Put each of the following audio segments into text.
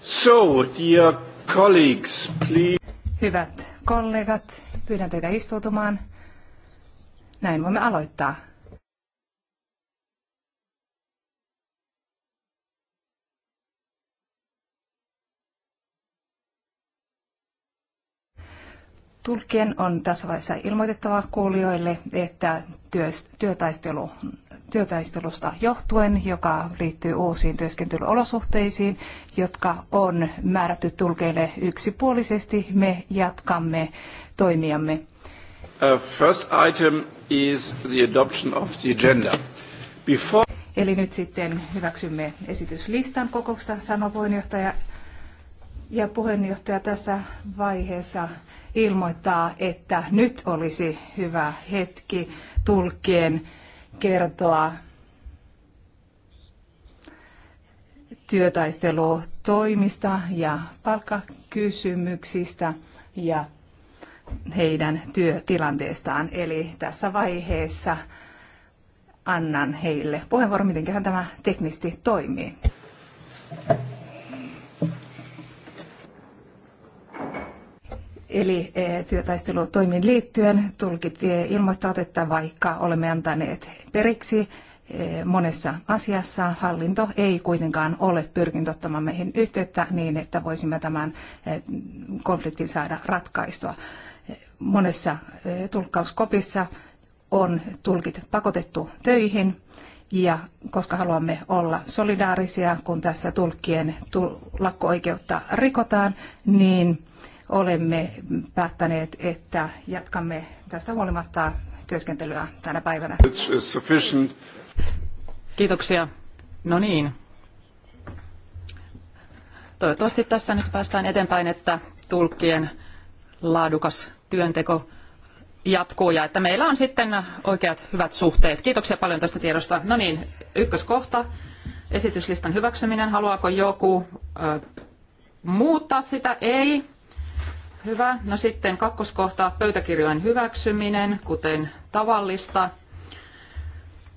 So, dear colleagues, please. Hyvät kollegat, pyydän teitä istuutumaan. Näin voimme aloittaa. Tulkien on tässä vaiheessa ilmoitettava kuulijoille, että työtaistelu työtaistelusta johtuen, joka liittyy uusiin työskentelyolosuhteisiin, jotka on määrätty tulkeille yksipuolisesti. Me jatkamme toimiamme. Uh, first item is the adoption of the agenda. Before... Eli nyt sitten hyväksymme esityslistan kokousta, sanoo puheenjohtaja. Ja puheenjohtaja tässä vaiheessa ilmoittaa, että nyt olisi hyvä hetki tulkkien kertoa työtaistelutoimista ja palkkakysymyksistä ja heidän työtilanteestaan. Eli tässä vaiheessa annan heille puheenvuoron, miten tämä teknisesti toimii. Eli e, työtaistelutoimiin liittyen tulkit ilmoittavat, että vaikka olemme antaneet periksi e, monessa asiassa, hallinto ei kuitenkaan ole pyrkinyt ottamaan meihin yhteyttä niin, että voisimme tämän e, konfliktin saada ratkaistua. Monessa tulkkauskopissa on tulkit pakotettu töihin ja koska haluamme olla solidaarisia, kun tässä tulkkien lakko-oikeutta rikotaan, niin olemme päättäneet, että jatkamme tästä huolimatta työskentelyä tänä päivänä. Kiitoksia. No niin. Toivottavasti tässä nyt päästään eteenpäin, että tulkkien laadukas työnteko jatkuu ja että meillä on sitten oikeat hyvät suhteet. Kiitoksia paljon tästä tiedosta. No niin, ykköskohta, esityslistan hyväksyminen. Haluaako joku ö, muuttaa sitä? Ei. Hyvä. No sitten kakkoskohta, pöytäkirjojen hyväksyminen, kuten tavallista.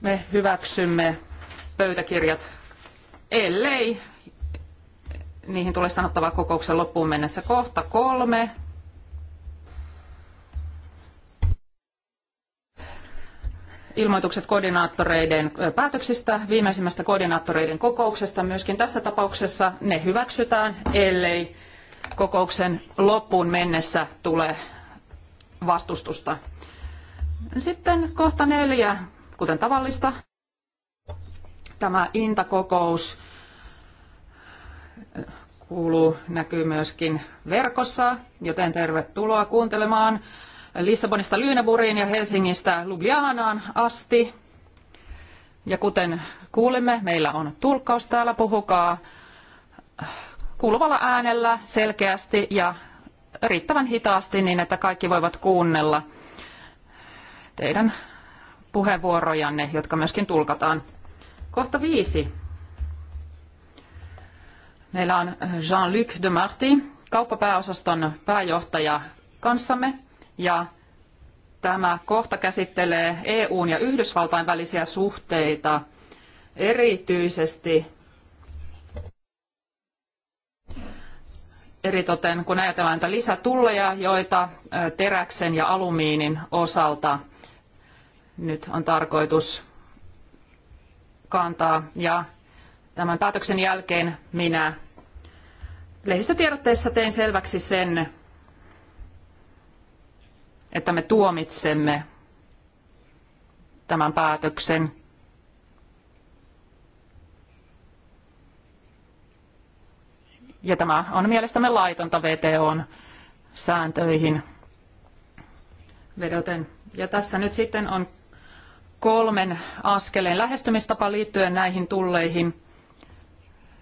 Me hyväksymme pöytäkirjat, ellei niihin tule sanottavaa kokouksen loppuun mennessä. Kohta kolme. Ilmoitukset koordinaattoreiden päätöksistä, viimeisimmästä koordinaattoreiden kokouksesta. Myöskin tässä tapauksessa ne hyväksytään, ellei kokouksen loppuun mennessä tule vastustusta. Sitten kohta neljä, kuten tavallista, tämä intakokous eh, kuuluu, näkyy myöskin verkossa, joten tervetuloa kuuntelemaan Lissabonista Lyyneburiin ja Helsingistä Ljubljanaan asti. Ja kuten kuulimme, meillä on tulkkaus täällä, puhukaa kuuluvalla äänellä selkeästi ja riittävän hitaasti niin, että kaikki voivat kuunnella teidän puheenvuorojanne, jotka myöskin tulkataan. Kohta viisi. Meillä on Jean-Luc de Marti, kauppapääosaston pääjohtaja kanssamme ja tämä kohta käsittelee EUn ja Yhdysvaltain välisiä suhteita, erityisesti eritoten kun ajatellaan näitä lisätulleja, joita teräksen ja alumiinin osalta nyt on tarkoitus kantaa. Ja tämän päätöksen jälkeen minä lehdistötiedotteessa tein selväksi sen, että me tuomitsemme tämän päätöksen Ja tämä on mielestämme laitonta VTOn sääntöihin vedoten. Ja tässä nyt sitten on kolmen askeleen lähestymistapa liittyen näihin tulleihin.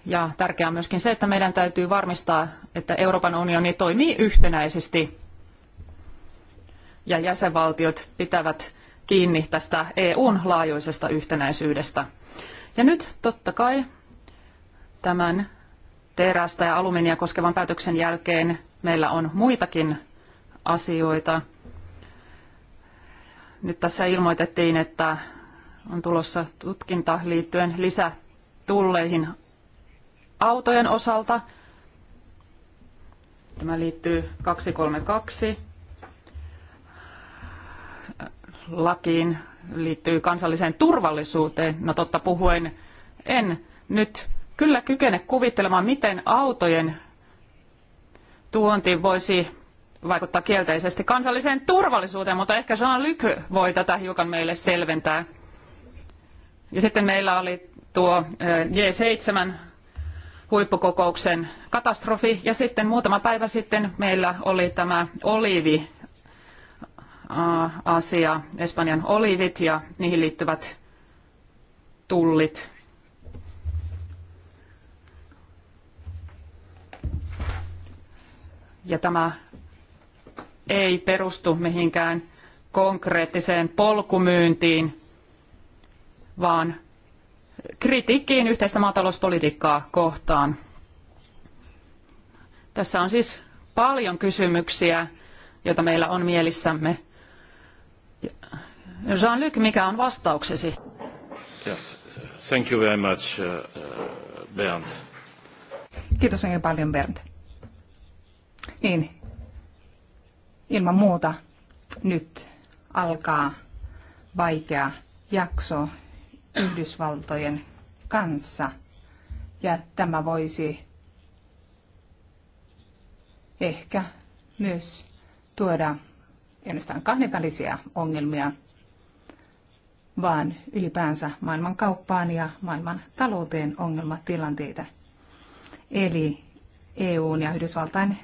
Ja tärkeää on myöskin se, että meidän täytyy varmistaa, että Euroopan unioni toimii yhtenäisesti ja jäsenvaltiot pitävät kiinni tästä EUn laajuisesta yhtenäisyydestä. Ja nyt totta kai tämän terästä ja alumiinia koskevan päätöksen jälkeen meillä on muitakin asioita. Nyt tässä ilmoitettiin, että on tulossa tutkinta liittyen lisätulleihin autojen osalta. Tämä liittyy 232 lakiin, liittyy kansalliseen turvallisuuteen. No totta puhuen en nyt kyllä kykene kuvittelemaan, miten autojen tuonti voisi vaikuttaa kielteisesti kansalliseen turvallisuuteen, mutta ehkä Jean-Luc voi tätä hiukan meille selventää. Ja sitten meillä oli tuo eh, G7 huippukokouksen katastrofi ja sitten muutama päivä sitten meillä oli tämä oliivi asia, Espanjan olivit ja niihin liittyvät tullit. ja tämä ei perustu mihinkään konkreettiseen polkumyyntiin, vaan kritiikkiin yhteistä maatalouspolitiikkaa kohtaan. Tässä on siis paljon kysymyksiä, joita meillä on mielissämme. Jean-Luc, mikä on vastauksesi? Yes. Thank you very much, uh, uh, Bernd. Kiitos oikein paljon, Bernd. Niin, ilman muuta nyt alkaa vaikea jakso Yhdysvaltojen kanssa. Ja tämä voisi ehkä myös tuoda ennestään kahdenvälisiä ongelmia, vaan ylipäänsä maailman kauppaan ja maailman talouteen ongelmatilanteita. Eli EUn ja Yhdysvaltain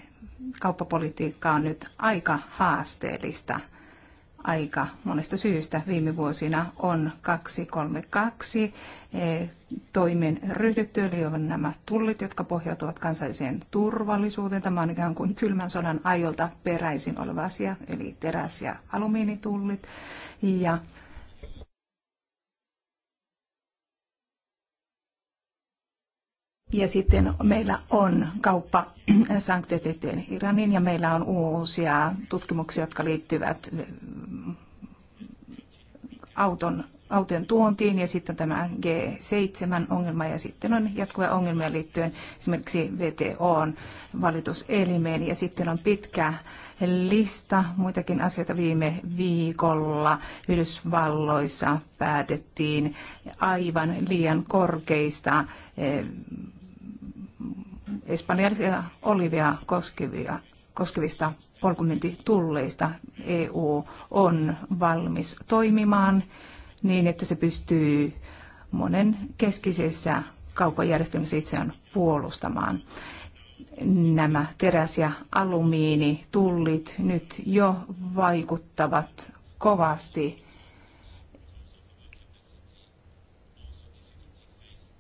kauppapolitiikka on nyt aika haasteellista aika monesta syystä. Viime vuosina on 232 e, toimen ryhdytty, eli on nämä tullit, jotka pohjautuvat kansalliseen turvallisuuteen. Tämä on ikään kuin kylmän sodan ajolta peräisin oleva asia, eli teräs- ja alumiinitullit. Ja Ja sitten meillä on kauppa äh, liittyen Iranin ja meillä on uusia tutkimuksia, jotka liittyvät äh, auton, autojen tuontiin ja sitten tämä G7-ongelma ja sitten on jatkuvia ongelmia liittyen esimerkiksi VTOn valituselimeen ja sitten on pitkä lista muitakin asioita viime viikolla Yhdysvalloissa päätettiin aivan liian korkeista äh, espanjalaisia olivia koskevia, koskevista polkumyyntitulleista EU on valmis toimimaan niin, että se pystyy monen keskisessä kaupajärjestelmässä itseään puolustamaan. Nämä teräs- ja alumiinitullit nyt jo vaikuttavat kovasti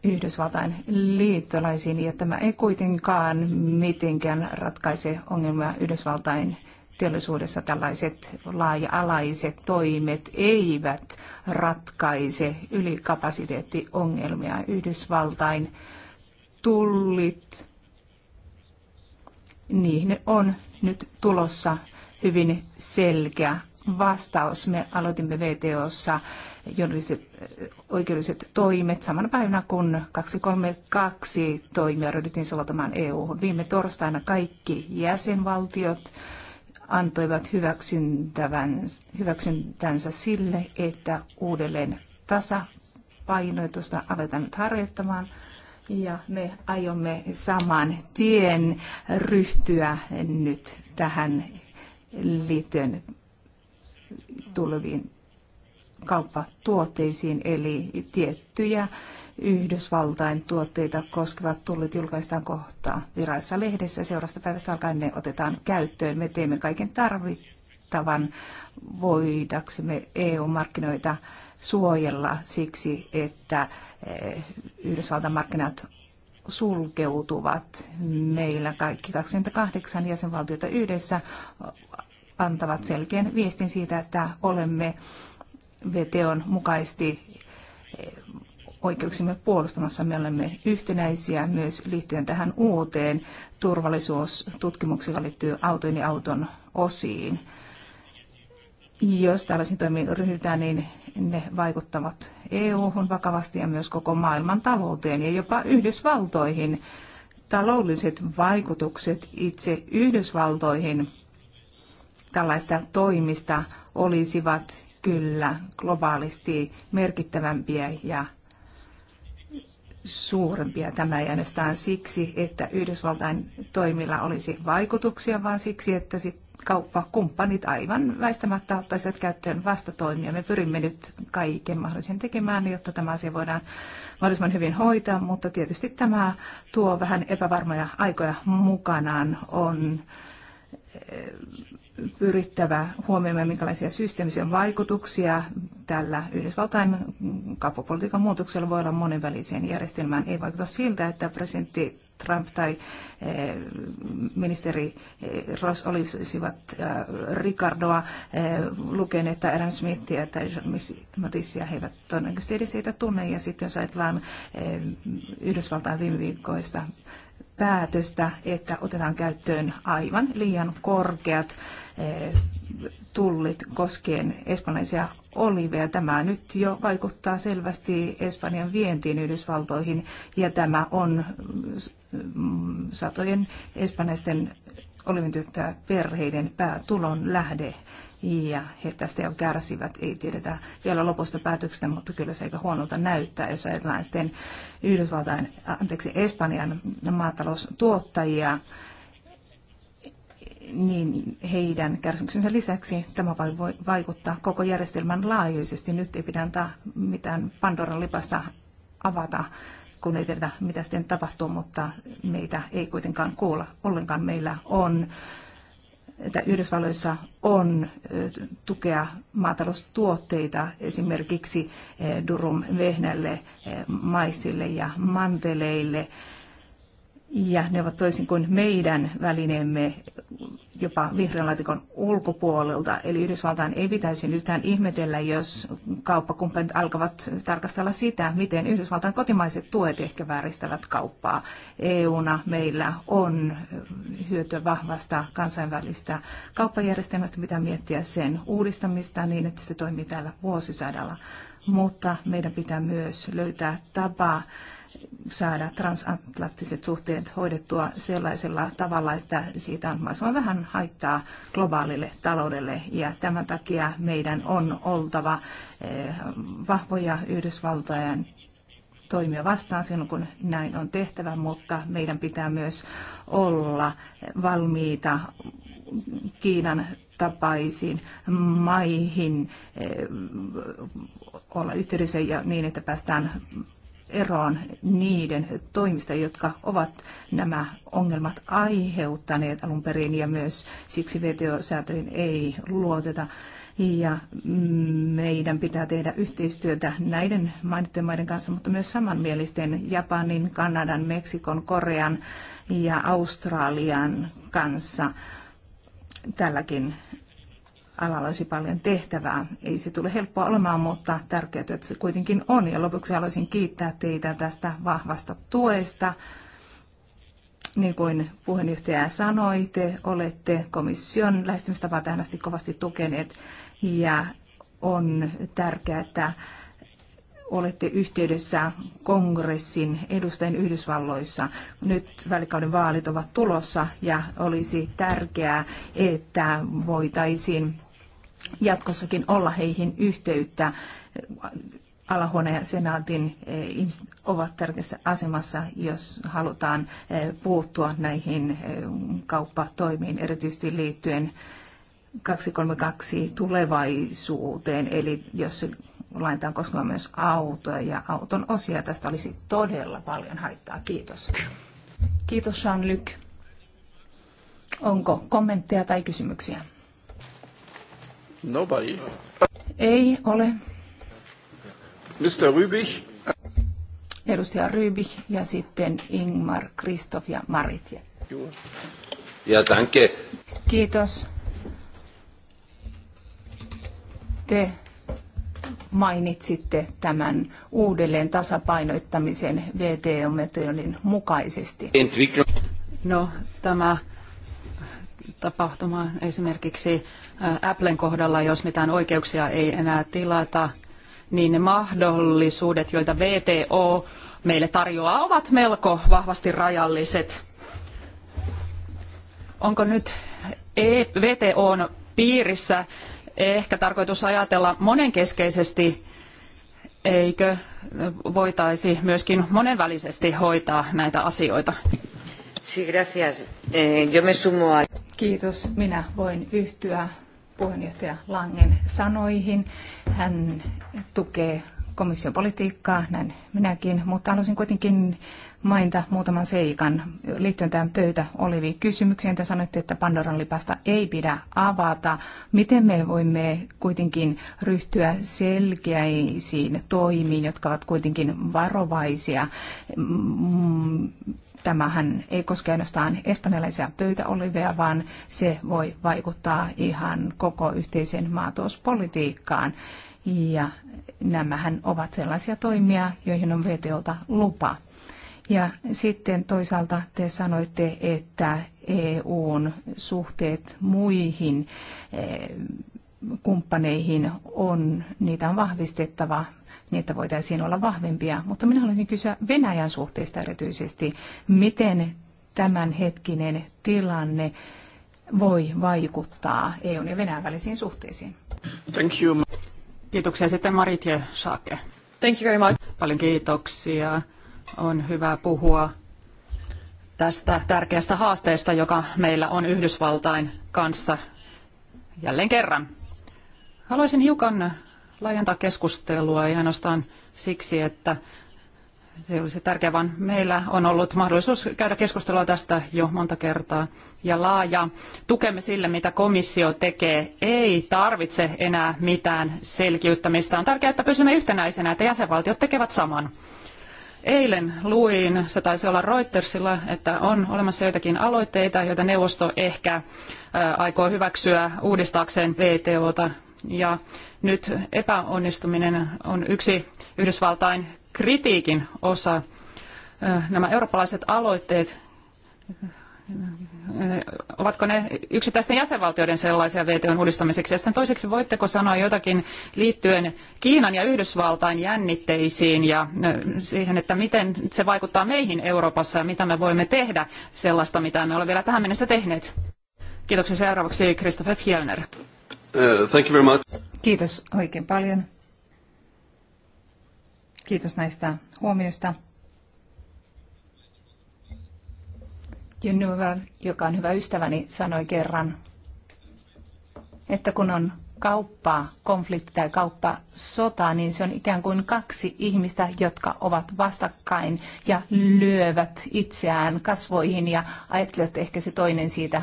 Yhdysvaltain liittolaisiin, ja tämä ei kuitenkaan mitenkään ratkaise ongelmia Yhdysvaltain teollisuudessa tällaiset laaja-alaiset toimet eivät ratkaise ylikapasiteettiongelmia. Yhdysvaltain tullit, niihin on nyt tulossa hyvin selkeä vastaus. Me aloitimme VTOssa juridiset, oikeudelliset toimet samana päivänä, kun 232 toimia ryhdyttiin soveltamaan EU-hun. Viime torstaina kaikki jäsenvaltiot antoivat hyväksyntänsä sille, että uudelleen tasapainoitusta aletaan nyt harjoittamaan. Ja me aiomme saman tien ryhtyä nyt tähän liittyen tuleviin kauppatuotteisiin, eli tiettyjä Yhdysvaltain tuotteita koskevat tullit julkaistaan kohta virassa lehdessä. Seuraavasta päivästä alkaen ne otetaan käyttöön. Me teemme kaiken tarvittavan voidaksemme EU-markkinoita suojella siksi, että eh, Yhdysvaltain markkinat sulkeutuvat. Meillä kaikki 28 jäsenvaltiota yhdessä antavat selkeän viestin siitä, että olemme VTOn mukaisesti eh, oikeuksimme puolustamassa. Me olemme yhtenäisiä myös liittyen tähän uuteen turvallisuustutkimukseen, liittyy autojen ja auton osiin. Jos tällaisiin toimiin ryhdytään, niin ne vaikuttavat EU-hun vakavasti ja myös koko maailman talouteen ja jopa Yhdysvaltoihin. Taloudelliset vaikutukset itse Yhdysvaltoihin tällaista toimista olisivat kyllä globaalisti merkittävämpiä ja suurempia. Tämä ei ainoastaan siksi, että Yhdysvaltain toimilla olisi vaikutuksia, vaan siksi, että sit kauppakumppanit aivan väistämättä ottaisivat käyttöön vastatoimia. Me pyrimme nyt kaiken mahdollisen tekemään, jotta tämä asia voidaan mahdollisimman hyvin hoitaa, mutta tietysti tämä tuo vähän epävarmoja aikoja mukanaan on pyrittävä huomioimaan, minkälaisia systeemisiä vaikutuksia tällä Yhdysvaltain kauppapolitiikan muutoksella voi olla monenväliseen järjestelmään. Ei vaikuta siltä, että presidentti Trump tai eh, ministeri eh, Ross olisivat eh, Ricardoa lukeneet että Adam Smithia tai Matissia he eivät todennäköisesti edes siitä tunne. Ja sitten jos ajatellaan Yhdysvaltain viime viikkoista päätöstä, että otetaan käyttöön aivan liian korkeat Eh, tullit koskien espanjaisia oliveja. Tämä nyt jo vaikuttaa selvästi Espanjan vientiin Yhdysvaltoihin ja tämä on mm, satojen espanjaisten olivintyöttää perheiden päätulon lähde ja he tästä jo kärsivät. Ei tiedetä vielä lopusta päätöksestä, mutta kyllä se aika huonolta näyttää, jos ajatellaan sitten Yhdysvaltain, anteeksi, Espanjan maataloustuottajia niin heidän kärsimyksensä lisäksi tämä voi vaikuttaa koko järjestelmän laajuisesti. Nyt ei pidä antaa mitään Pandoran lipasta avata, kun ei tiedä mitä sitten tapahtuu, mutta meitä ei kuitenkaan kuulla. Ollenkaan meillä on, että Yhdysvalloissa on tukea maataloustuotteita esimerkiksi durum vehnälle, maisille ja manteleille ja ne ovat toisin kuin meidän välineemme jopa vihreän laatikon ulkopuolelta. Eli Yhdysvaltain ei pitäisi nytään ihmetellä, jos kauppakumppanit alkavat tarkastella sitä, miten Yhdysvaltain kotimaiset tuet ehkä vääristävät kauppaa. EUna meillä on hyötyä vahvasta kansainvälistä kauppajärjestelmästä, mitä miettiä sen uudistamista niin, että se toimii täällä vuosisadalla. Mutta meidän pitää myös löytää tapa saada transatlanttiset suhteet hoidettua sellaisella tavalla, että siitä on mahdollisimman vähän haittaa globaalille taloudelle. Ja tämän takia meidän on oltava eh, vahvoja Yhdysvaltojen toimia vastaan silloin, kun näin on tehtävä, mutta meidän pitää myös olla valmiita Kiinan tapaisiin maihin eh, olla yhteydessä ja niin, että päästään eroon niiden toimista, jotka ovat nämä ongelmat aiheuttaneet alun perin ja myös siksi VTO-säätöihin ei luoteta. Ja meidän pitää tehdä yhteistyötä näiden mainittujen maiden kanssa, mutta myös samanmielisten Japanin, Kanadan, Meksikon, Korean ja Australian kanssa tälläkin alalla olisi paljon tehtävää. Ei se tule helppoa olemaan, mutta tärkeää työtä se kuitenkin on. Ja lopuksi haluaisin kiittää teitä tästä vahvasta tuesta. Niin kuin puheenjohtaja sanoi, te olette komission lähestymistapaa tähän asti kovasti tukeneet ja on tärkeää, että olette yhteydessä kongressin edustajien Yhdysvalloissa. Nyt välikauden vaalit ovat tulossa ja olisi tärkeää, että voitaisiin jatkossakin olla heihin yhteyttä. Alahuone ja senaatin eh, ihmiset ovat tärkeässä asemassa, jos halutaan eh, puuttua näihin eh, kauppatoimiin, erityisesti liittyen 232 tulevaisuuteen, eli jos laitetaan koskemaan myös autoja ja auton osia, tästä olisi todella paljon haittaa. Kiitos. Kiitos Jean-Luc. Onko kommentteja tai kysymyksiä? Nobody. Ei ole. Mr. Rübich. Edustaja Rübich ja sitten Ingmar, Kristoff ja Marit. Ja danke. Kiitos. Te mainitsitte tämän uudelleen tasapainoittamisen VTO-metodin mukaisesti. No, tämä tapahtumaan. Esimerkiksi Applen kohdalla, jos mitään oikeuksia ei enää tilata, niin ne mahdollisuudet, joita VTO meille tarjoaa, ovat melko vahvasti rajalliset. Onko nyt VTOn piirissä ehkä tarkoitus ajatella monenkeskeisesti, eikö voitaisi myöskin monenvälisesti hoitaa näitä asioita? Eh, Kiitos. Minä voin yhtyä puheenjohtaja Langen sanoihin. Hän tukee komission politiikkaa, näin minäkin, mutta haluaisin kuitenkin mainita muutaman seikan liittyen tähän pöytä olivi kysymykseen. Te sanoitte, että Pandoran lipasta ei pidä avata. Miten me voimme kuitenkin ryhtyä selkeisiin toimiin, jotka ovat kuitenkin varovaisia? Mm, tämähän ei koske ainoastaan espanjalaisia pöytäoliveja, vaan se voi vaikuttaa ihan koko yhteiseen maatalouspolitiikkaan. Ja nämähän ovat sellaisia toimia, joihin on VTOlta lupa. Ja sitten toisaalta te sanoitte, että EUn suhteet muihin eh, kumppaneihin on, niitä on vahvistettava niin että voitaisiin olla vahvempia. Mutta minä haluaisin kysyä Venäjän suhteista erityisesti, miten tämänhetkinen tilanne voi vaikuttaa EUn ja Venäjän välisiin suhteisiin. Thank you. Kiitoksia sitten Marit ja Shake. Thank you very much. Paljon kiitoksia. On hyvä puhua tästä tärkeästä haasteesta, joka meillä on Yhdysvaltain kanssa jälleen kerran. Haluaisin hiukan laajentaa keskustelua, ei ainoastaan siksi, että se olisi tärkeää, vaan meillä on ollut mahdollisuus käydä keskustelua tästä jo monta kertaa. Ja laaja tukemme sille, mitä komissio tekee, ei tarvitse enää mitään selkiyttämistä. On tärkeää, että pysymme yhtenäisenä, että jäsenvaltiot tekevät saman. Eilen luin, se taisi olla Reutersilla, että on olemassa joitakin aloitteita, joita neuvosto ehkä aikoo hyväksyä uudistaakseen VTOta. Ja nyt epäonnistuminen on yksi Yhdysvaltain kritiikin osa. Äh, nämä eurooppalaiset aloitteet, äh, ovatko ne yksittäisten jäsenvaltioiden sellaisia VTOn uudistamiseksi? Ja sitten toiseksi voitteko sanoa jotakin liittyen Kiinan ja Yhdysvaltain jännitteisiin ja äh, siihen, että miten se vaikuttaa meihin Euroopassa ja mitä me voimme tehdä sellaista, mitä me olemme vielä tähän mennessä tehneet? Kiitoksia seuraavaksi Christopher Fjellner. Uh, thank you very much. Kiitos oikein paljon. Kiitos näistä huomioista. Jynnyver, joka on hyvä ystäväni, sanoi kerran, että kun on kauppaa, konflikti tai kauppa, sota, niin se on ikään kuin kaksi ihmistä, jotka ovat vastakkain ja lyövät itseään kasvoihin ja ajattelevat, että ehkä se toinen siitä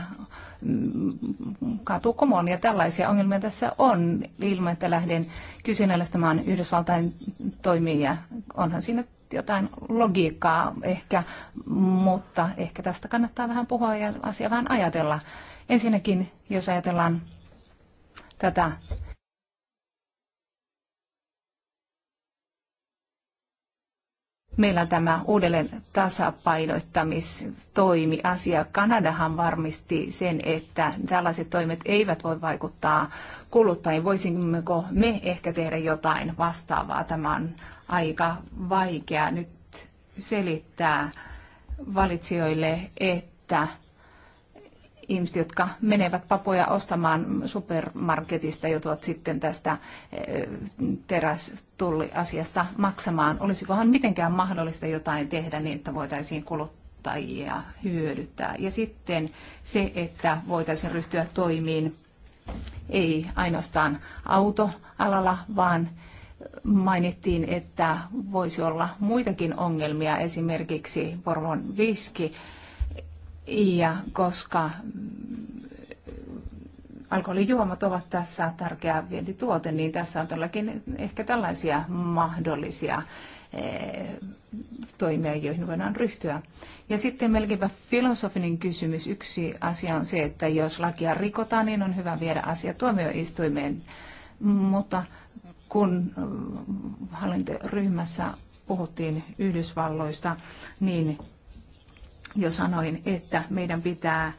katukumoon ja tällaisia ongelmia tässä on ilman, että lähden kysynnällistämään Yhdysvaltain toimia. Onhan siinä jotain logiikkaa ehkä, mutta ehkä tästä kannattaa vähän puhua ja asiaa vähän ajatella. Ensinnäkin, jos ajatellaan tätä meillä on tämä uudelleen tasapainoittamistoimi asia. Kanadahan varmisti sen, että tällaiset toimet eivät voi vaikuttaa kuluttajiin. Voisimmeko me ehkä tehdä jotain vastaavaa? Tämä on aika vaikea nyt selittää valitsijoille, että ihmiset, jotka menevät papoja ostamaan supermarketista, joutuvat sitten tästä eh, terästulliasiasta maksamaan. Olisikohan mitenkään mahdollista jotain tehdä niin, että voitaisiin kuluttajia hyödyttää. Ja sitten se, että voitaisiin ryhtyä toimiin ei ainoastaan autoalalla, vaan mainittiin, että voisi olla muitakin ongelmia, esimerkiksi Porvon viski, ja koska alkoholijuomat ovat tässä tärkeä vientituote, niin tässä on todellakin ehkä tällaisia mahdollisia eh, toimia, joihin voidaan ryhtyä. Ja sitten melkeinpä filosofinen kysymys. Yksi asia on se, että jos lakia rikotaan, niin on hyvä viedä asia tuomioistuimeen. Mutta kun eh, hallintoryhmässä puhuttiin Yhdysvalloista, niin jo sanoin, että meidän pitää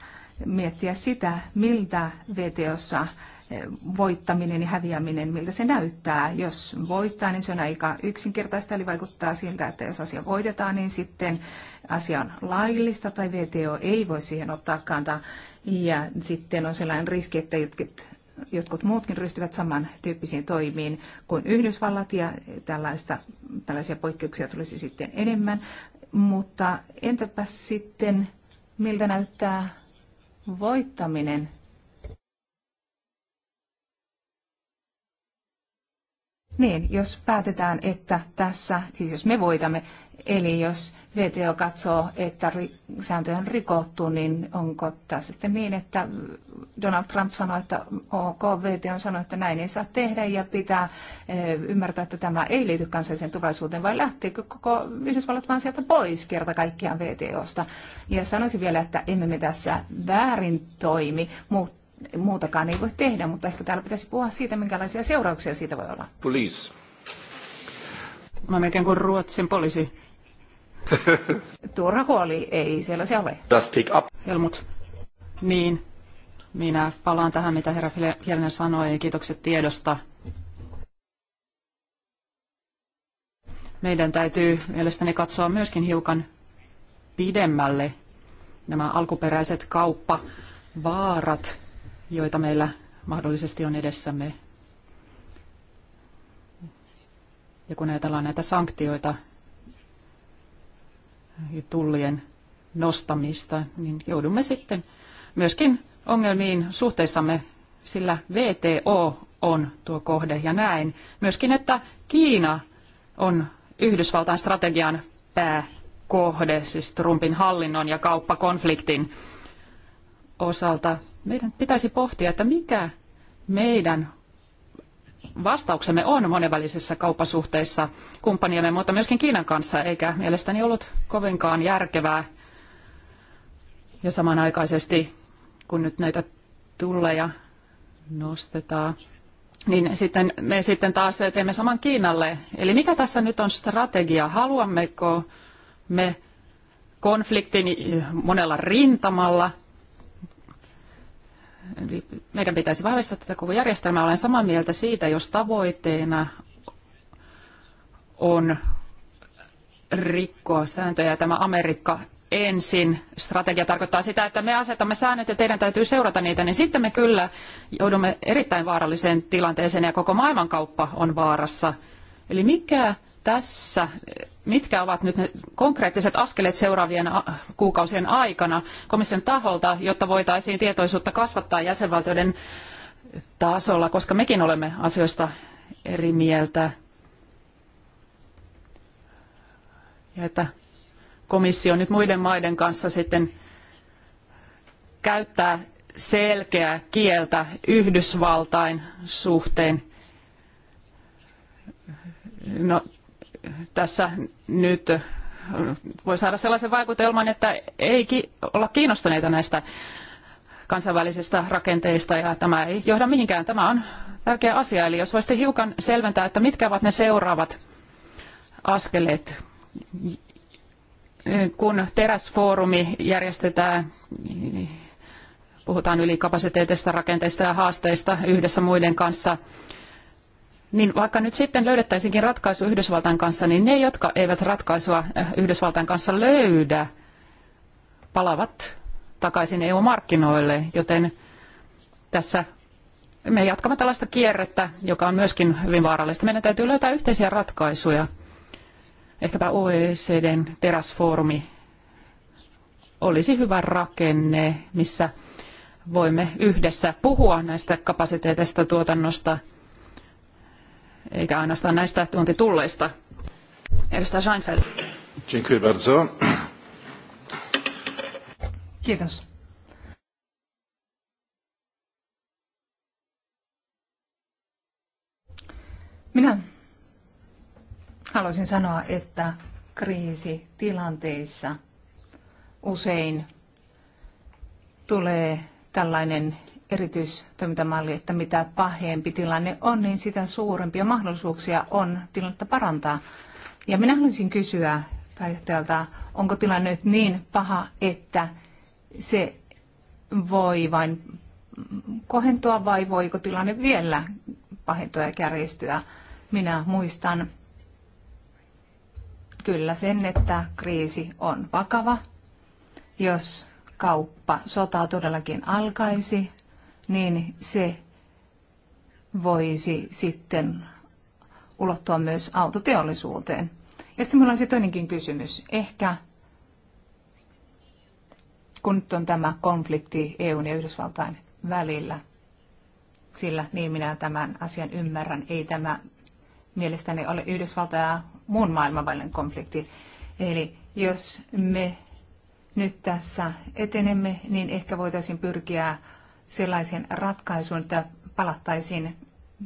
miettiä sitä, miltä VTOssa eh, voittaminen ja häviäminen, miltä se näyttää. Jos voittaa, niin se on aika yksinkertaista, eli vaikuttaa siltä, että jos asia voitetaan, niin sitten asia on laillista tai VTO ei voi siihen ottaa kantaa. Ja sitten on sellainen riski, että jotkut, jotkut muutkin ryhtyvät samantyyppisiin toimiin kuin Yhdysvallat, ja tällaista, tällaisia poikkeuksia tulisi sitten enemmän. Mutta entäpä sitten, miltä näyttää voittaminen? Niin, jos päätetään, että tässä, siis jos me voitamme, Eli jos VTO katsoo, että ri- sääntöjä on rikottu, niin onko tässä sitten niin, että Donald Trump sanoi, että OK, VTO on sanonut, että näin ei saa tehdä ja pitää eh, ymmärtää, että tämä ei liity kansalliseen turvallisuuteen, vai lähteekö koko Yhdysvallat vaan sieltä pois kerta kaikkiaan VTOsta? Ja sanoisin vielä, että emme me tässä väärin toimi, mutta muutakaan ei voi tehdä, mutta ehkä täällä pitäisi puhua siitä, minkälaisia seurauksia siitä voi olla. Police. Mä melkein kuin Ruotsin poliisi Turha huoli, ei siellä se ole. Just pick up. Helmut. Niin, minä palaan tähän, mitä herra Fjellner sanoi, kiitokset tiedosta. Meidän täytyy mielestäni katsoa myöskin hiukan pidemmälle nämä alkuperäiset kauppavaarat, joita meillä mahdollisesti on edessämme. Ja kun ajatellaan näitä sanktioita, ja tullien nostamista, niin joudumme sitten myöskin ongelmiin suhteissamme, sillä VTO on tuo kohde ja näin. Myöskin, että Kiina on Yhdysvaltain strategian pääkohde, siis Trumpin hallinnon ja kauppakonfliktin osalta. Meidän pitäisi pohtia, että mikä meidän vastauksemme on monenvälisissä kauppasuhteissa kumppaniemme, mutta myöskin Kiinan kanssa, eikä mielestäni ollut kovinkaan järkevää. Ja samanaikaisesti, kun nyt näitä tulleja nostetaan, niin sitten me sitten taas teemme saman Kiinalle. Eli mikä tässä nyt on strategia? Haluammeko me konfliktin monella rintamalla – meidän pitäisi vahvistaa tätä koko järjestelmää. Olen samaa mieltä siitä, jos tavoitteena on rikkoa sääntöjä. Tämä Amerikka ensin strategia tarkoittaa sitä, että me asetamme säännöt ja teidän täytyy seurata niitä, niin sitten me kyllä joudumme erittäin vaaralliseen tilanteeseen ja koko maailmankauppa on vaarassa. Eli mikä tässä, mitkä ovat nyt ne konkreettiset askeleet seuraavien kuukausien aikana komission taholta, jotta voitaisiin tietoisuutta kasvattaa jäsenvaltioiden tasolla, koska mekin olemme asioista eri mieltä. Ja että komissio nyt muiden maiden kanssa sitten käyttää selkeää kieltä Yhdysvaltain suhteen. No, tässä nyt voi saada sellaisen vaikutelman, että ei ki- olla kiinnostuneita näistä kansainvälisistä rakenteista ja tämä ei johda mihinkään. Tämä on tärkeä asia. Eli jos voisitte hiukan selventää, että mitkä ovat ne seuraavat askeleet, kun teräsfoorumi järjestetään, puhutaan yli rakenteista ja haasteista yhdessä muiden kanssa – niin vaikka nyt sitten löydettäisinkin ratkaisu Yhdysvaltain kanssa, niin ne, jotka eivät ratkaisua äh, Yhdysvaltain kanssa löydä, palavat takaisin EU-markkinoille, joten tässä me jatkamme tällaista kierrettä, joka on myöskin hyvin vaarallista. Meidän täytyy löytää yhteisiä ratkaisuja. Ehkäpä OECDn teräsfoorumi olisi hyvä rakenne, missä voimme yhdessä puhua näistä kapasiteeteista tuotannosta – eikä ainoastaan näistä tuontitulleista. Edustaja Seinfeld. Dziękuję bardzo. Kiitos. Minä haluaisin sanoa, että kriisitilanteissa usein tulee tällainen erityistoimintamalli, että mitä pahempi tilanne on, niin sitä suurempia mahdollisuuksia on tilannetta parantaa. Ja minä haluaisin kysyä pääjohtajalta, onko tilanne nyt niin paha, että se voi vain kohentua vai voiko tilanne vielä pahentua ja kärjistyä. Minä muistan kyllä sen, että kriisi on vakava. Jos kauppa, sota todellakin alkaisi, niin se voisi sitten ulottua myös autoteollisuuteen. Ja sitten meillä on se toinenkin kysymys. Ehkä kun nyt on tämä konflikti EUn ja Yhdysvaltain välillä, sillä niin minä tämän asian ymmärrän, ei tämä mielestäni ole Yhdysvaltain ja muun maailman välinen konflikti. Eli jos me nyt tässä etenemme, niin ehkä voitaisiin pyrkiä sellaisen ratkaisun, että palattaisiin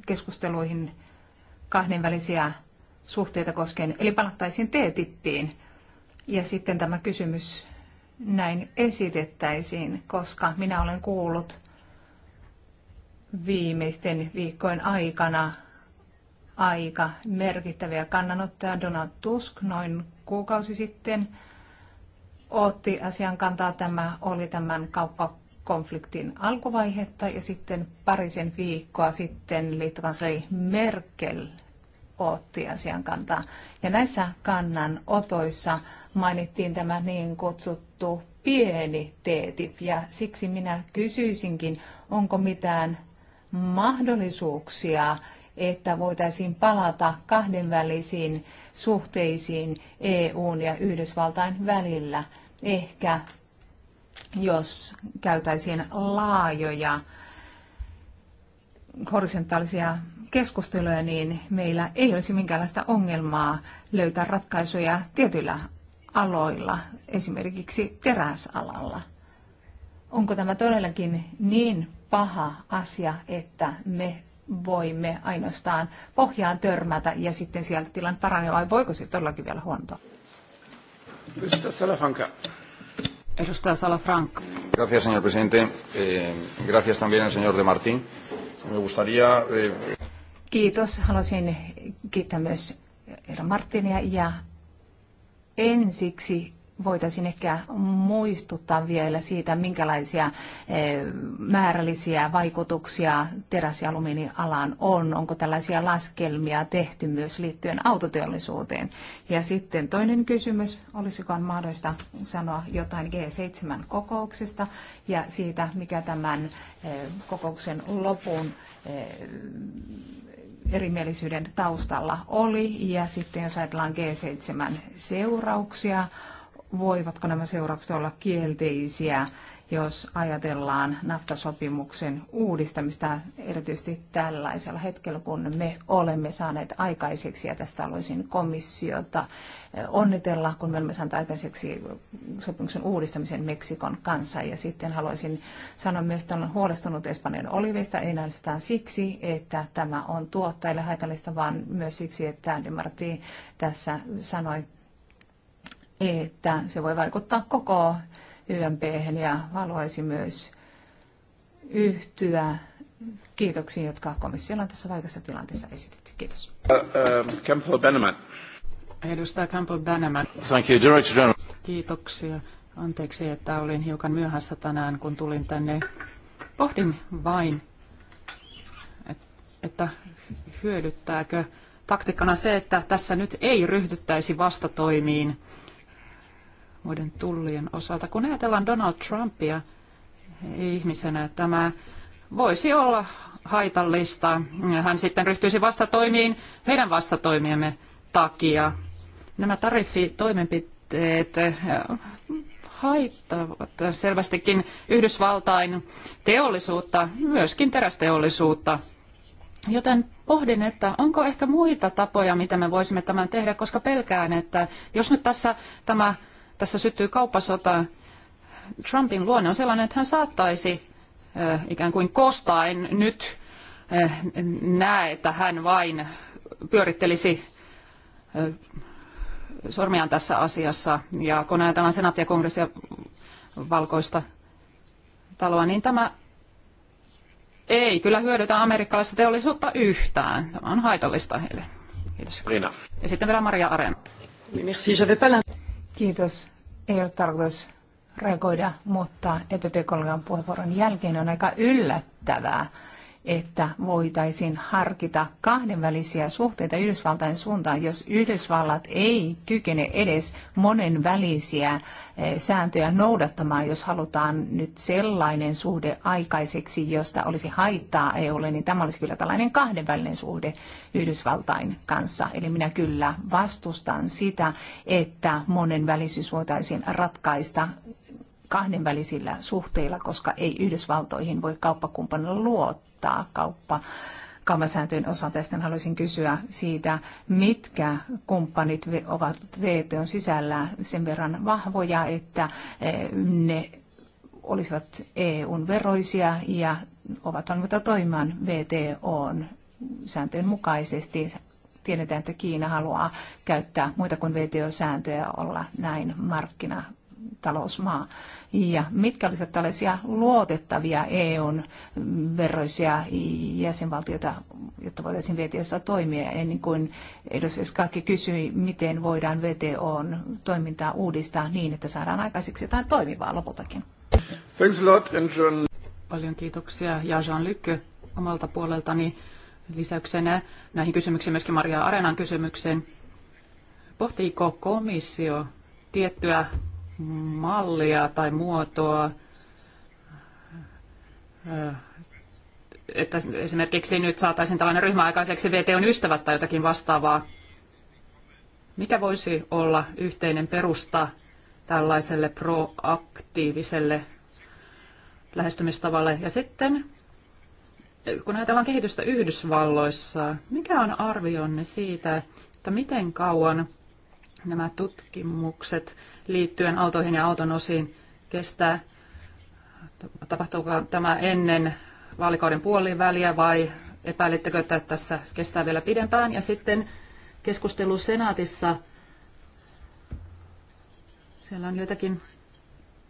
keskusteluihin kahdenvälisiä suhteita koskien, eli palattaisiin T-tippiin. Ja sitten tämä kysymys näin esitettäisiin, koska minä olen kuullut viimeisten viikkojen aikana aika merkittäviä kannanottoja. Donald Tusk noin kuukausi sitten otti asian kantaa. Tämä oli tämän kauppa konfliktin alkuvaihetta ja sitten parisen viikkoa sitten liittokansleri Merkel otti asian kantaa. Ja näissä kannanotoissa mainittiin tämä niin kutsuttu pieni TTIP ja siksi minä kysyisinkin, onko mitään mahdollisuuksia, että voitaisiin palata kahdenvälisiin suhteisiin EUn ja Yhdysvaltain välillä. Ehkä jos käytäisiin laajoja horisontaalisia keskusteluja, niin meillä ei olisi minkäänlaista ongelmaa löytää ratkaisuja tietyillä aloilla, esimerkiksi teräsalalla. Onko tämä todellakin niin paha asia, että me voimme ainoastaan pohjaan törmätä ja sitten sieltä tilanne paranee, vai voiko se todellakin vielä huonontaa? Edustaja Salafranca. Gracias, señor presidente. Eh, gracias también al señor de Martín. Me gustaría... Eh... Kiitos. Haluaisin kiittää myös herra Martinia ja ensiksi voitaisiin ehkä muistuttaa vielä siitä, minkälaisia eh, määrällisiä vaikutuksia teräs- ja alumiinialaan on. Onko tällaisia laskelmia tehty myös liittyen autoteollisuuteen? Ja sitten toinen kysymys, olisiko mahdollista sanoa jotain G7-kokouksesta ja siitä, mikä tämän eh, kokouksen lopun eh, erimielisyyden taustalla oli. Ja sitten jos ajatellaan G7 seurauksia, voivatko nämä seuraukset olla kielteisiä, jos ajatellaan naftasopimuksen uudistamista erityisesti tällaisella hetkellä, kun me olemme saaneet aikaiseksi, ja tästä haluaisin komissiota eh, onnitella, kun me olemme saaneet aikaiseksi sopimuksen uudistamisen Meksikon kanssa. Ja sitten haluaisin sanoa myös, että olen huolestunut Espanjan oliveista, ei ainoastaan siksi, että tämä on tuottajille haitallista, vaan myös siksi, että Demarti tässä sanoi että se voi vaikuttaa koko YMP ja haluaisi myös yhtyä kiitoksiin, jotka komissiolla on tässä vaikeassa tilanteessa esitetty. Kiitos. Uh, um, Campbell Edustaja Campbell Bannerman. Thank you, Director General. Kiitoksia. Anteeksi, että olin hiukan myöhässä tänään, kun tulin tänne. Pohdin vain, että hyödyttääkö taktikana se, että tässä nyt ei ryhdyttäisi vastatoimiin muiden tullien osalta. Kun ajatellaan Donald Trumpia ihmisenä, tämä voisi olla haitallista. Hän sitten ryhtyisi vastatoimiin meidän vastatoimiemme takia. Nämä tariffitoimenpiteet eh, haittavat selvästikin Yhdysvaltain teollisuutta, myöskin terästeollisuutta. Joten pohdin, että onko ehkä muita tapoja, miten me voisimme tämän tehdä, koska pelkään, että jos nyt tässä tämä tässä syttyy kauppasota. Trumpin luonne on sellainen, että hän saattaisi ikään kuin kostaa, en nyt näe, että hän vain pyörittelisi sormiaan tässä asiassa. Ja kun ajatellaan senaattia, kongressia, valkoista taloa, niin tämä ei kyllä hyödytä amerikkalaista teollisuutta yhtään. Tämä on haitallista heille. Kiitos. Ja sitten vielä Maria Aren. Merci, j'avais pas Kiitos. Ei ole tarkoitus reagoida, mutta EPP-kollegan puheenvuoron jälkeen on aika yllättävää, että voitaisiin harkita kahdenvälisiä suhteita Yhdysvaltain suuntaan, jos Yhdysvallat ei kykene edes monenvälisiä eh, sääntöjä noudattamaan, jos halutaan nyt sellainen suhde aikaiseksi, josta olisi haittaa EUlle, niin tämä olisi kyllä tällainen kahdenvälinen suhde Yhdysvaltain kanssa. Eli minä kyllä vastustan sitä, että monenvälisyys voitaisiin ratkaista kahdenvälisillä suhteilla, koska ei Yhdysvaltoihin voi kauppakumppanilla luottaa vaikuttaa kauppa kauppasääntöjen osalta. Ja sitten haluaisin kysyä siitä, mitkä kumppanit ovat VTOn sisällä sen verran vahvoja, että eh, ne olisivat EUn veroisia ja ovat valmiita toimimaan VTOn sääntöjen mukaisesti. Tiedetään, että Kiina haluaa käyttää muita kuin VTO-sääntöjä olla näin markkinatalousmaa ja mitkä olisivat tällaisia luotettavia EUn verroisia jäsenvaltioita, jotta voitaisiin VTOssa toimia, ennen kuin edustaja kaikki kysyi, miten voidaan VTOn toimintaa uudistaa niin, että saadaan aikaiseksi jotain toimivaa lopultakin. Thanks a lot, John. Paljon kiitoksia ja Jean-Luc omalta puoleltani lisäyksenä näihin kysymyksiin myöskin Maria Arenan kysymykseen. Pohtiiko komissio tiettyä mallia tai muotoa, että esimerkiksi nyt saataisiin tällainen ryhmä aikaiseksi VTOn ystävät tai jotakin vastaavaa. Mikä voisi olla yhteinen perusta tällaiselle proaktiiviselle lähestymistavalle? Ja sitten, kun ajatellaan kehitystä Yhdysvalloissa, mikä on arvionne siitä, että miten kauan nämä tutkimukset liittyen autoihin ja auton osiin kestää. Tapahtuuko tämä ennen vaalikauden puolin väliä vai epäilettekö, että tässä kestää vielä pidempään? Ja sitten keskustelu senaatissa. Siellä on joitakin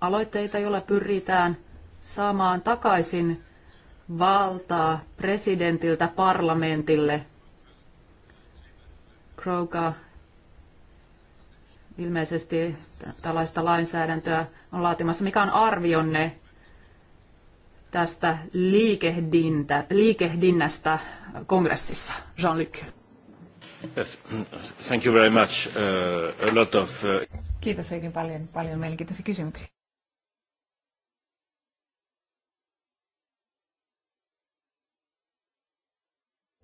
aloitteita, joilla pyritään saamaan takaisin valtaa presidentiltä parlamentille. Kroga ilmeisesti tällaista lainsäädäntöä on laatimassa. Mikä on arvionne tästä liikehdintä, liikehdinnästä kongressissa, Jean-Luc? Yes. Thank you very much. Uh, a lot of, uh... Kiitos oikein paljon, paljon mielenkiintoisia kysymyksiä.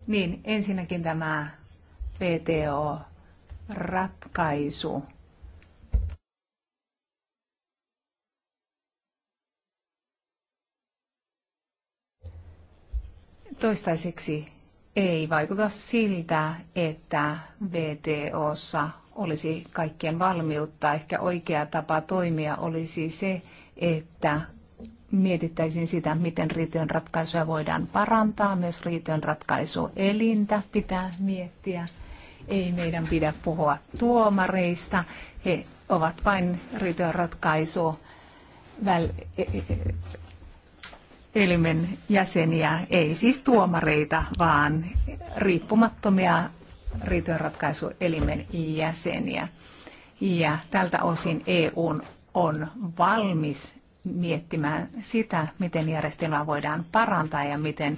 Niin, ensinnäkin tämä VTO-ratkaisu Toistaiseksi ei vaikuta siltä, että VTOssa olisi kaikkien valmiutta. Ehkä oikea tapa toimia olisi se, että mietittäisiin sitä, miten riitojen ratkaisuja voidaan parantaa. Myös riitojen ratkaisuelintä pitää miettiä. Ei meidän pidä puhua tuomareista. He ovat vain riitojen ratkaisu elimen jäseniä, ei siis tuomareita, vaan riippumattomia riitojenratkaisuelimen jäseniä. Ja tältä osin EU on valmis miettimään sitä, miten järjestelmää voidaan parantaa ja miten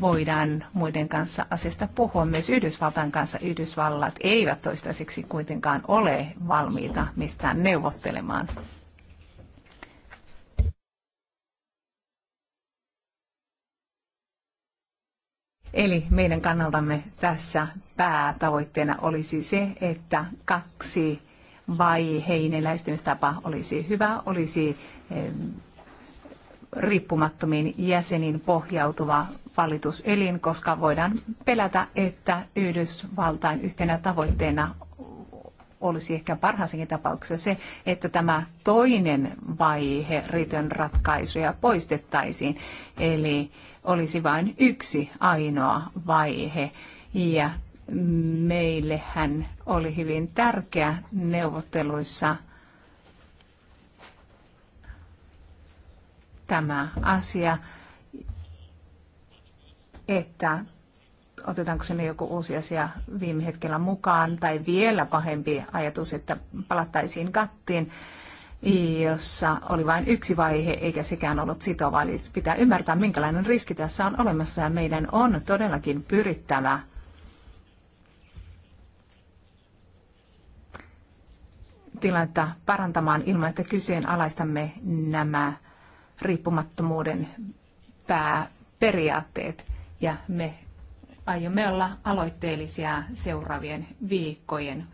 voidaan muiden kanssa asiasta puhua myös Yhdysvaltain kanssa. Yhdysvallat eivät toistaiseksi kuitenkaan ole valmiita mistään neuvottelemaan. Eli meidän kannaltamme tässä päätavoitteena olisi se, että kaksi vaiheinen lähestymistapa olisi hyvä, olisi riippumattomiin jäseniin pohjautuva valituselin, koska voidaan pelätä, että Yhdysvaltain yhtenä tavoitteena olisi ehkä parhaassakin tapauksessa se, että tämä toinen vaihe riitön ratkaisuja poistettaisiin, eli olisi vain yksi ainoa vaihe. Ja meillehän oli hyvin tärkeä neuvotteluissa tämä asia, että otetaanko sinne joku uusi asia viime hetkellä mukaan, tai vielä pahempi ajatus, että palattaisiin kattiin, jossa oli vain yksi vaihe, eikä sekään ollut sitova. Eli pitää ymmärtää, minkälainen riski tässä on olemassa, ja meidän on todellakin pyrittävä tilannetta parantamaan ilman, että kyseenalaistamme nämä riippumattomuuden pääperiaatteet. Ja me aiomme olla aloitteellisia seuraavien viikkojen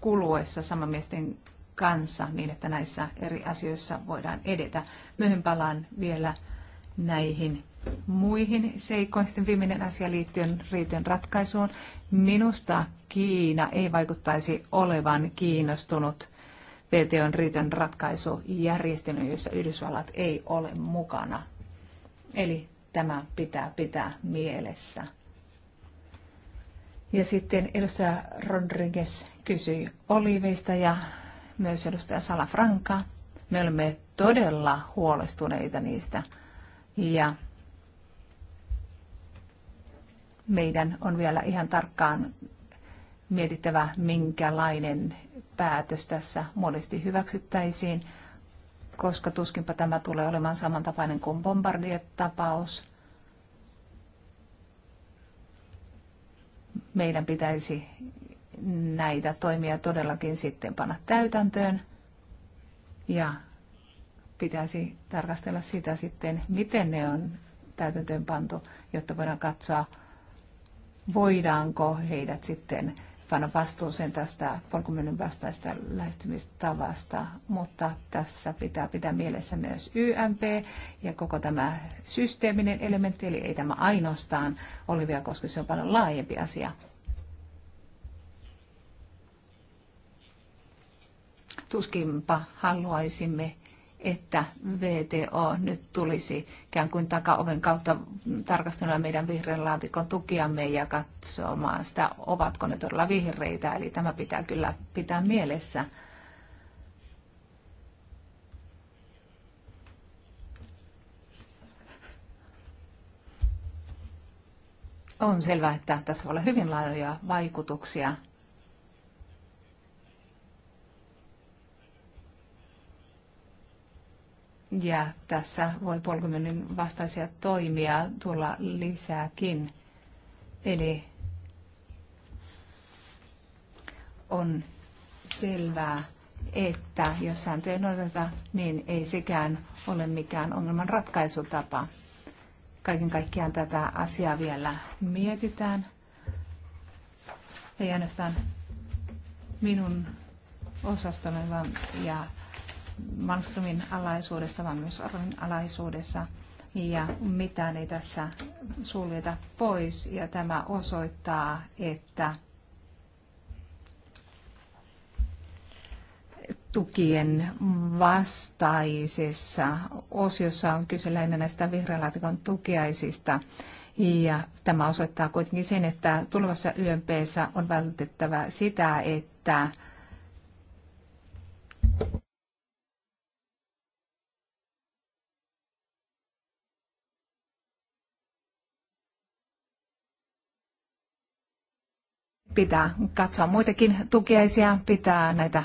kuluessa samanmiesten kanssa niin, että näissä eri asioissa voidaan edetä. Myöhemmin palaan vielä näihin muihin seikoin. Sitten viimeinen asia liittyen riitojen ratkaisuun. Minusta Kiina ei vaikuttaisi olevan kiinnostunut VTOn riitojen ratkaisujärjestelmä, jossa Yhdysvallat ei ole mukana. Eli Tämä pitää pitää mielessä. Ja sitten edustaja Rodriguez kysyi Oliveista ja myös edustaja Salafranca. Me olemme todella huolestuneita niistä ja meidän on vielä ihan tarkkaan mietittävä, minkälainen päätös tässä monesti hyväksyttäisiin – koska tuskinpa tämä tulee olemaan samantapainen kuin Bombardier-tapaus. Meidän pitäisi näitä toimia todellakin sitten panna täytäntöön ja pitäisi tarkastella sitä sitten, miten ne on täytäntöön pantu, jotta voidaan katsoa, voidaanko heidät sitten panna vastuuseen tästä polkumyynnin vastaista lähestymistavasta, mutta tässä pitää pitää mielessä myös YMP ja koko tämä systeeminen elementti, eli ei tämä ainoastaan olivia, koska se on paljon laajempi asia. Tuskinpa haluaisimme että VTO nyt tulisi ikään kuin takaoven kautta tarkastella meidän vihreän laatikon tukiamme ja katsomaan sitä, ovatko ne todella vihreitä. Eli tämä pitää kyllä pitää mielessä. On selvää, että tässä voi olla hyvin laajoja vaikutuksia Ja tässä voi polkumyynnin vastaisia toimia tulla lisääkin. Eli on selvää, että jos sääntöjä noudateta, niin ei sekään ole mikään ongelman ratkaisutapa. Kaiken kaikkiaan tätä asiaa vielä mietitään. Ei ainoastaan minun osastoni vaan ja Malmströmin alaisuudessa, valmiusorvin alaisuudessa ja mitään ei tässä suljeta pois ja tämä osoittaa, että tukien vastaisessa osiossa on kyse lähinnä näistä vihreälaatikon tukiaisista. Ja tämä osoittaa kuitenkin sen, että tulevassa YMPssä on vältettävä sitä, että pitää katsoa muitakin tukiaisia, pitää näitä,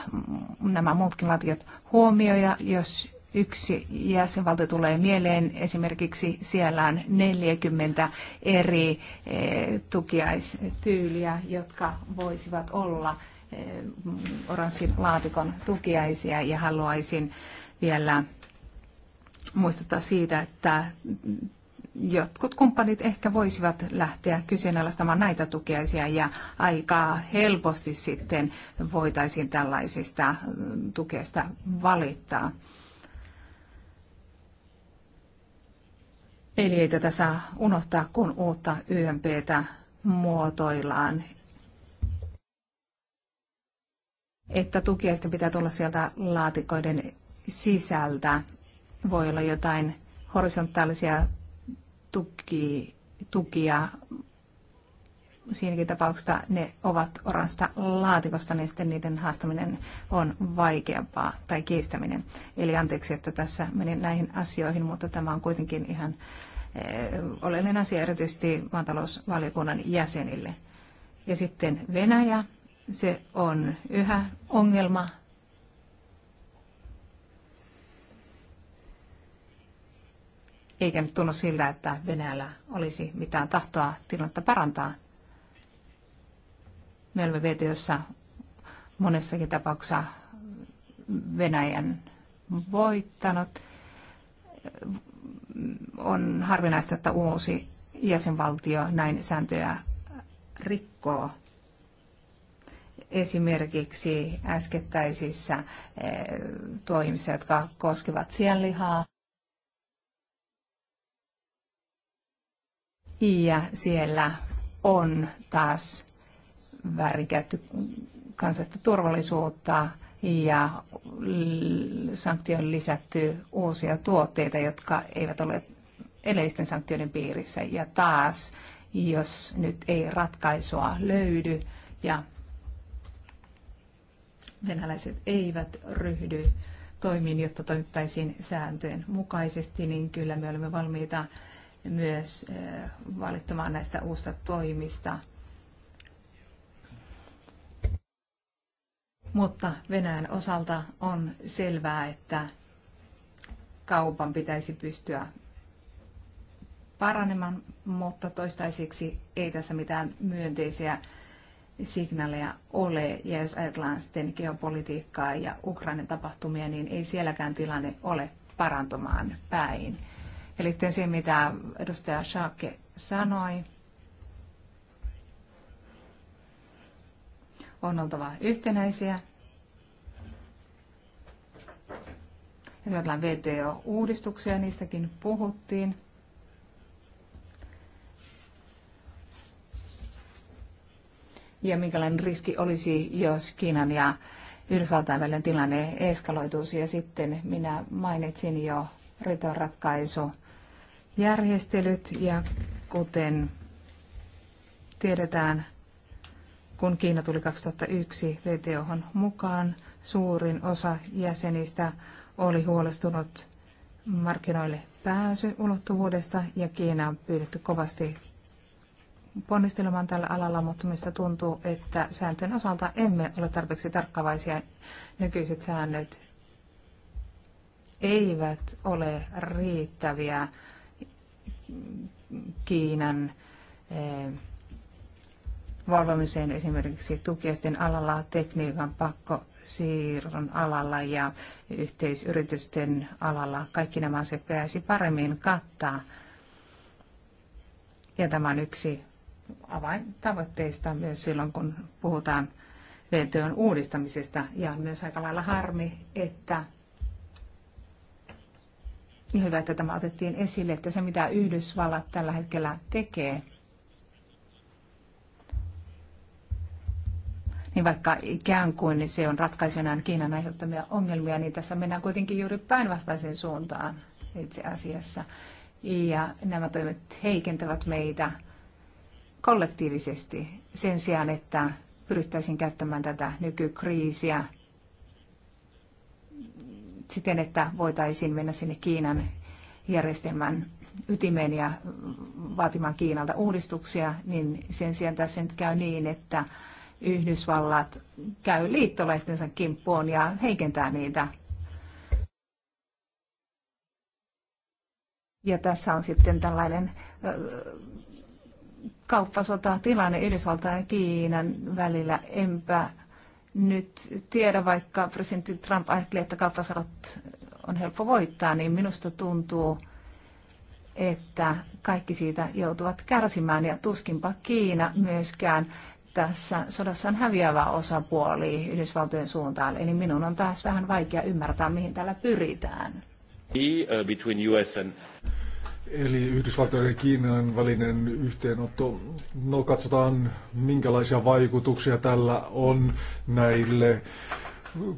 nämä muutkin valtiot huomioida, jos yksi jäsenvaltio tulee mieleen, esimerkiksi siellä on 40 eri eh, tukiaistyyliä, jotka voisivat olla eh, oranssin laatikon tukiaisia ja haluaisin vielä muistuttaa siitä, että jotkut kumppanit ehkä voisivat lähteä kyseenalaistamaan näitä tukiaisia ja aika helposti sitten voitaisiin tällaisista mm, tukeista valittaa. Eli ei tätä saa unohtaa, kun uutta YMPtä muotoillaan. Että tukiaisten pitää tulla sieltä laatikoiden sisältä. Voi olla jotain horisontaalisia tuki, tukia. Siinäkin tapauksessa ne ovat oransta laatikosta, niin sitten niiden haastaminen on vaikeampaa tai kiistäminen. Eli anteeksi, että tässä menin näihin asioihin, mutta tämä on kuitenkin ihan eh, oleellinen asia erityisesti maatalousvaliokunnan jäsenille. Ja sitten Venäjä, se on yhä ongelma eikä nyt tunnu siltä, että Venäjällä olisi mitään tahtoa tilannetta parantaa. Me olemme VTOssa monessakin tapauksessa Venäjän voittanut. On harvinaista, että uusi jäsenvaltio näin sääntöjä rikkoo. Esimerkiksi äskettäisissä eh, toimissa, jotka koskevat sienlihaa, Ja siellä on taas väärinkäytty kansallista turvallisuutta ja sanktioon lisätty uusia tuotteita, jotka eivät ole edellisten sanktioiden piirissä. Ja taas, jos nyt ei ratkaisua löydy ja venäläiset eivät ryhdy toimiin, jotta toimittaisiin sääntöjen mukaisesti, niin kyllä me olemme valmiita myös eh, valittamaan näistä uusista toimista. Mutta Venäjän osalta on selvää, että kaupan pitäisi pystyä paranemaan, mutta toistaiseksi ei tässä mitään myönteisiä signaaleja ole. Ja jos ajatellaan sitten geopolitiikkaa ja Ukrainan tapahtumia, niin ei sielläkään tilanne ole parantumaan päin. Ja liittyen siihen, mitä edustaja Schaake sanoi, on oltava yhtenäisiä. Ja jotain VTO-uudistuksia, niistäkin puhuttiin. Ja minkälainen riski olisi, jos Kiinan ja Yhdysvaltain välinen tilanne eskaloituisi. Ja sitten minä mainitsin jo ritonratkaisu ratkaisu järjestelyt ja kuten tiedetään, kun Kiina tuli 2001 VTOhon mukaan, suurin osa jäsenistä oli huolestunut markkinoille ulottuvuudesta ja Kiina on pyydetty kovasti ponnistelemaan tällä alalla, mutta mistä tuntuu, että sääntöjen osalta emme ole tarpeeksi tarkkavaisia. Nykyiset säännöt eivät ole riittäviä Kiinan eh, valvomiseen esimerkiksi tukiaisten alalla, tekniikan pakkosiirron alalla ja yhteisyritysten alalla. Kaikki nämä asiat pääsi paremmin kattaa. Ja tämä on yksi avaintavoitteista myös silloin, kun puhutaan VTOn uudistamisesta. Ja on myös aika lailla harmi, että niin hyvä, että tämä otettiin esille, että se mitä Yhdysvallat tällä hetkellä tekee, niin vaikka ikään kuin se on ratkaisunaan Kiinan aiheuttamia ongelmia, niin tässä mennään kuitenkin juuri päinvastaiseen suuntaan itse asiassa. Ja nämä toimet heikentävät meitä kollektiivisesti sen sijaan, että pyrittäisiin käyttämään tätä nykykriisiä – siten, että voitaisiin mennä sinne Kiinan järjestelmän ytimeen ja vaatimaan Kiinalta uudistuksia, niin sen sijaan tässä nyt käy niin, että Yhdysvallat käy liittolaistensa kimppuun ja heikentää niitä. Ja tässä on sitten tällainen kauppasota tilanne Yhdysvaltain ja Kiinan välillä. Enpä nyt tiedä, vaikka presidentti Trump ajatteli, että kauppasarot on helppo voittaa, niin minusta tuntuu, että kaikki siitä joutuvat kärsimään ja tuskinpa Kiina myöskään tässä sodassa on häviävä osapuoli Yhdysvaltojen suuntaan. Eli minun on taas vähän vaikea ymmärtää, mihin täällä pyritään. Uh, between US and Eli Yhdysvaltojen ja Kiinan välinen yhteenotto. No katsotaan, minkälaisia vaikutuksia tällä on näille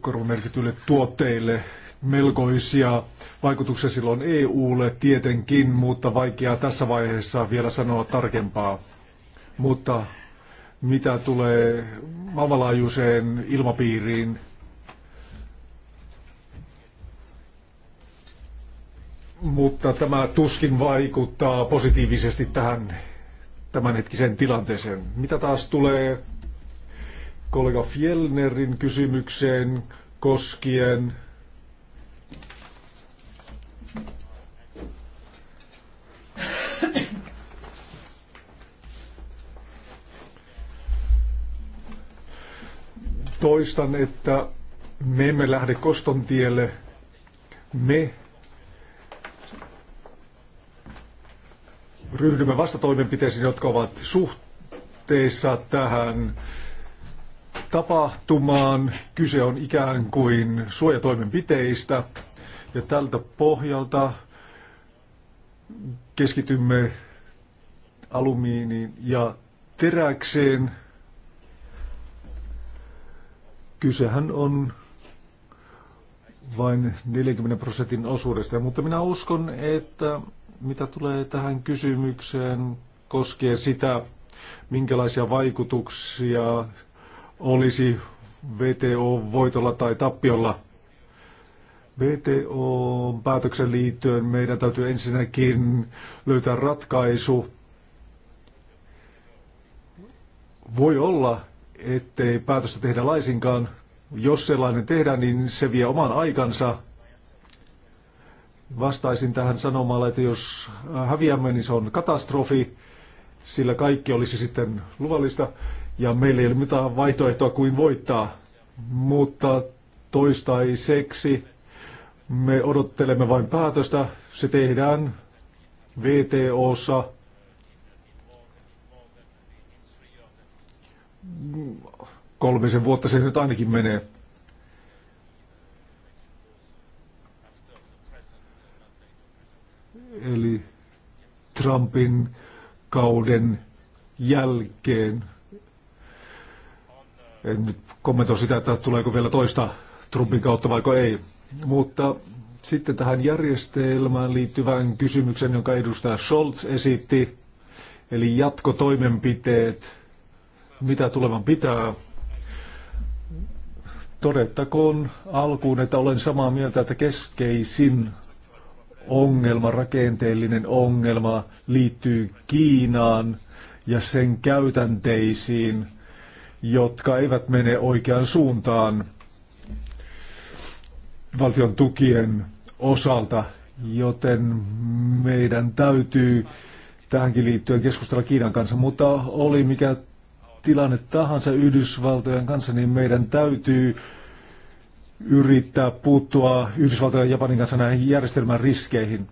korvamerkityille tuotteille. Melkoisia vaikutuksia silloin EUlle tietenkin, mutta vaikeaa tässä vaiheessa vielä sanoa tarkempaa. Mutta mitä tulee maailmanlaajuiseen ilmapiiriin, mutta tämä tuskin vaikuttaa positiivisesti tähän tämänhetkiseen tilanteeseen. Mitä taas tulee kollega Fjellnerin kysymykseen koskien toistan, että me emme lähde koston tielle. Me ryhdymme vastatoimenpiteisiin, jotka ovat suhteessa tähän tapahtumaan. Kyse on ikään kuin suojatoimenpiteistä ja tältä pohjalta keskitymme alumiiniin ja teräkseen. Kysehän on vain 40 prosentin osuudesta, mutta minä uskon, että mitä tulee tähän kysymykseen koskien sitä, minkälaisia vaikutuksia olisi VTO-voitolla tai tappiolla. VTO-päätöksen liittyen meidän täytyy ensinnäkin löytää ratkaisu. Voi olla, ettei päätöstä tehdä laisinkaan. Jos sellainen tehdään, niin se vie oman aikansa Vastaisin tähän sanomalla, että jos häviämme, niin se on katastrofi, sillä kaikki olisi sitten luvallista ja meillä ei ole mitään vaihtoehtoa kuin voittaa. Mutta toistaiseksi me odottelemme vain päätöstä. Se tehdään VTOssa kolmisen vuotta se nyt ainakin menee. eli Trumpin kauden jälkeen. En nyt kommentoi sitä, että tuleeko vielä toista Trumpin kautta vaiko ei. Mutta sitten tähän järjestelmään liittyvän kysymyksen, jonka edustaja Scholz esitti, eli jatkotoimenpiteet, mitä tulevan pitää. Todettakoon alkuun, että olen samaa mieltä, että keskeisin ongelma, rakenteellinen ongelma liittyy Kiinaan ja sen käytänteisiin, jotka eivät mene oikeaan suuntaan valtion tukien osalta, joten meidän täytyy tähänkin liittyen keskustella Kiinan kanssa, mutta oli mikä tilanne tahansa Yhdysvaltojen kanssa, niin meidän täytyy yrittää puuttua Yhdysvaltojen ja Japanin kanssa näihin järjestelmän riskeihin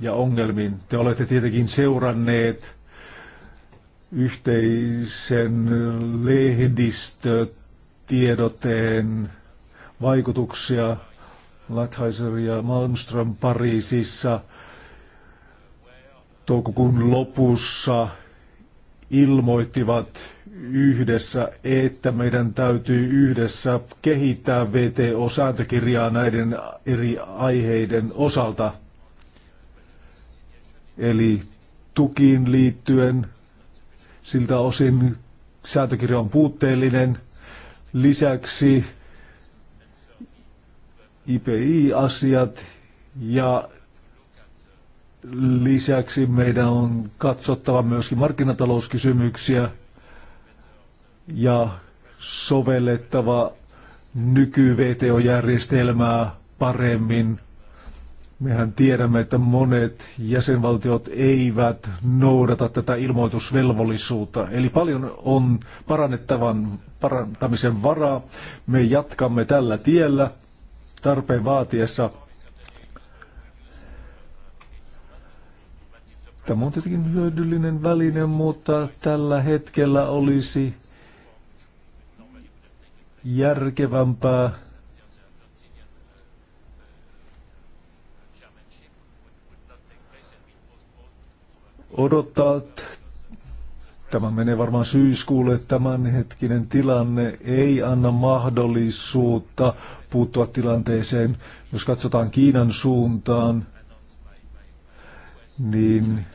ja ongelmiin. Te olette tietenkin seuranneet yhteisen lehdistötiedoteen vaikutuksia Lighthizer ja Malmström Pariisissa toukokuun lopussa ilmoittivat yhdessä, että meidän täytyy yhdessä kehittää VTO-sääntökirjaa näiden eri aiheiden osalta. Eli tukiin liittyen siltä osin sääntökirja on puutteellinen. Lisäksi IPI-asiat ja lisäksi meidän on katsottava myöskin markkinatalouskysymyksiä ja sovellettava nyky-VTO-järjestelmää paremmin. Mehän tiedämme, että monet jäsenvaltiot eivät noudata tätä ilmoitusvelvollisuutta. Eli paljon on parannettavan parantamisen varaa. Me jatkamme tällä tiellä tarpeen vaatiessa. Tämä on tietenkin hyödyllinen väline, mutta tällä hetkellä olisi järkevämpää odottaa. Tämä menee varmaan syyskuulle. Tämänhetkinen tilanne ei anna mahdollisuutta puuttua tilanteeseen. Jos katsotaan Kiinan suuntaan, niin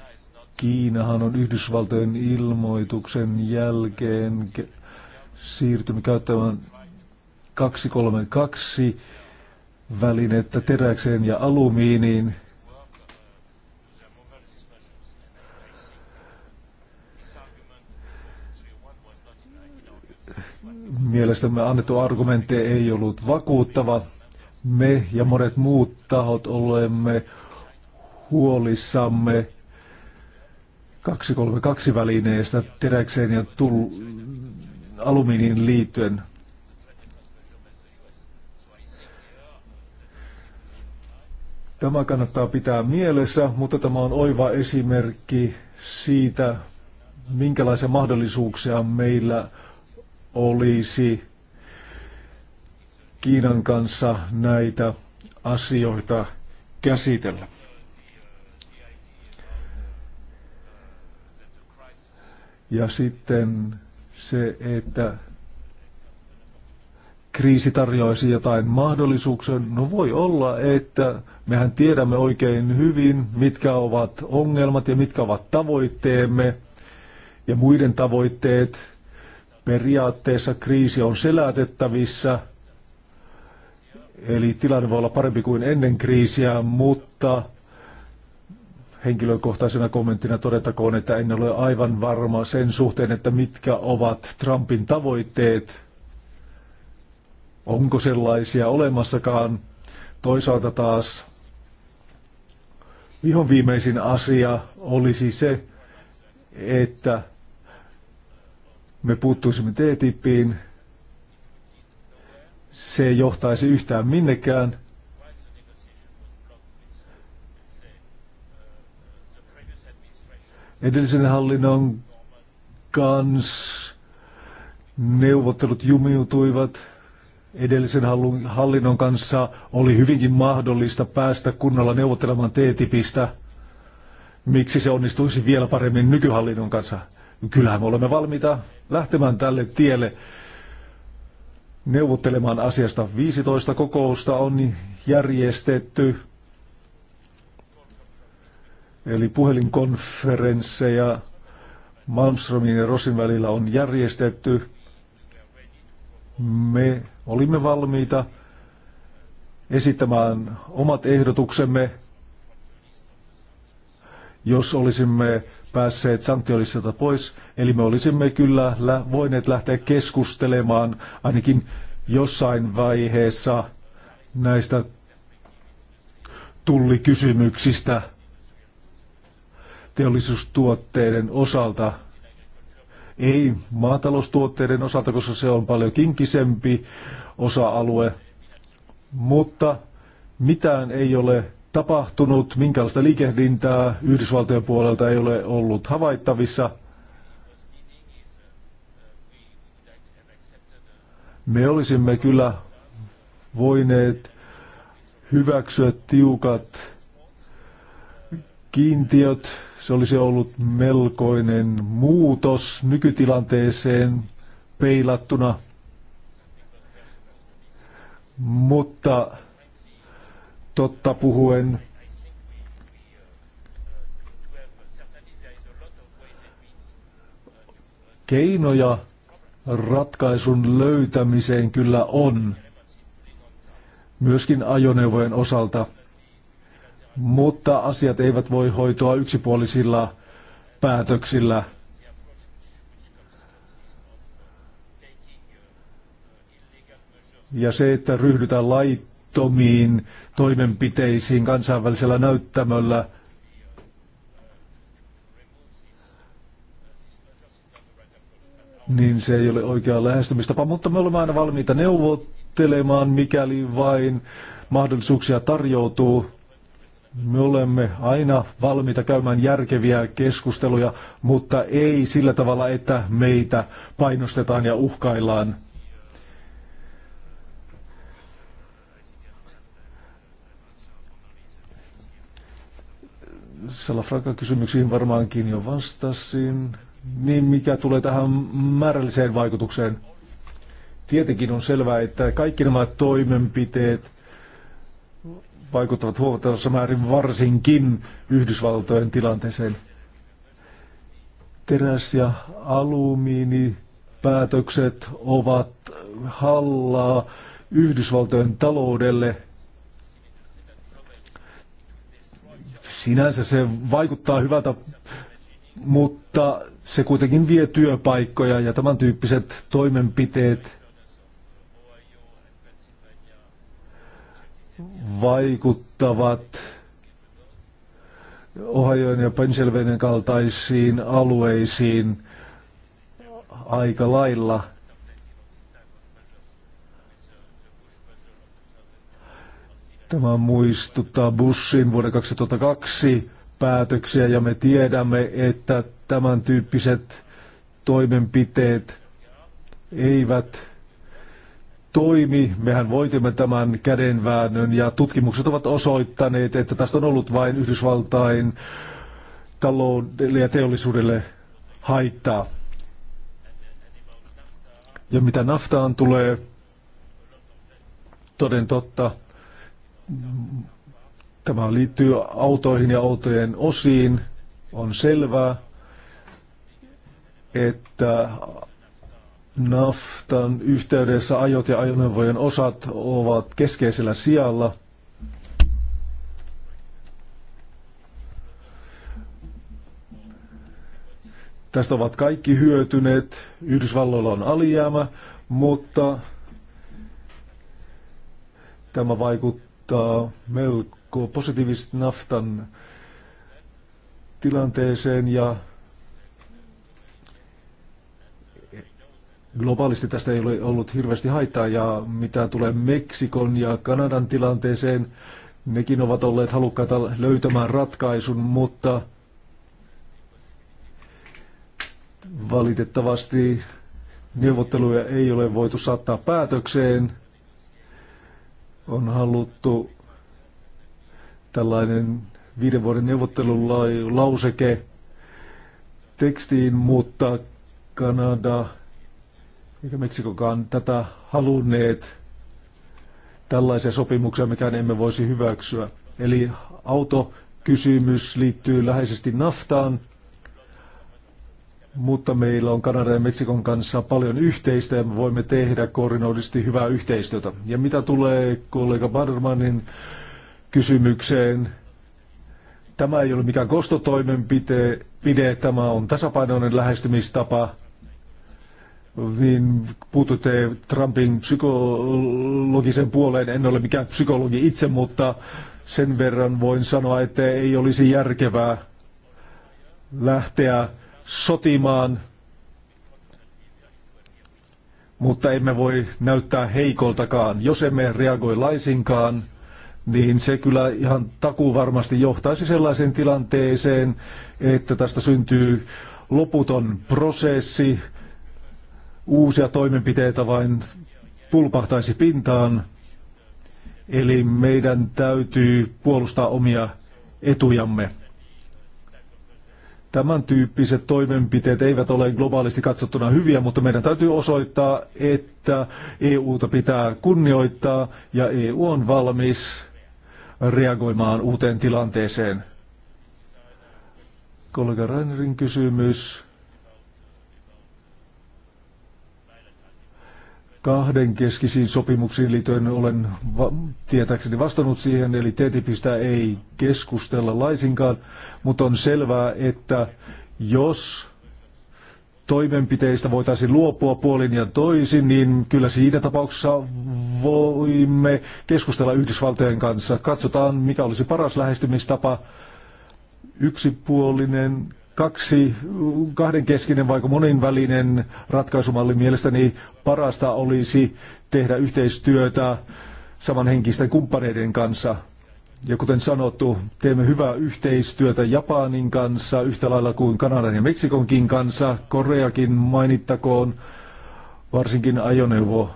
Kiinahan on Yhdysvaltojen ilmoituksen jälkeen siirtynyt käyttämään 232 välinettä teräkseen ja alumiiniin. Mielestämme annettu argumentti ei ollut vakuuttava. Me ja monet muut tahot olemme huolissamme 232 välineestä teräkseen ja tul- alumiiniin liittyen – Tämä kannattaa pitää mielessä, mutta tämä on oiva esimerkki siitä, minkälaisia mahdollisuuksia meillä olisi Kiinan kanssa näitä asioita käsitellä. Ja sitten se, että kriisi tarjoaisi jotain mahdollisuuksia? No voi olla, että mehän tiedämme oikein hyvin, mitkä ovat ongelmat ja mitkä ovat tavoitteemme ja muiden tavoitteet. Periaatteessa kriisi on selätettävissä, eli tilanne voi olla parempi kuin ennen kriisiä, mutta henkilökohtaisena kommenttina todettakoon, että en ole aivan varma sen suhteen, että mitkä ovat Trumpin tavoitteet – Onko sellaisia olemassakaan? Toisaalta taas ihan viimeisin asia olisi se, että me puuttuisimme T-tippiin. Se ei johtaisi yhtään minnekään. Edellisen hallinnon kanssa neuvottelut jumiutuivat edellisen hallinnon kanssa oli hyvinkin mahdollista päästä kunnolla neuvottelemaan TTIPistä. Miksi se onnistuisi vielä paremmin nykyhallinnon kanssa? Kyllähän me olemme valmiita lähtemään tälle tielle neuvottelemaan asiasta. 15 kokousta on järjestetty, eli puhelinkonferensseja Malmströmin ja Rosin välillä on järjestetty. Me Olimme valmiita esittämään omat ehdotuksemme, jos olisimme päässeet sanktiolistata pois. Eli me olisimme kyllä voineet lähteä keskustelemaan ainakin jossain vaiheessa näistä tullikysymyksistä teollisuustuotteiden osalta – ei maataloustuotteiden osalta, koska se on paljon kinkisempi osa-alue, mutta mitään ei ole tapahtunut, minkälaista liikehdintää Yhdysvaltojen puolelta ei ole ollut havaittavissa. Me olisimme kyllä voineet hyväksyä tiukat kiintiöt se olisi ollut melkoinen muutos nykytilanteeseen peilattuna, mutta totta puhuen keinoja ratkaisun löytämiseen kyllä on, myöskin ajoneuvojen osalta – mutta asiat eivät voi hoitua yksipuolisilla päätöksillä. Ja se, että ryhdytään laittomiin toimenpiteisiin kansainvälisellä näyttämöllä, niin se ei ole oikea lähestymistapa, mutta me olemme aina valmiita neuvottelemaan, mikäli vain mahdollisuuksia tarjoutuu. Me olemme aina valmiita käymään järkeviä keskusteluja, mutta ei sillä tavalla, että meitä painostetaan ja uhkaillaan. Salafrankan kysymyksiin varmaankin jo vastasin. Niin mikä tulee tähän määrälliseen vaikutukseen? Tietenkin on selvää, että kaikki nämä toimenpiteet vaikuttavat huomattavassa määrin varsinkin Yhdysvaltojen tilanteeseen. Teräs- ja alumiinipäätökset ovat hallaa Yhdysvaltojen taloudelle. Sinänsä se vaikuttaa hyvältä, mutta se kuitenkin vie työpaikkoja ja tämän tyyppiset toimenpiteet vaikuttavat Ohajoen ja Pennsylvanian kaltaisiin alueisiin aika lailla. Tämä muistuttaa Bushin vuoden 2002 päätöksiä ja me tiedämme, että tämän tyyppiset toimenpiteet eivät toimi. Mehän voitimme tämän kädenväännön ja tutkimukset ovat osoittaneet, että tästä on ollut vain Yhdysvaltain taloudelle ja teollisuudelle haittaa. Ja mitä naftaan tulee, toden totta, tämä liittyy autoihin ja autojen osiin. On selvää, että Naftan yhteydessä ajot ja ajoneuvojen osat ovat keskeisellä sijalla. Tästä ovat kaikki hyötyneet. Yhdysvalloilla on alijäämä, mutta tämä vaikuttaa melko positiivisesti naftan tilanteeseen ja globaalisti tästä ei ole ollut hirveästi haittaa ja mitä tulee Meksikon ja Kanadan tilanteeseen, nekin ovat olleet halukkaita löytämään ratkaisun, mutta valitettavasti neuvotteluja ei ole voitu saattaa päätökseen. On haluttu tällainen viiden vuoden neuvottelulauseke tekstiin, mutta Kanada eikä Meksikokaan tätä halunneet. Tällaisia sopimuksia mikä emme voisi hyväksyä. Eli autokysymys liittyy läheisesti naftaan, mutta meillä on Kanada ja Meksikon kanssa paljon yhteistä ja me voimme tehdä koordinoidisesti hyvää yhteistyötä. Ja mitä tulee kollega Badermanin kysymykseen, tämä ei ole mikään kostotoimenpide, tämä on tasapainoinen lähestymistapa niin puututte Trumpin psykologisen puoleen. En ole mikään psykologi itse, mutta sen verran voin sanoa, että ei olisi järkevää lähteä sotimaan, mutta emme voi näyttää heikoltakaan. Jos emme reagoi laisinkaan, niin se kyllä ihan takuu varmasti johtaisi sellaiseen tilanteeseen, että tästä syntyy loputon prosessi, uusia toimenpiteitä vain pulpahtaisi pintaan. Eli meidän täytyy puolustaa omia etujamme. Tämän tyyppiset toimenpiteet eivät ole globaalisti katsottuna hyviä, mutta meidän täytyy osoittaa, että EUta pitää kunnioittaa ja EU on valmis reagoimaan uuteen tilanteeseen. Kollega Reinerin kysymys Kahden keskisiin sopimuksiin liittyen olen va- tietääkseni vastannut siihen, eli TTIPistä ei keskustella laisinkaan, mutta on selvää, että jos toimenpiteistä voitaisiin luopua puolin ja toisin, niin kyllä siinä tapauksessa voimme keskustella Yhdysvaltojen kanssa. Katsotaan, mikä olisi paras lähestymistapa. Yksipuolinen kaksi, kahdenkeskinen vaikka moninvälinen ratkaisumalli mielestäni parasta olisi tehdä yhteistyötä samanhenkisten kumppaneiden kanssa. Ja kuten sanottu, teemme hyvää yhteistyötä Japanin kanssa, yhtä lailla kuin Kanadan ja Meksikonkin kanssa, Koreakin mainittakoon, varsinkin ajoneuvo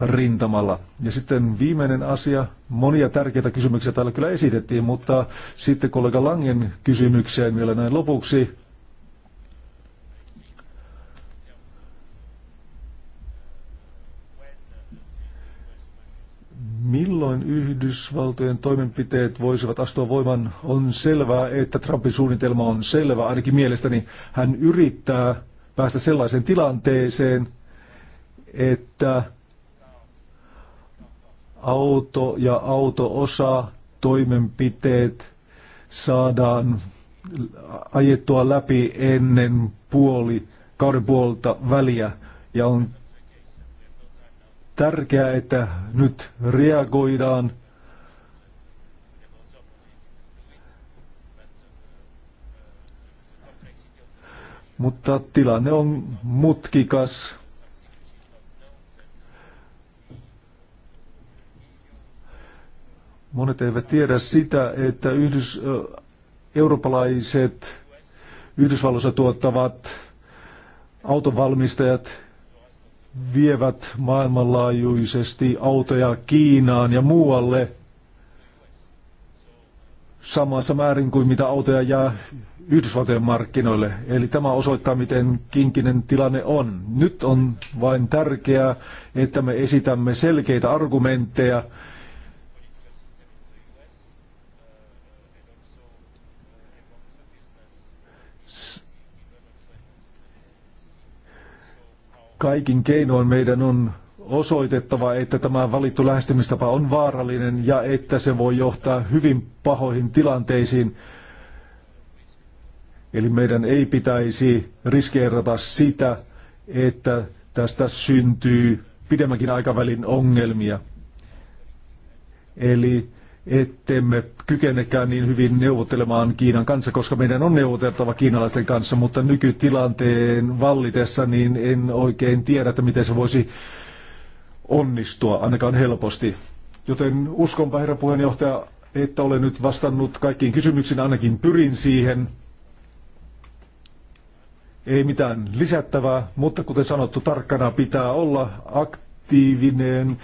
rintamalla. Ja sitten viimeinen asia, monia tärkeitä kysymyksiä täällä kyllä esitettiin, mutta sitten kollega Langen kysymykseen vielä näin lopuksi. Milloin Yhdysvaltojen toimenpiteet voisivat astua voiman? On selvää, että Trumpin suunnitelma on selvä. Ainakin mielestäni hän yrittää päästä sellaiseen tilanteeseen, että auto ja autoosa toimenpiteet saadaan ajettua läpi ennen puoli, kauden puolta väliä. Ja on tärkeää, että nyt reagoidaan Mutta tilanne on mutkikas Monet eivät tiedä sitä, että yhdys, eurooppalaiset Yhdysvalloissa tuottavat autonvalmistajat vievät maailmanlaajuisesti autoja Kiinaan ja muualle samassa määrin kuin mitä autoja jää Yhdysvaltojen markkinoille. Eli tämä osoittaa, miten kinkinen tilanne on. Nyt on vain tärkeää, että me esitämme selkeitä argumentteja Kaikin keinoin meidän on osoitettava, että tämä valittu lähestymistapa on vaarallinen ja että se voi johtaa hyvin pahoihin tilanteisiin. Eli meidän ei pitäisi riskeerata sitä, että tästä syntyy pidemmänkin aikavälin ongelmia. Eli ettemme kykenekään niin hyvin neuvottelemaan Kiinan kanssa, koska meidän on neuvoteltava kiinalaisten kanssa, mutta nykytilanteen vallitessa niin en oikein tiedä, että miten se voisi onnistua, ainakaan helposti. Joten uskonpa, herra puheenjohtaja, että olen nyt vastannut kaikkiin kysymyksiin, ainakin pyrin siihen. Ei mitään lisättävää, mutta kuten sanottu, tarkkana pitää olla aktiivinen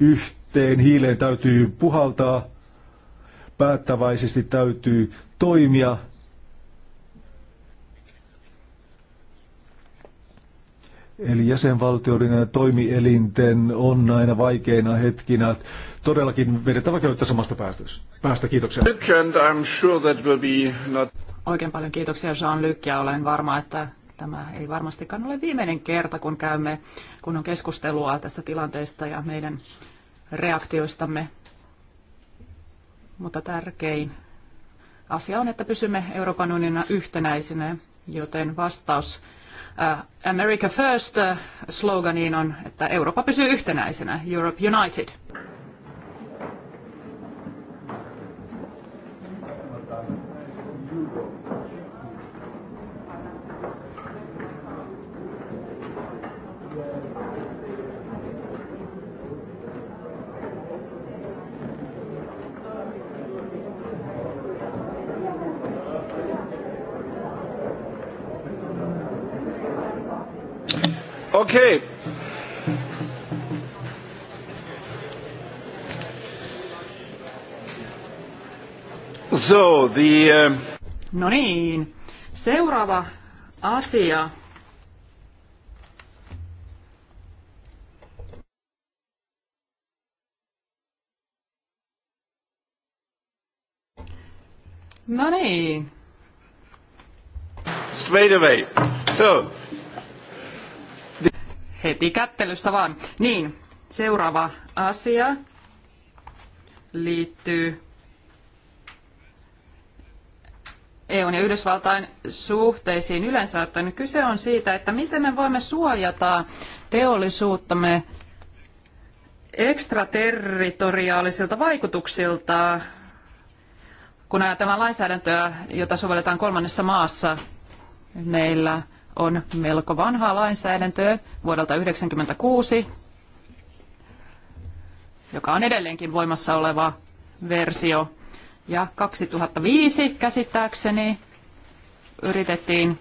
yhteen hiileen täytyy puhaltaa päättäväisesti täytyy toimia. Eli jäsenvaltioiden ja toimielinten on näinä vaikeina hetkinä todellakin vedettävä köyttä samasta päästöstä. päästä. Kiitoksia. Oikein paljon kiitoksia Jean-Luc ja olen varma, että tämä ei varmastikaan ole viimeinen kerta, kun käymme kun on keskustelua tästä tilanteesta ja meidän reaktioistamme mutta tärkein asia on, että pysymme Euroopan unionina yhtenäisenä, joten vastaus äh, America First äh, sloganiin on, että Eurooppa pysyy yhtenäisenä, Europe United. Okay. So, the, uh... No niin, seuraava asia. No niin. Straight away. So, heti kättelyssä vaan. Niin, seuraava asia liittyy EUn ja Yhdysvaltain suhteisiin yleensä ottaen. Kyse on siitä, että miten me voimme suojata teollisuuttamme ekstraterritoriaalisilta vaikutuksilta, kun ajatellaan lainsäädäntöä, jota sovelletaan kolmannessa maassa meillä – on melko vanhaa lainsäädäntöä vuodelta 1996, joka on edelleenkin voimassa oleva versio. Ja 2005 käsittääkseni yritettiin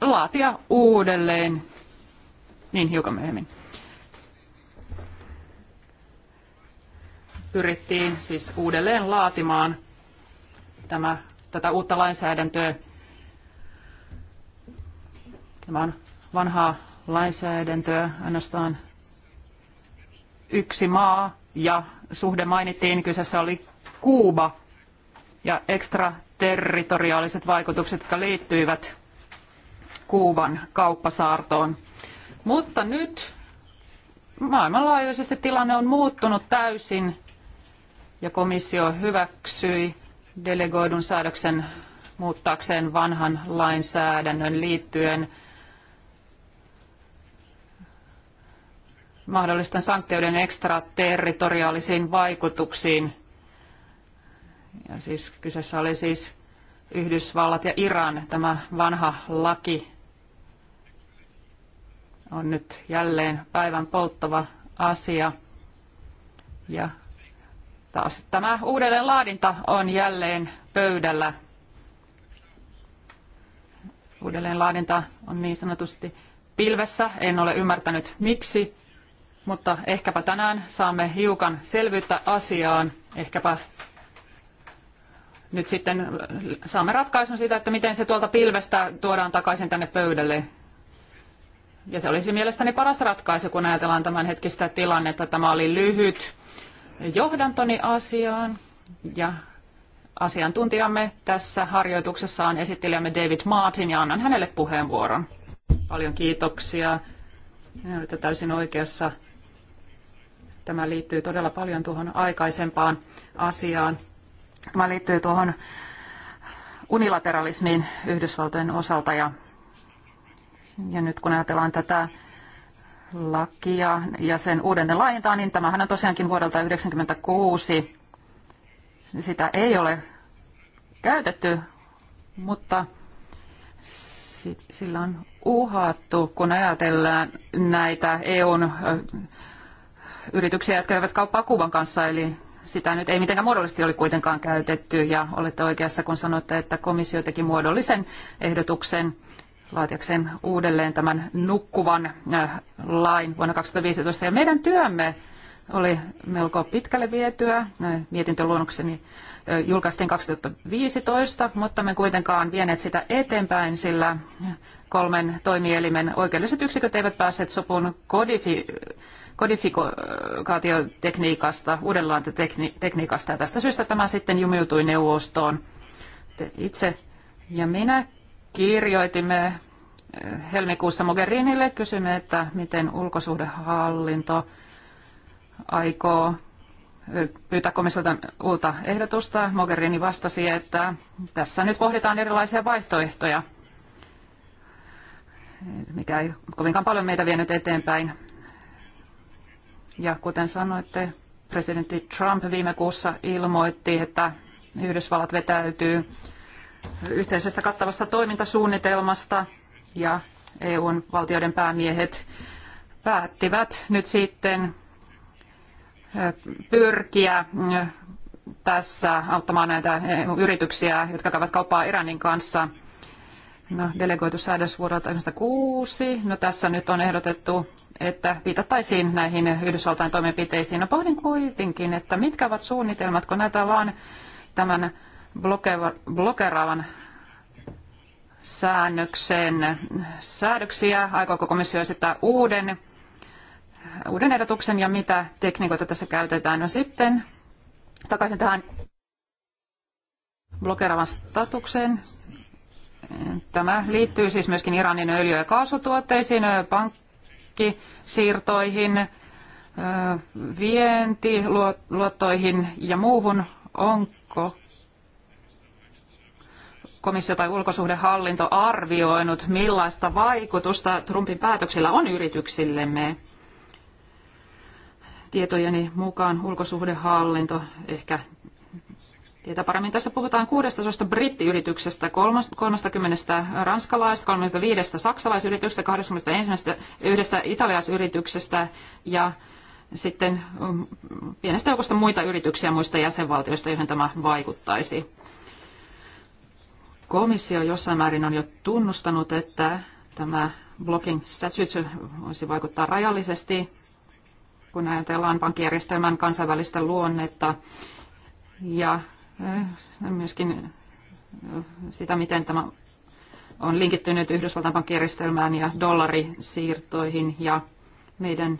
laatia uudelleen, niin hiukan myöhemmin. Pyrittiin siis uudelleen laatimaan tämä, tätä uutta lainsäädäntöä Tämä on vanhaa lainsäädäntöä, ainoastaan yksi maa ja suhde mainittiin, kyseessä oli Kuuba ja ekstraterritoriaaliset vaikutukset, jotka liittyivät Kuuban kauppasaartoon. Mutta nyt maailmanlaajuisesti tilanne on muuttunut täysin ja komissio hyväksyi delegoidun säädöksen muuttaakseen vanhan lainsäädännön liittyen mahdollisten sanktioiden ekstraterritoriaalisiin vaikutuksiin. Ja siis kyseessä oli siis Yhdysvallat ja Iran, tämä vanha laki on nyt jälleen päivän polttava asia. Ja taas tämä uudelleen laadinta on jälleen pöydällä. Uudelleen laadinta on niin sanotusti pilvessä. En ole ymmärtänyt miksi mutta ehkäpä tänään saamme hiukan selvyyttä asiaan. Ehkäpä nyt sitten saamme ratkaisun siitä, että miten se tuolta pilvestä tuodaan takaisin tänne pöydälle. Ja se olisi mielestäni paras ratkaisu, kun ajatellaan tämän hetkistä tilannetta. Tämä oli lyhyt johdantoni asiaan ja asiantuntijamme tässä harjoituksessa on esittelijämme David Martin ja annan hänelle puheenvuoron. Paljon kiitoksia. Olette täysin oikeassa Tämä liittyy todella paljon tuohon aikaisempaan asiaan. Tämä liittyy tuohon unilateralismiin Yhdysvaltojen osalta ja, ja nyt kun ajatellaan tätä lakia ja sen uudelleen laajentaa, niin tämähän on tosiaankin vuodelta 1996. Sitä ei ole käytetty, mutta sillä on uhattu, kun ajatellaan näitä EUn yrityksiä, jotka eivät kauppaa Kuuban kanssa, eli sitä nyt ei mitenkään muodollisesti ole kuitenkaan käytetty, ja olette oikeassa, kun sanoitte, että komissio teki muodollisen ehdotuksen laatiakseen uudelleen tämän nukkuvan äh, lain vuonna 2015. Ja meidän työmme oli melko pitkälle vietyä. Äh, mietintöluonnokseni äh, julkaistiin 2015, mutta me kuitenkaan vieneet sitä eteenpäin, sillä kolmen toimielimen oikeudelliset yksiköt eivät päässeet sopun kodifi- kodifikaatiotekniikasta, uudellaatetekniikasta ja tästä syystä tämä sitten jumiutui neuvostoon. Te itse ja minä kirjoitimme eh, helmikuussa Mogherinille, kysymme, että miten ulkosuhdehallinto aikoo eh, pyytää komissiolta uutta ehdotusta. Mogherini vastasi, että tässä nyt pohditaan erilaisia vaihtoehtoja, mikä ei kovinkaan paljon meitä vienyt eteenpäin. Ja kuten sanoitte, presidentti Trump viime kuussa ilmoitti, että Yhdysvallat vetäytyy yhteisestä kattavasta toimintasuunnitelmasta ja EUn valtioiden päämiehet päättivät nyt sitten pyrkiä tässä auttamaan näitä yrityksiä, jotka käyvät kauppaa Iranin kanssa. No, delegoitu säädös vuodelta 1996. No, tässä nyt on ehdotettu että viitattaisiin näihin Yhdysvaltain toimenpiteisiin. No pohdin kuitenkin, että mitkä ovat suunnitelmat, kun näitä vaan tämän blokeraavan säännöksen säädöksiä. Aikooko komissio esittää uuden, uuden ehdotuksen ja mitä tekniikoita tässä käytetään? No sitten takaisin tähän blokeraavan statukseen. Tämä liittyy siis myöskin Iranin öljy- ja kaasutuotteisiin, pank- pankkisiirtoihin, vientiluottoihin ja muuhun? Onko komissio tai ulkosuhdehallinto arvioinut, millaista vaikutusta Trumpin päätöksillä on yrityksillemme? Tietojeni mukaan ulkosuhdehallinto ehkä tietää paremmin. Tässä puhutaan 16 brittiyrityksestä, 30 ranskalaisesta, 35 saksalaisyrityksestä, 21 italialaisyrityksestä ja sitten mm, pienestä joukosta muita yrityksiä muista jäsenvaltioista, joihin tämä vaikuttaisi. Komissio jossain määrin on jo tunnustanut, että tämä blocking statute voisi vaikuttaa rajallisesti, kun ajatellaan pankkijärjestelmän kansainvälistä luonnetta ja Äh, myöskin äh, sitä, miten tämä on linkittynyt Yhdysvaltain pankkijärjestelmään ja dollarisiirtoihin ja meidän,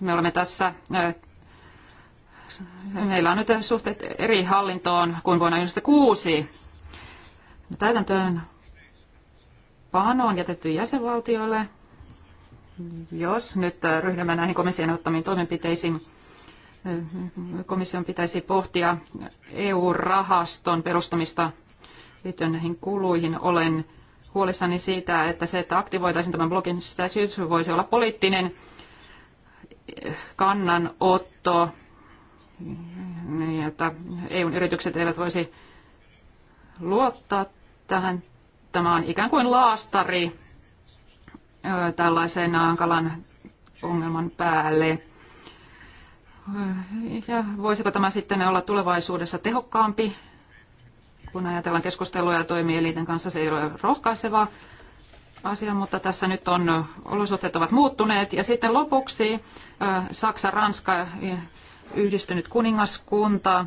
me olemme tässä, äh, meillä on nyt suhteet eri hallintoon kuin vuonna 1996. Täytäntöön pano on jätetty jäsenvaltioille. Jos nyt ryhdymme näihin komission ottamiin toimenpiteisiin, komission pitäisi pohtia EU-rahaston perustamista liittyen näihin kuluihin. Olen huolissani siitä, että se, että aktivoitaisiin tämän blogin status, voisi olla poliittinen kannanotto, niin että EUn yritykset eivät voisi luottaa tähän. Tämä on ikään kuin laastari tällaisen hankalan ongelman päälle. Ja voisiko tämä sitten olla tulevaisuudessa tehokkaampi, kun ajatellaan keskusteluja toimielinten kanssa, se ei ole rohkaisevaa asia, mutta tässä nyt on, olosuhteet ovat muuttuneet. Ja sitten lopuksi Saksa, Ranska, yhdistynyt kuningaskunta,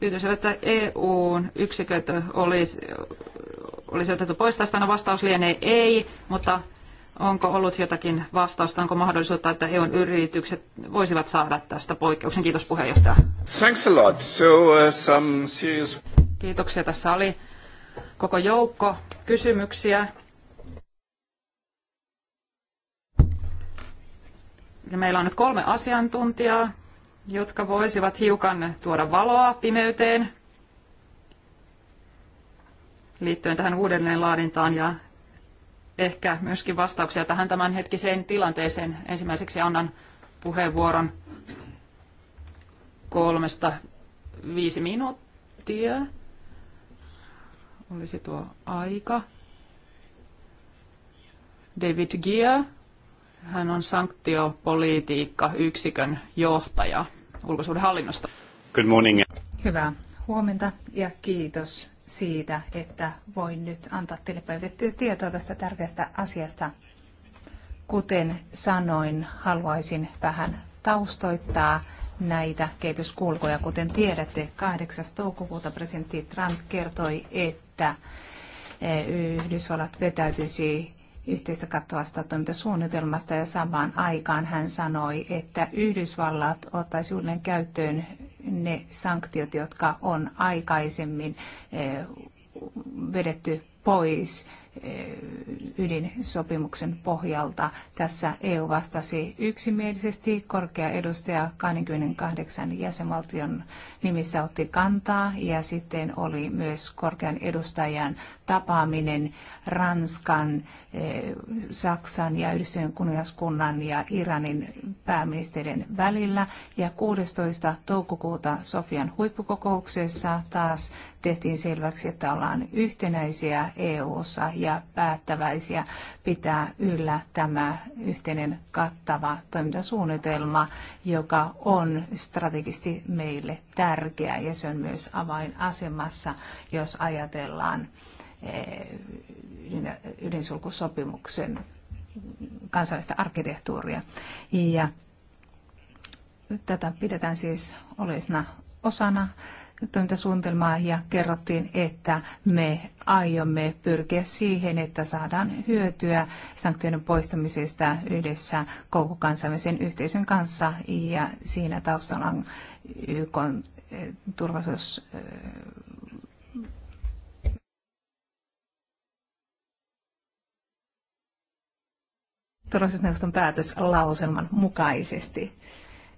pyytäisivät, että EU: yksiköt olisi, olisi otettu pois tästä. No vastaus lienee ei, mutta Onko ollut jotakin vastausta, onko mahdollisuutta, että EUn yritykset voisivat saada tästä poikkeuksen? Kiitos puheenjohtaja. Thanks a lot. So, uh, some serious... Kiitoksia. Tässä oli koko joukko kysymyksiä. Ja meillä on nyt kolme asiantuntijaa, jotka voisivat hiukan tuoda valoa pimeyteen liittyen tähän uudelleenlaadintaan ja ehkä myöskin vastauksia tähän tämänhetkiseen tilanteeseen. Ensimmäiseksi annan puheenvuoron kolmesta viisi minuuttia. Olisi tuo aika. David Gia, hän on sanktiopolitiikka-yksikön johtaja ulkosuudenhallinnosta. Good morning. Hyvää huomenta ja kiitos siitä, että voin nyt antaa teille päivitettyä tietoa tästä tärkeästä asiasta. Kuten sanoin, haluaisin vähän taustoittaa näitä kehityskulkuja. Kuten tiedätte, 8. toukokuuta presidentti Trump kertoi, että e, Yhdysvallat vetäytyisi yhteistä kattavasta toimintasuunnitelmasta ja samaan aikaan hän sanoi, että Yhdysvallat ottaisi uudelleen käyttöön ne sanktiot, jotka on aikaisemmin eh, vedetty pois eh, ydinsopimuksen pohjalta. Tässä EU vastasi yksimielisesti korkea edustaja 28 jäsenvaltion nimissä otti kantaa ja sitten oli myös korkean edustajan tapaaminen Ranskan, eh, Saksan ja Yhdistyneen kuningaskunnan ja Iranin pääministerin välillä. Ja 16. toukokuuta Sofian huippukokouksessa taas tehtiin selväksi, että ollaan yhtenäisiä EU-ssa ja päättäväisiä pitää yllä tämä yhteinen kattava toimintasuunnitelma, joka on strategisesti meille tärkeä tärkeä ja se on myös avainasemassa, jos ajatellaan eh, ydinsulkusopimuksen kansallista arkkitehtuuria. Ja tätä pidetään siis olisena osana toimintasuunnitelmaa ja kerrottiin, että me aiomme pyrkiä siihen, että saadaan hyötyä sanktioiden poistamisesta yhdessä koko kansainvälisen yhteisön kanssa ja siinä taustalla on YK turvallisuus turvallisuusneuvoston päätöslauselman mukaisesti.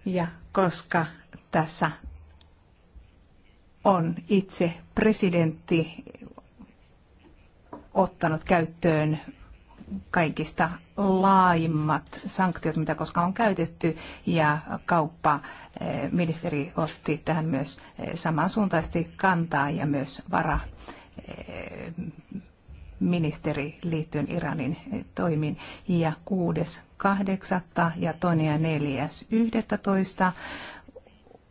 Ja koska tässä on itse presidentti ottanut käyttöön kaikista laajimmat sanktiot, mitä koskaan on käytetty, ja kauppa eh, ministeri otti tähän myös eh, samansuuntaisesti kantaa ja myös vara eh, ministeri liittyen Iranin toimiin. Ja 6.8. ja 2. ja 4.11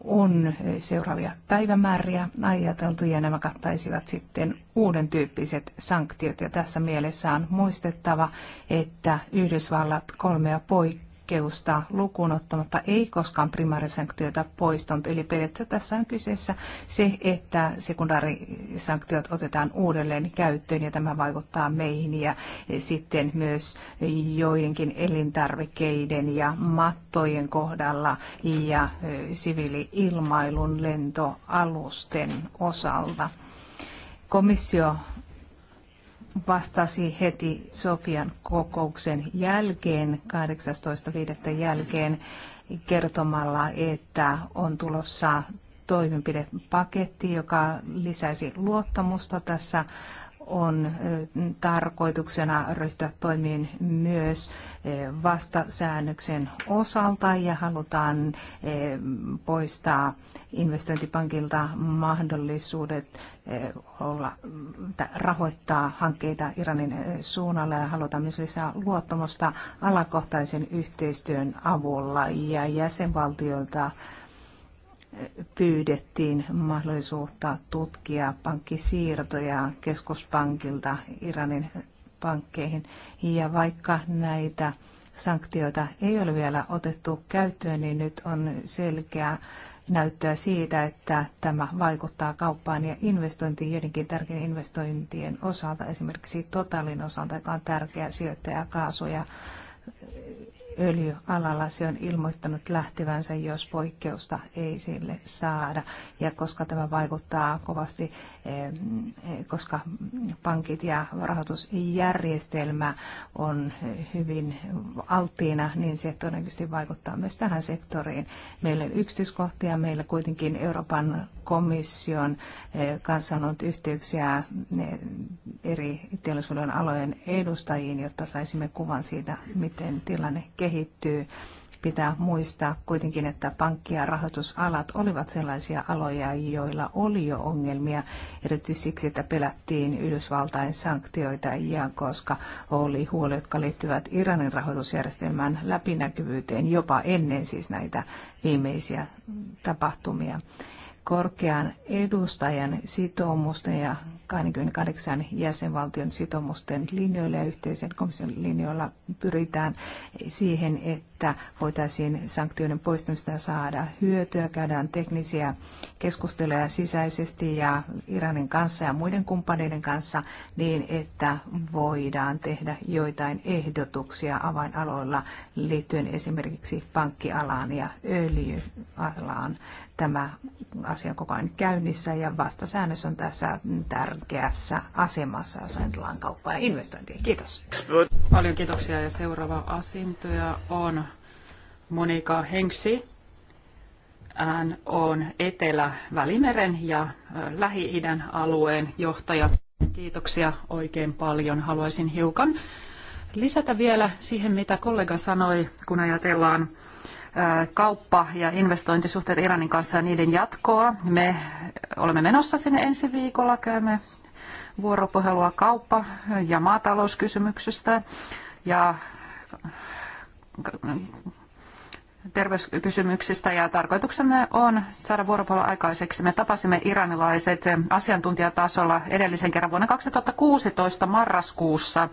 on seuraavia päivämääriä ajateltu ja nämä kattaisivat sitten uuden tyyppiset sanktiot. Ja tässä mielessä on muistettava, että Yhdysvallat kolmea poikkeaa poikkeusta lukuun ottamatta ei koskaan primäärisanktiota poistunut. Eli periaatteessa tässä on kyseessä se, että sekundaarisanktiot otetaan uudelleen käyttöön ja tämä vaikuttaa meihin ja sitten myös joidenkin elintarvikeiden ja mattojen kohdalla ja siviili-ilmailun lentoalusten osalta. Komissio vastasi heti Sofian kokouksen jälkeen, 18.5. jälkeen, kertomalla, että on tulossa toimenpidepaketti, joka lisäisi luottamusta tässä on tarkoituksena ryhtyä toimiin myös vastasäännöksen osalta ja halutaan poistaa investointipankilta mahdollisuudet olla, rahoittaa hankkeita Iranin suunnalla ja halutaan myös lisää luottamusta alakohtaisen yhteistyön avulla ja jäsenvaltioilta pyydettiin mahdollisuutta tutkia pankkisiirtoja keskuspankilta Iranin pankkeihin. Ja vaikka näitä sanktioita ei ole vielä otettu käyttöön, niin nyt on selkeä näyttöä siitä, että tämä vaikuttaa kauppaan ja investointiin joidenkin tärkeiden investointien osalta, esimerkiksi Totalin osalta, joka on tärkeä sijoittaja kaasu- ja öljyalalla se on ilmoittanut lähtevänsä, jos poikkeusta ei sille saada. Ja koska tämä vaikuttaa kovasti, eh, koska pankit ja rahoitusjärjestelmä on hyvin alttiina, niin se todennäköisesti vaikuttaa myös tähän sektoriin. Meillä on yksityiskohtia, meillä kuitenkin Euroopan komission eh, kanssa on ollut yhteyksiä eh, eri teollisuuden alojen edustajiin, jotta saisimme kuvan siitä, miten tilanne kehittyy kehittyy. Pitää muistaa kuitenkin, että pankki- ja rahoitusalat olivat sellaisia aloja, joilla oli jo ongelmia, erityisesti siksi, että pelättiin Yhdysvaltain sanktioita ja koska oli huoli, jotka liittyvät Iranin rahoitusjärjestelmän läpinäkyvyyteen jopa ennen siis näitä viimeisiä tapahtumia korkean edustajan sitoumusten ja 28 jäsenvaltion sitoumusten linjoilla ja yhteisen komission linjoilla pyritään siihen, että että voitaisiin sanktioiden poistamista saada hyötyä. Käydään teknisiä keskusteluja sisäisesti ja Iranin kanssa ja muiden kumppaneiden kanssa niin, että voidaan tehdä joitain ehdotuksia avainaloilla liittyen esimerkiksi pankkialaan ja öljyalaan. Tämä asia on koko ajan käynnissä ja vastasäännös on tässä tärkeässä asemassa, jos ajatellaan kauppaa ja investointia. Kiitos. Paljon kiitoksia ja seuraava asintoja on Monika Hengsi Hän on Etelä-Välimeren ja Lähi-idän alueen johtaja. Kiitoksia oikein paljon. Haluaisin hiukan lisätä vielä siihen, mitä kollega sanoi, kun ajatellaan kauppa- ja investointisuhteet Iranin kanssa ja niiden jatkoa. Me olemme menossa sinne ensi viikolla, käymme vuoropuhelua kauppa- ja maatalouskysymyksistä ja terveyskysymyksistä ja tarkoituksemme on saada vuoropuhelu aikaiseksi. Me tapasimme iranilaiset asiantuntijatasolla edellisen kerran vuonna 2016 marraskuussa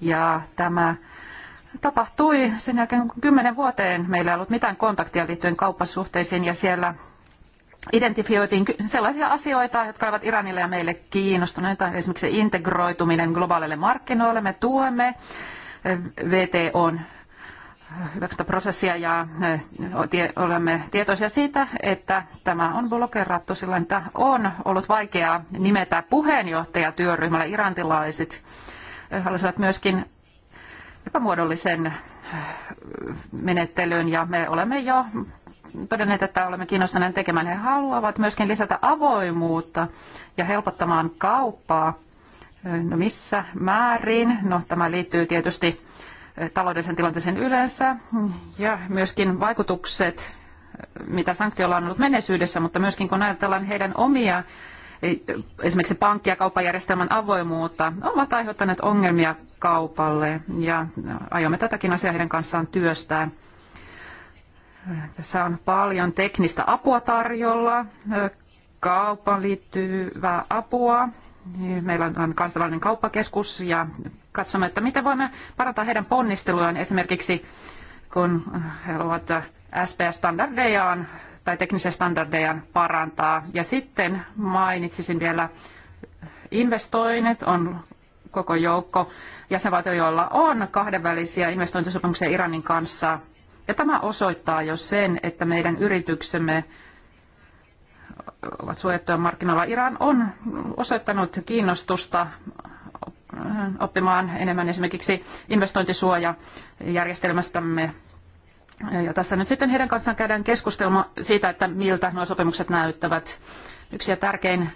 ja tämä tapahtui sen jälkeen, kun kymmenen vuoteen meillä ei ollut mitään kontaktia liittyen kauppasuhteisiin ja siellä identifioitiin sellaisia asioita, jotka ovat Iranille ja meille kiinnostuneita, esimerkiksi integroituminen globaaleille markkinoille, me tuemme VTOn tätä prosessia ja eh, olemme tietoisia siitä, että tämä on blokerattu sillä, että on ollut vaikeaa nimetä puheenjohtajatyöryhmällä Irantilaiset eh, halusivat myöskin epämuodollisen eh, menettelyn ja me olemme jo todenneet, että olemme kiinnostuneet tekemään. He haluavat myöskin lisätä avoimuutta ja helpottamaan kauppaa. No missä määrin? No tämä liittyy tietysti taloudellisen tilanteeseen yleensä ja myöskin vaikutukset, mitä sanktioilla on ollut menneisyydessä, mutta myöskin kun ajatellaan heidän omia esimerkiksi pankki- ja kauppajärjestelmän avoimuutta, ovat aiheuttaneet ongelmia kaupalle ja aiomme tätäkin asiaa heidän kanssaan työstää. Tässä on paljon teknistä apua tarjolla, kauppaan liittyvää apua niin, meillä on kansainvälinen kauppakeskus ja katsomme, että miten voimme parantaa heidän ponnistelujaan esimerkiksi kun he ovat SPS-standardejaan tai teknisiä standardejaan parantaa. Ja sitten mainitsisin vielä investoinnit on koko joukko jäsenvaltio, joilla on kahdenvälisiä investointisopimuksia Iranin kanssa. Ja tämä osoittaa jo sen, että meidän yrityksemme ovat suojattuja markkinoilla. Iran on osoittanut kiinnostusta oppimaan enemmän esimerkiksi investointisuojajärjestelmästämme. Ja tässä nyt sitten heidän kanssaan käydään keskustelma siitä, että miltä nuo sopimukset näyttävät. Yksi ja tärkein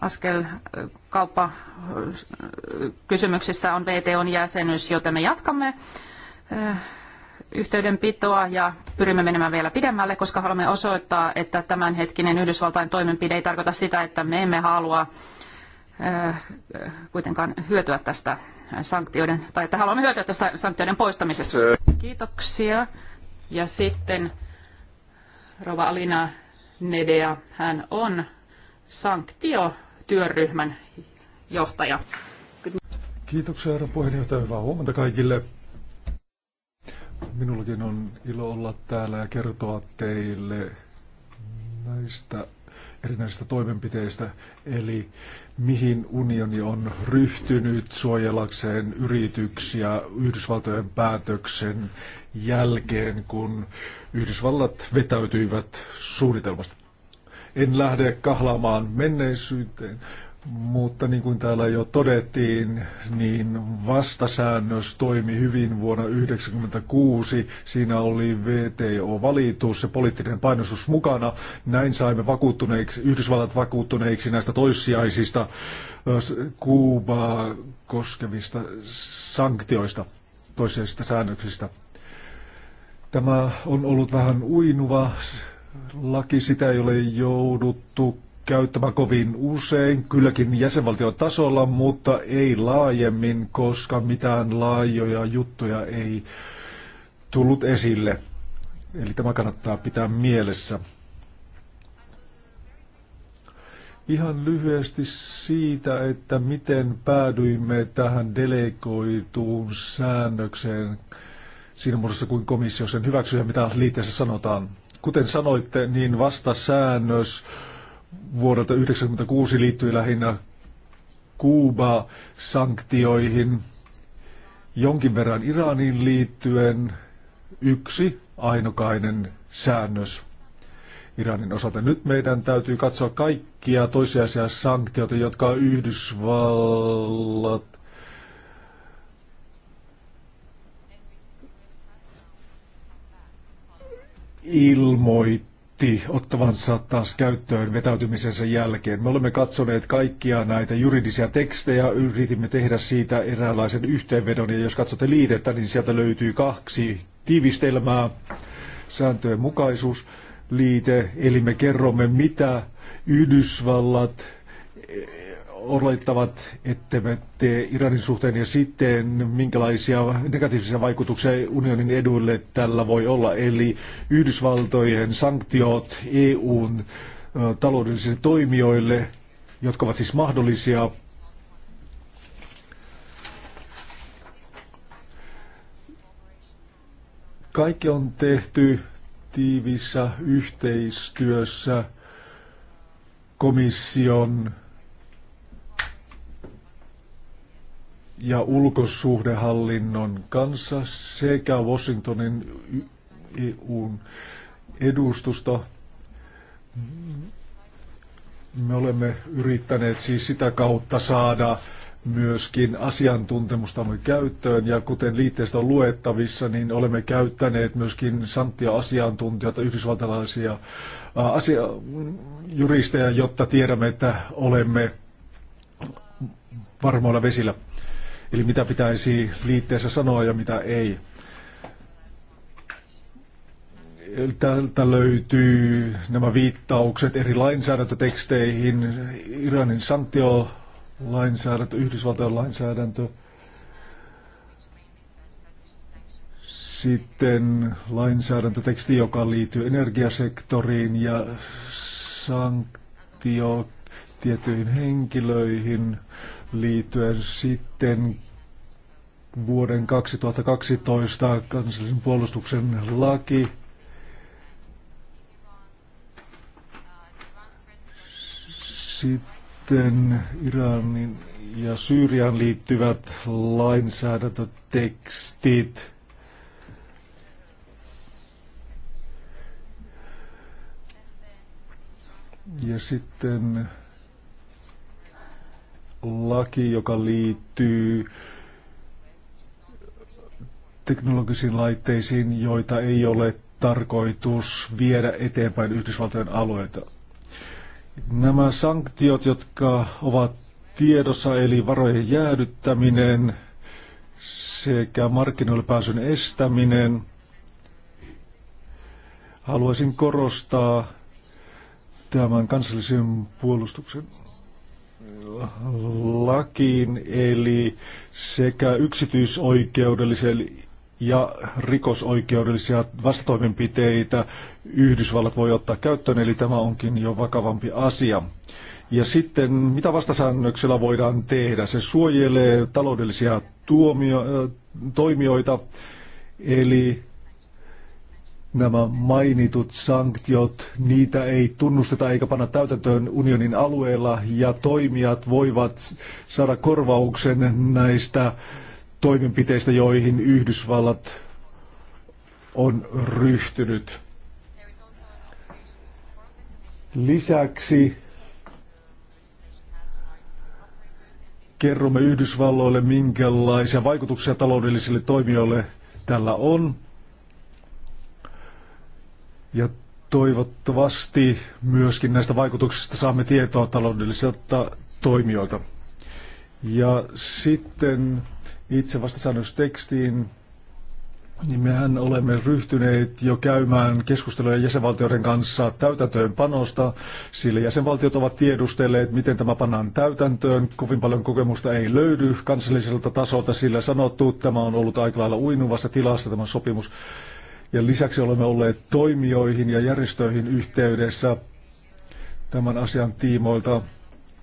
askel kauppakysymyksissä on VTOn jäsenyys, joten me jatkamme eh, yhteydenpitoa ja pyrimme menemään vielä pidemmälle, koska haluamme osoittaa, että tämänhetkinen Yhdysvaltain toimenpide ei tarkoita sitä, että me emme halua kuitenkaan hyötyä tästä sanktioiden, tai että haluamme hyötyä tästä sanktioiden poistamisesta. Kiitoksia. Ja sitten Rova Alina Nedea, hän on sanktiotyöryhmän johtaja. Kiitoksia herra puheenjohtaja, hyvää huomenta kaikille. Minullakin on ilo olla täällä ja kertoa teille näistä erinäisistä toimenpiteistä, eli mihin unioni on ryhtynyt suojelakseen yrityksiä Yhdysvaltojen päätöksen jälkeen, kun Yhdysvallat vetäytyivät suunnitelmasta. En lähde kahlaamaan menneisyyteen, mutta niin kuin täällä jo todettiin, niin vastasäännös toimi hyvin vuonna 1996. Siinä oli VTO-valitus ja poliittinen painostus mukana. Näin saimme vakuuttuneiksi, Yhdysvallat vakuuttuneiksi näistä toissijaisista Kuubaa koskevista sanktioista, toissijaisista säännöksistä. Tämä on ollut vähän uinuva laki, sitä ei ole jouduttu käyttämä kovin usein, kylläkin jäsenvaltiotasolla, mutta ei laajemmin, koska mitään laajoja juttuja ei tullut esille. Eli tämä kannattaa pitää mielessä. Ihan lyhyesti siitä, että miten päädyimme tähän delegoituun säännökseen siinä muodossa kuin komissio sen hyväksyy ja mitä liitteessä sanotaan. Kuten sanoitte, niin vasta säännös vuodelta 1996 liittyi lähinnä Kuuba-sanktioihin, jonkin verran Iraniin liittyen yksi ainokainen säännös Iranin osalta. Nyt meidän täytyy katsoa kaikkia toisiasia sanktioita, jotka Yhdysvallat ilmoitti ilmoitti ottavansa taas käyttöön vetäytymisensä jälkeen. Me olemme katsoneet kaikkia näitä juridisia tekstejä, yritimme tehdä siitä eräänlaisen yhteenvedon, ja jos katsotte liitettä, niin sieltä löytyy kaksi tiivistelmää, sääntöjen mukaisuus, liite, eli me kerromme, mitä Yhdysvallat olettavat, että tee Iranin suhteen ja sitten minkälaisia negatiivisia vaikutuksia unionin eduille tällä voi olla. Eli Yhdysvaltojen sanktiot EUn taloudellisille toimijoille, jotka ovat siis mahdollisia. Kaikki on tehty tiivissä yhteistyössä komission ja ulkosuhdehallinnon kanssa sekä Washingtonin EUn edustusta. Me olemme yrittäneet siis sitä kautta saada myöskin asiantuntemustamme käyttöön ja kuten liitteestä on luettavissa, niin olemme käyttäneet myöskin santtia asiantuntijoita, yhdysvaltalaisia asia- juristeja, jotta tiedämme, että olemme varmoilla vesillä. Eli mitä pitäisi liitteessä sanoa ja mitä ei. Tältä löytyy nämä viittaukset eri lainsäädäntöteksteihin, Iranin sanktiolainsäädäntö, Yhdysvaltojen lainsäädäntö, sitten lainsäädäntöteksti, joka liittyy energiasektoriin ja sanktio tiettyihin henkilöihin, liittyen sitten vuoden 2012 kansallisen puolustuksen laki. Sitten Iranin ja Syyrian liittyvät lainsäädäntötekstit. Ja sitten laki, joka liittyy teknologisiin laitteisiin, joita ei ole tarkoitus viedä eteenpäin Yhdysvaltojen alueita. Nämä sanktiot, jotka ovat tiedossa, eli varojen jäädyttäminen sekä markkinoille pääsyn estäminen, haluaisin korostaa tämän kansallisen puolustuksen lakiin, eli sekä yksityisoikeudellisia ja rikosoikeudellisia vastatoimenpiteitä Yhdysvallat voi ottaa käyttöön, eli tämä onkin jo vakavampi asia. Ja sitten mitä vastasäännöksellä voidaan tehdä? Se suojelee taloudellisia tuomio, äh, toimijoita, eli nämä mainitut sanktiot, niitä ei tunnusteta eikä panna täytäntöön unionin alueella ja toimijat voivat saada korvauksen näistä toimenpiteistä, joihin Yhdysvallat on ryhtynyt. Lisäksi kerromme Yhdysvalloille, minkälaisia vaikutuksia taloudellisille toimijoille tällä on. Ja toivottavasti myöskin näistä vaikutuksista saamme tietoa taloudellisilta toimijoilta. Ja sitten itse vastasäännöstekstiin, niin mehän olemme ryhtyneet jo käymään keskusteluja jäsenvaltioiden kanssa täytäntöönpanosta, sillä jäsenvaltiot ovat tiedustelleet, miten tämä pannaan täytäntöön. Kovin paljon kokemusta ei löydy kansalliselta tasolta, sillä sanottu, että tämä on ollut aika lailla uinuvassa tilassa tämä sopimus. Ja lisäksi olemme olleet toimijoihin ja järjestöihin yhteydessä tämän asian tiimoilta.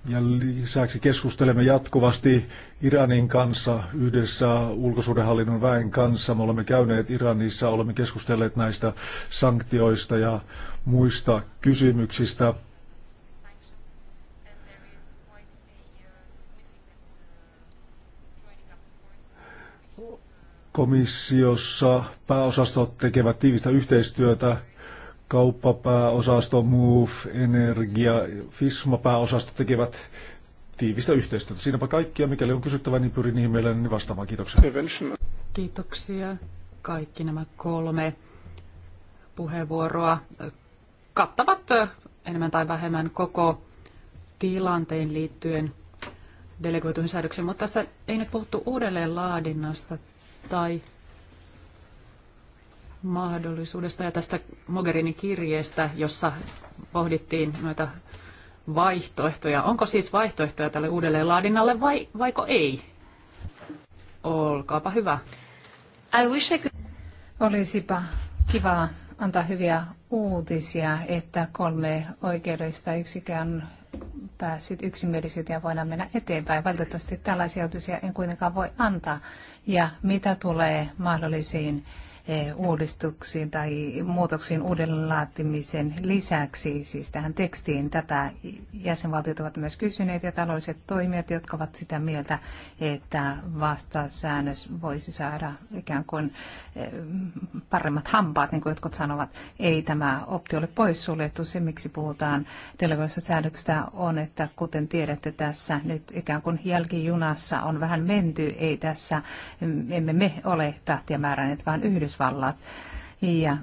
Ja lisäksi keskustelemme jatkuvasti Iranin kanssa yhdessä ulkosuudenhallinnon väen kanssa. Me olemme käyneet Iranissa, olemme keskustelleet näistä sanktioista ja muista kysymyksistä. Komissiossa pääosastot tekevät tiivistä yhteistyötä. Kauppapääosasto, MOVE, Energia, FISMA-pääosasto tekevät tiivistä yhteistyötä. Siinäpä kaikkia. Mikäli on kysyttävä, niin pyrin niihin mielelläni vastaamaan. Kiitoksia. Kiitoksia. Kaikki nämä kolme puheenvuoroa kattavat enemmän tai vähemmän koko tilanteen liittyen delegoituihin säädöksiin, mutta tässä ei nyt puhuttu uudelleen laadinnasta tai mahdollisuudesta ja tästä Mogherinin kirjeestä, jossa pohdittiin noita vaihtoehtoja. Onko siis vaihtoehtoja tälle uudelle laadinnalle vai vaiko ei? Olkaapa hyvä. I wish I could... Olisipa kiva antaa hyviä uutisia, että kolme oikeudellista yksikään päässyt yksimielisyyteen ja voidaan mennä eteenpäin. Valitettavasti tällaisia uutisia en kuitenkaan voi antaa, ja mitä tulee mahdollisiin Eh, uudistuksiin tai muutoksiin laatimisen lisäksi, siis tähän tekstiin. Tätä jäsenvaltiot ovat myös kysyneet ja taloudelliset toimijat, jotka ovat sitä mieltä, että vastasäännös voisi saada ikään kuin eh, paremmat hampaat, niin kuin jotkut sanovat. Ei tämä optio ole poissuljettu. Se, miksi puhutaan delegoissa säädöksistä, on, että kuten tiedätte tässä nyt ikään kuin jälkijunassa on vähän menty. Ei tässä, mm, emme me ole tahtia määränneet, vaan yhdessä Yhdysvallat. Ja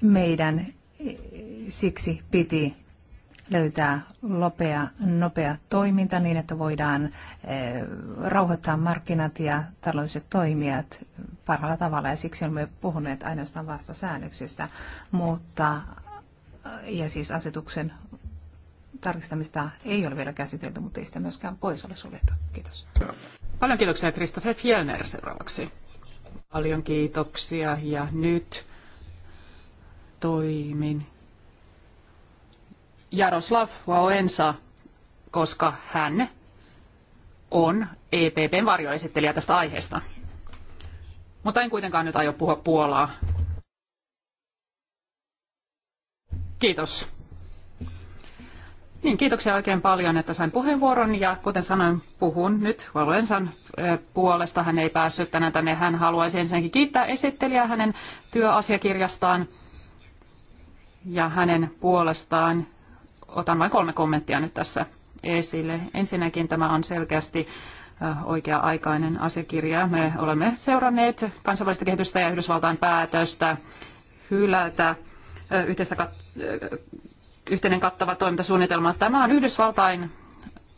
meidän siksi piti löytää lopea, nopea toiminta niin, että voidaan eh, rauhoittaa markkinat ja taloudelliset toimijat parhaalla tavalla. Ja siksi olemme puhuneet ainoastaan vasta säännöksistä, mutta eh, ja siis asetuksen tarkistamista ei ole vielä käsitelty, mutta ei sitä myöskään pois ole suljettu. Kiitos. Paljon kiitoksia Kristoffer Fjellner seuraavaksi. Paljon kiitoksia ja nyt toimin Jaroslav Wałęsa, koska hän on EPPn varjoesittelijä tästä aiheesta. Mutta en kuitenkaan nyt aio puhua Puolaa. Kiitos. Niin, kiitoksia oikein paljon, että sain puheenvuoron ja kuten sanoin, puhun nyt Valuensan puolesta. Hän ei päässyt tänään tänne. Hän haluaisi ensinnäkin kiittää esittelijää hänen työasiakirjastaan ja hänen puolestaan. Otan vain kolme kommenttia nyt tässä esille. Ensinnäkin tämä on selkeästi oikea-aikainen asiakirja. Me olemme seuranneet kansainvälistä kehitystä ja Yhdysvaltain päätöstä hylätä yhteistä kat- yhteinen kattava toimintasuunnitelma. Tämä on Yhdysvaltain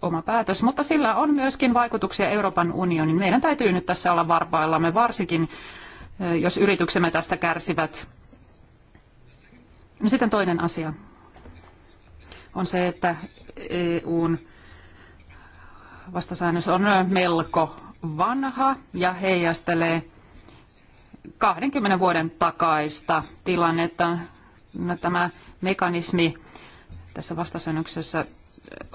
oma päätös, mutta sillä on myöskin vaikutuksia Euroopan unionin. Meidän täytyy nyt tässä olla varpaillamme, varsinkin jos yrityksemme tästä kärsivät. No sitten toinen asia on se, että EUn vastasäännös on melko vanha ja heijastelee 20 vuoden takaista tilannetta. No, tämä mekanismi tässä vastasäännöksessä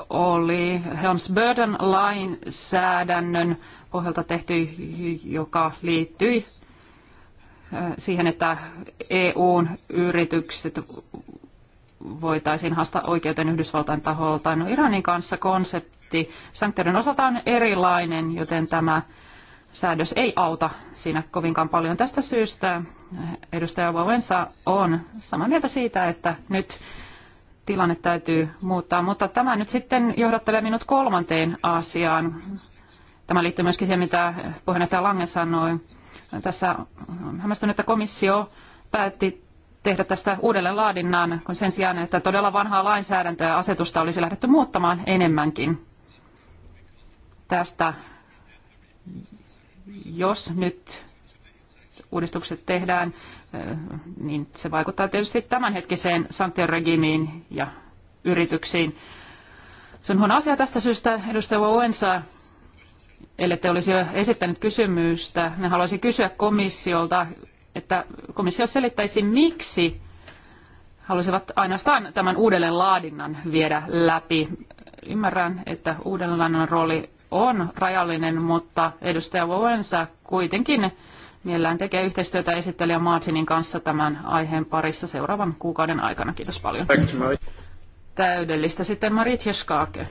oli Helms-Burden lainsäädännön pohjalta tehty, joka liittyi siihen, että EUn yritykset voitaisiin haastaa oikeuteen Yhdysvaltain taholta. No Iranin kanssa konsepti sanktioiden osalta on erilainen, joten tämä säädös ei auta siinä kovinkaan paljon. Tästä syystä edustaja Wawensa on samaa mieltä siitä, että nyt tilanne täytyy muuttaa. Mutta tämä nyt sitten johdattelee minut kolmanteen asiaan. Tämä liittyy myöskin siihen, mitä puheenjohtaja Lange sanoi. Tässä on hämmästynyt, että komissio päätti tehdä tästä uudelleen laadinnan, kun sen sijaan, että todella vanhaa lainsäädäntöä ja asetusta olisi lähdetty muuttamaan enemmänkin tästä. Jos nyt uudistukset tehdään, niin se vaikuttaa tietysti tämänhetkiseen sanktioregimiin ja yrityksiin. Se on huono asia tästä syystä, edustaja Owensa, ellei te olisi jo esittänyt kysymystä, niin haluaisin kysyä komissiolta, että komissio selittäisi, miksi halusivat ainoastaan tämän uudelleen laadinnan viedä läpi. Ymmärrän, että uudelleenlaadinnan rooli on rajallinen, mutta edustaja Wowensa kuitenkin Mielellään tekee yhteistyötä esittelijä Martinin kanssa tämän aiheen parissa seuraavan kuukauden aikana. Kiitos paljon. Täydellistä. Sitten Marit Jeskaake.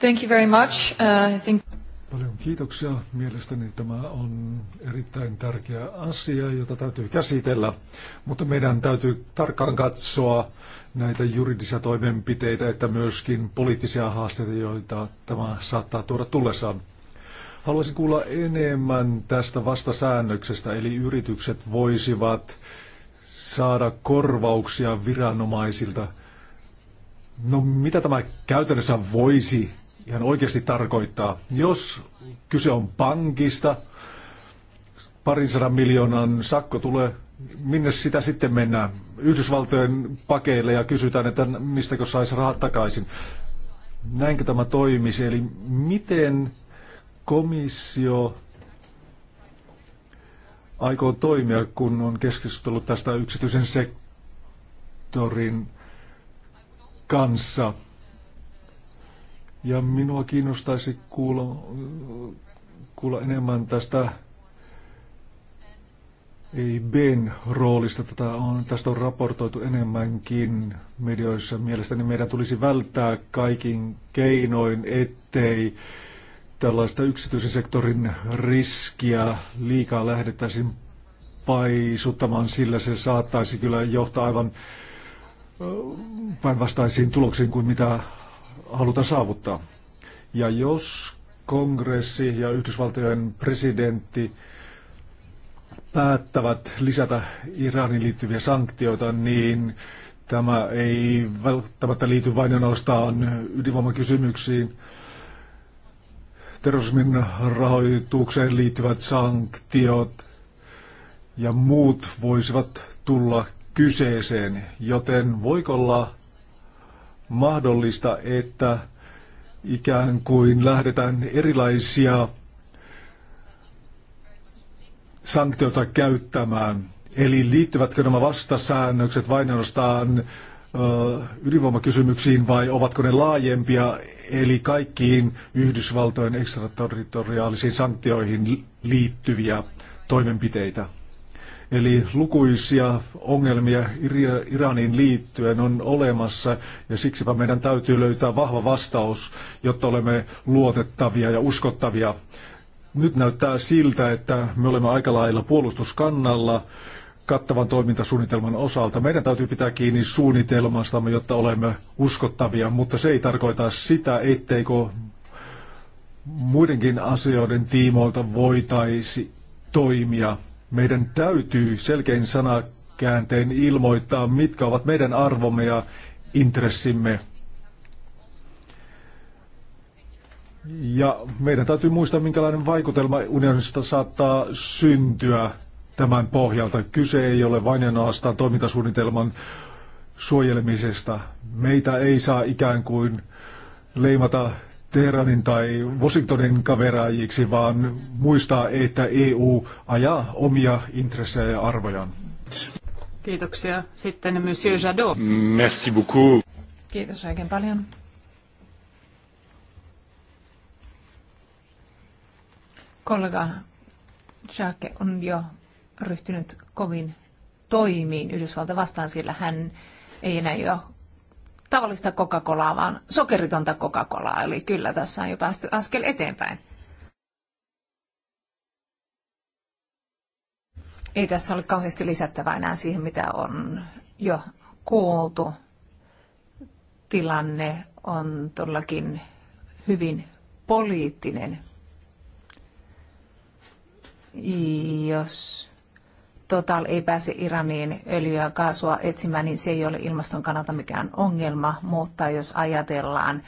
Thank you very much. Uh, I think... Paljon kiitoksia. Mielestäni tämä on erittäin tärkeä asia, jota täytyy käsitellä, mutta meidän täytyy tarkkaan katsoa näitä juridisia toimenpiteitä, että myöskin poliittisia haasteita, joita tämä saattaa tuoda tullessaan. Haluaisin kuulla enemmän tästä vastasäännöksestä, eli yritykset voisivat saada korvauksia viranomaisilta. No mitä tämä käytännössä voisi ihan oikeasti tarkoittaa? Jos kyse on pankista, parin sadan miljoonan sakko tulee, minne sitä sitten mennään? Yhdysvaltojen pakeille ja kysytään, että mistäkö saisi rahat takaisin. Näinkö tämä toimisi? Eli miten komissio aikoo toimia, kun on keskustellut tästä yksityisen sektorin kanssa. Ja minua kiinnostaisi kuulla, kuulla enemmän tästä Ben roolista. Tätä on, tästä on raportoitu enemmänkin medioissa. Mielestäni meidän tulisi välttää kaikin keinoin, ettei tällaista yksityisen sektorin riskiä liikaa lähdettäisiin paisuttamaan, sillä se saattaisi kyllä johtaa aivan päinvastaisiin tuloksiin kuin mitä halutaan saavuttaa. Ja jos kongressi ja Yhdysvaltojen presidentti päättävät lisätä Iranin liittyviä sanktioita, niin tämä ei välttämättä liity vain ainoastaan ydinvoimakysymyksiin, terrorismin rahoitukseen liittyvät sanktiot ja muut voisivat tulla kyseeseen, joten voiko olla mahdollista, että ikään kuin lähdetään erilaisia sanktioita käyttämään. Eli liittyvätkö nämä vastasäännökset vain ainoastaan ydinvoimakysymyksiin vai ovatko ne laajempia, eli kaikkiin Yhdysvaltojen ekstraterritoriaalisiin sanktioihin liittyviä toimenpiteitä. Eli lukuisia ongelmia Iraniin liittyen on olemassa ja siksipä meidän täytyy löytää vahva vastaus, jotta olemme luotettavia ja uskottavia. Nyt näyttää siltä, että me olemme aika lailla puolustuskannalla kattavan toimintasuunnitelman osalta. Meidän täytyy pitää kiinni suunnitelmastamme, jotta olemme uskottavia, mutta se ei tarkoita sitä, etteikö muidenkin asioiden tiimoilta voitaisi toimia. Meidän täytyy selkein sanakääntein ilmoittaa, mitkä ovat meidän arvomme ja intressimme. Ja meidän täytyy muistaa, minkälainen vaikutelma unionista saattaa syntyä tämän pohjalta. Kyse ei ole vain ainoastaan toimintasuunnitelman suojelemisesta. Meitä ei saa ikään kuin leimata Teheranin tai Washingtonin kaveraajiksi, vaan muistaa, että EU ajaa omia intressejä ja arvojaan. Kiitoksia. Sitten Monsieur Jadot. Merci beaucoup. Kiitos oikein paljon. Kollega Jacques on jo ryhtynyt kovin toimiin Yhdysvalta vastaan, sillä hän ei enää jo tavallista Coca-Colaa, vaan sokeritonta Coca-Colaa. Eli kyllä tässä on jo päästy askel eteenpäin. Ei tässä ole kauheasti lisättävää enää siihen, mitä on jo kuultu. Tilanne on todellakin hyvin poliittinen. Jos Total ei pääse Iraniin öljyä ja kaasua etsimään, niin se ei ole ilmaston kannalta mikään ongelma, mutta jos ajatellaan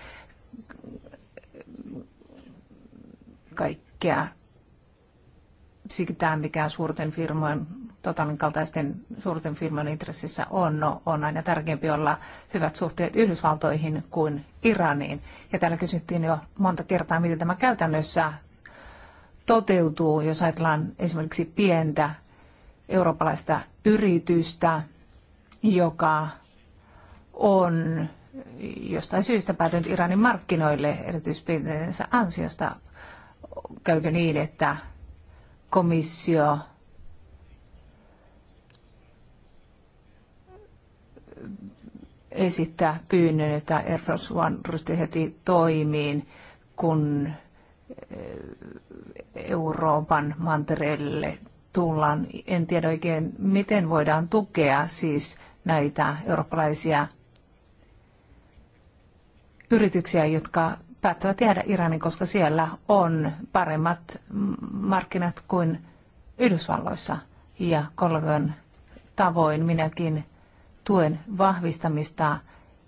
kaikkea sitä, mikä suurten firmojen, Totalin kaltaisten suurten firmojen intressissä on, no, on aina tärkeämpi olla hyvät suhteet Yhdysvaltoihin kuin Iraniin. Ja täällä kysyttiin jo monta kertaa, miten tämä käytännössä toteutuu, jos ajatellaan esimerkiksi pientä eurooppalaista yritystä, joka on jostain syystä päätynyt Iranin markkinoille erityispiirteidensä ansiosta. Käykö niin, että komissio esittää pyynnön, että Air Force One ryhtyy heti toimiin, kun Euroopan mantereelle tullaan. En tiedä oikein, miten voidaan tukea siis näitä eurooppalaisia yrityksiä, jotka päättävät jäädä Iranin, koska siellä on paremmat markkinat kuin Yhdysvalloissa. Ja kollegan tavoin minäkin tuen vahvistamista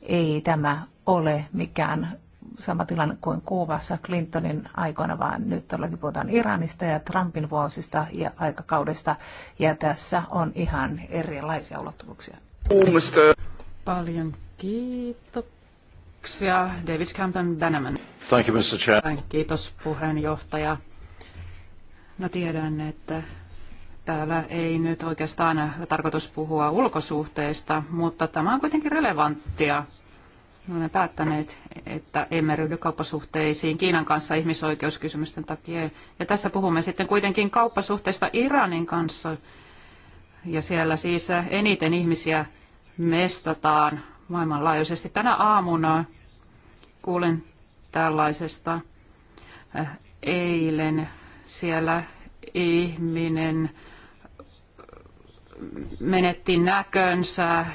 ei tämä ole mikään sama tilanne kuin Kuubassa Clintonin aikoina, vaan nyt todellakin puhutaan Iranista ja Trumpin vuosista ja aikakaudesta. Ja tässä on ihan erilaisia ulottuvuuksia. Paljon kiitoksia. David Campen Bannerman. Thank you, Mr. Chair. Kiitos puheenjohtaja. No tiedän, että täällä ei nyt oikeastaan tarkoitus puhua ulkosuhteista, mutta tämä on kuitenkin relevanttia me olemme päättäneet, että emme ryhdy kauppasuhteisiin Kiinan kanssa ihmisoikeuskysymysten takia. Ja tässä puhumme sitten kuitenkin kauppasuhteista Iranin kanssa. Ja siellä siis eniten ihmisiä mestataan maailmanlaajuisesti. Tänä aamuna kuulen tällaisesta eilen siellä ihminen menetti näkönsä,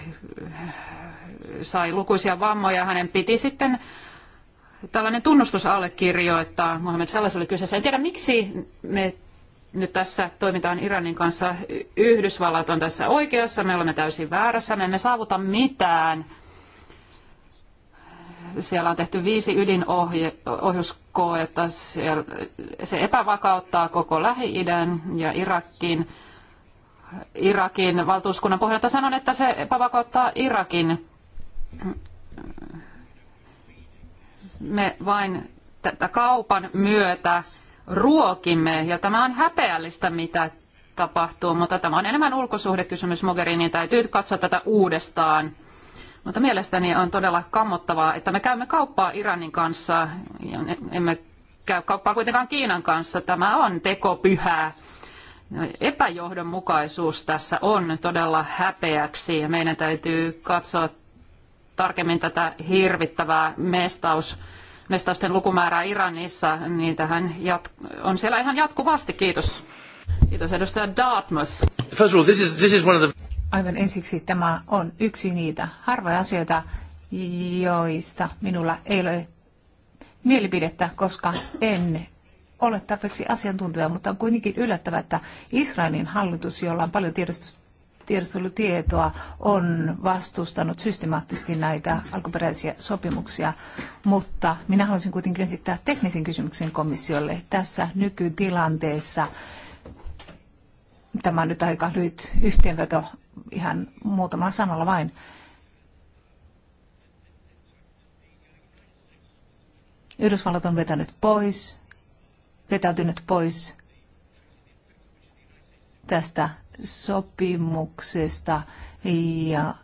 sai lukuisia vammoja. Hänen piti sitten tällainen tunnustus allekirjoittaa. Mohamed Salas oli kyseessä. En tiedä, miksi me nyt tässä toimitaan Iranin kanssa. Yhdysvallat on tässä oikeassa, me olemme täysin väärässä, me emme saavuta mitään. Siellä on tehty viisi ydinohjuskoetta. Se epävakauttaa koko Lähi-idän ja Irakin. Irakin valtuuskunnan pohjalta sanon, että se epävakauttaa Irakin me vain tätä kaupan myötä ruokimme, ja tämä on häpeällistä, mitä tapahtuu, mutta tämä on enemmän ulkosuhdekysymys. Mogherini täytyy katsoa tätä uudestaan. Mutta mielestäni on todella kammottavaa, että me käymme kauppaa Iranin kanssa, ja emme käy kauppaa kuitenkaan Kiinan kanssa. Tämä on tekopyhää. Epäjohdonmukaisuus tässä on todella häpeäksi ja meidän täytyy katsoa tarkemmin tätä hirvittävää mestaus, mestausten lukumäärää Iranissa, niin tähän on siellä ihan jatkuvasti. Kiitos. Kiitos edustaja Dartmouth. First of all, this is, this is one of the... Aivan ensiksi tämä on yksi niitä harvoja asioita, joista minulla ei ole mielipidettä, koska en ole tarpeeksi asiantuntija, mutta on kuitenkin yllättävää, että Israelin hallitus, jolla on paljon tiedostusta tiedustelutietoa on vastustanut systemaattisesti näitä alkuperäisiä sopimuksia, mutta minä haluaisin kuitenkin esittää teknisen kysymyksen komissiolle tässä nykytilanteessa. Tämä on nyt aika lyhyt yhteenveto ihan muutamalla sanalla vain. Yhdysvallat on vetänyt pois, vetäytynyt pois tästä sopimuksesta ja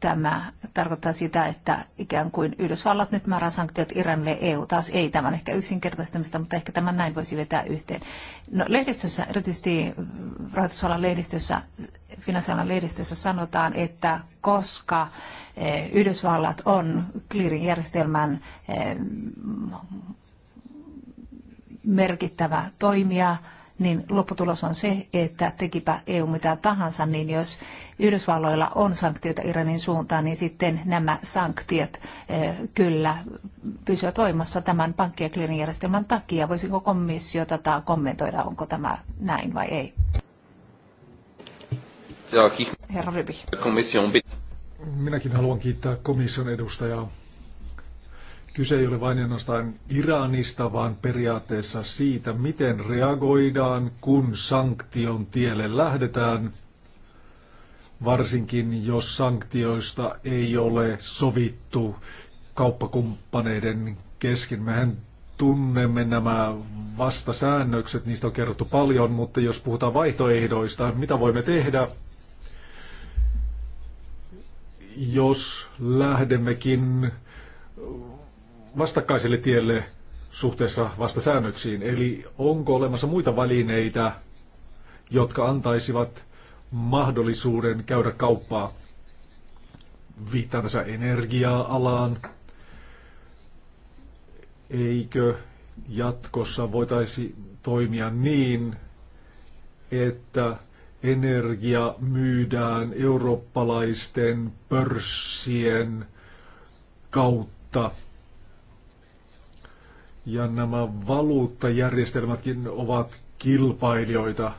tämä tarkoittaa sitä, että ikään kuin Yhdysvallat nyt määrää sanktiot Iranille, EU taas ei. Tämä on ehkä yksinkertaistamista, mutta ehkä tämän näin voisi vetää yhteen. No, lehdistössä, erityisesti rahoitusalan lehdistössä, finanssialan lehdistössä sanotaan, että koska e, Yhdysvallat on clearing-järjestelmän e, merkittävä toimija, niin lopputulos on se, että tekipä EU mitä tahansa, niin jos Yhdysvalloilla on sanktioita Iranin suuntaan, niin sitten nämä sanktiot eh, kyllä pysyvät voimassa tämän pankki- ja kliininjärjestelmän takia. Voisiko komissio tätä kommentoida, onko tämä näin vai ei? Herra Ryby. Minäkin haluan kiittää komission edustajaa Kyse ei ole vain ainoastaan Iranista, vaan periaatteessa siitä, miten reagoidaan, kun sanktion tielle lähdetään, varsinkin jos sanktioista ei ole sovittu kauppakumppaneiden kesken. Mehän tunnemme nämä vastasäännökset, niistä on kerrottu paljon, mutta jos puhutaan vaihtoehdoista, mitä voimme tehdä, jos lähdemmekin vastakkaiselle tielle suhteessa vastasäännöksiin. Eli onko olemassa muita välineitä, jotka antaisivat mahdollisuuden käydä kauppaa? Viittaan tässä energia-alaan. Eikö jatkossa voitaisi toimia niin, että energia myydään eurooppalaisten pörssien kautta ja nämä valuuttajärjestelmätkin ovat kilpailijoita.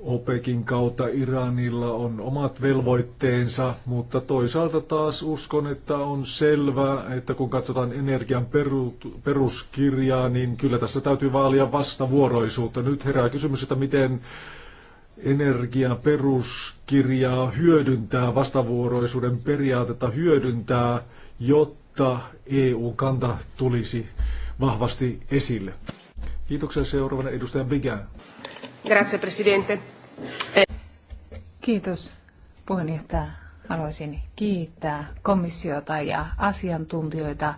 OPEKin kautta Iranilla on omat velvoitteensa, mutta toisaalta taas uskon, että on selvää, että kun katsotaan energian peruskirjaa, niin kyllä tässä täytyy vaalia vastavuoroisuutta. Nyt herää kysymys, että miten energian peruskirjaa hyödyntää, vastavuoroisuuden periaatetta hyödyntää, jotta mutta EU-kanta tulisi vahvasti esille. Kiitoksia seuraavana edustaja Bigan. Grazie, presidente. Kiitos puheenjohtaja. Haluaisin kiittää komissiota ja asiantuntijoita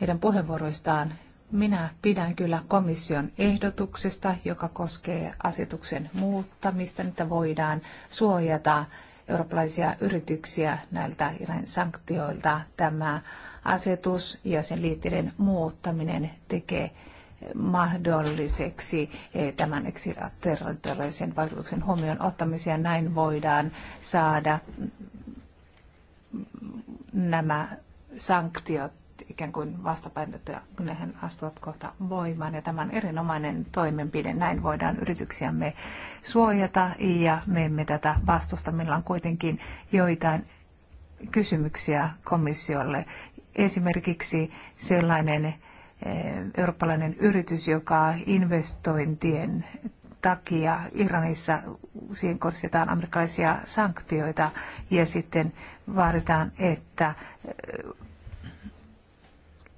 heidän puheenvuoroistaan. Minä pidän kyllä komission ehdotuksesta, joka koskee asetuksen muuttamista, että voidaan suojata eurooppalaisia yrityksiä näiltä Iranin sanktioilta. Tämä asetus ja sen liitteiden muuttaminen tekee mahdolliseksi eh, tämän eksiraterritoriallisen vaikutuksen huomioon ottamisia. Näin voidaan saada nämä sanktiot ikään kuin vastapainottuja, kun nehän astuvat kohta voimaan. Ja tämä on erinomainen toimenpide. Näin voidaan yrityksiämme suojata ja me emme tätä vastusta. Meillä on kuitenkin joitain kysymyksiä komissiolle. Esimerkiksi sellainen eh, eurooppalainen yritys, joka investointien takia Iranissa siihen kohdistetaan amerikkalaisia sanktioita ja sitten vaaditaan, että eh,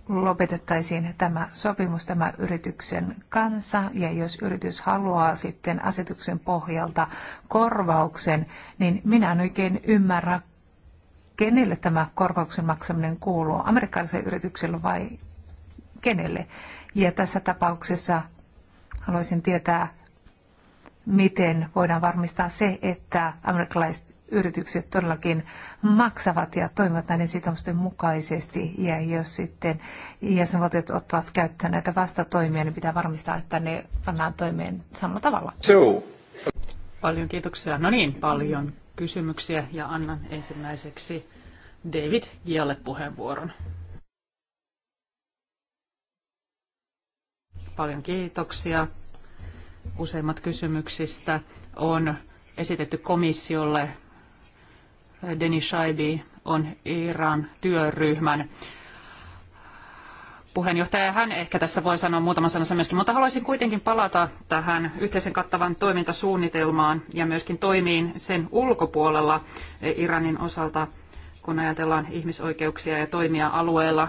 lopetettaisiin tämä sopimus tämä yrityksen kanssa ja jos yritys haluaa sitten asetuksen pohjalta korvauksen, niin minä en oikein ymmärrä, kenelle tämä korvauksen maksaminen kuuluu, amerikkalaiselle yritykselle vai kenelle. Ja tässä tapauksessa haluaisin tietää, miten voidaan varmistaa se, että amerikkalaiset yritykset todellakin maksavat ja toimivat näiden sitoumusten mukaisesti. Ja jos sitten jäsenvaltiot ottavat käyttöön näitä vastatoimia, niin pitää varmistaa, että ne pannaan toimeen samalla tavalla. Two. Paljon kiitoksia. No niin, paljon kysymyksiä ja annan ensimmäiseksi David Gialle puheenvuoron. Paljon kiitoksia. Useimmat kysymyksistä on esitetty komissiolle Denis Shaibi on Iran työryhmän puheenjohtaja. Hän ehkä tässä voi sanoa muutaman sanansa myöskin, mutta haluaisin kuitenkin palata tähän yhteisen kattavan toimintasuunnitelmaan ja myöskin toimiin sen ulkopuolella Iranin osalta, kun ajatellaan ihmisoikeuksia ja toimia alueella.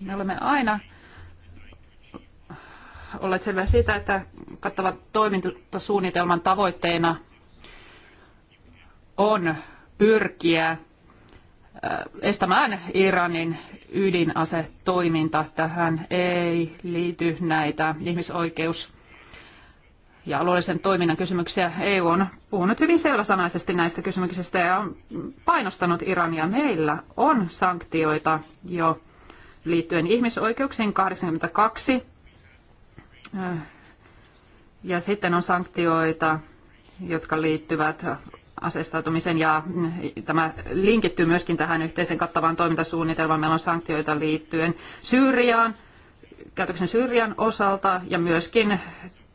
Me olemme aina olleet selvä siitä, että kattavan toimintasuunnitelman tavoitteena on pyrkiä estämään Iranin ydinasetoiminta. Tähän ei liity näitä ihmisoikeus- ja alueellisen toiminnan kysymyksiä. EU on puhunut hyvin selväsanaisesti näistä kysymyksistä ja on painostanut Irania. Meillä on sanktioita jo liittyen ihmisoikeuksiin 82 ja sitten on sanktioita, jotka liittyvät aseistautumisen ja mm, tämä linkittyy myöskin tähän yhteisen kattavaan toimintasuunnitelmaan. Meillä on sanktioita liittyen Syyriaan, käytöksen Syyrian osalta ja myöskin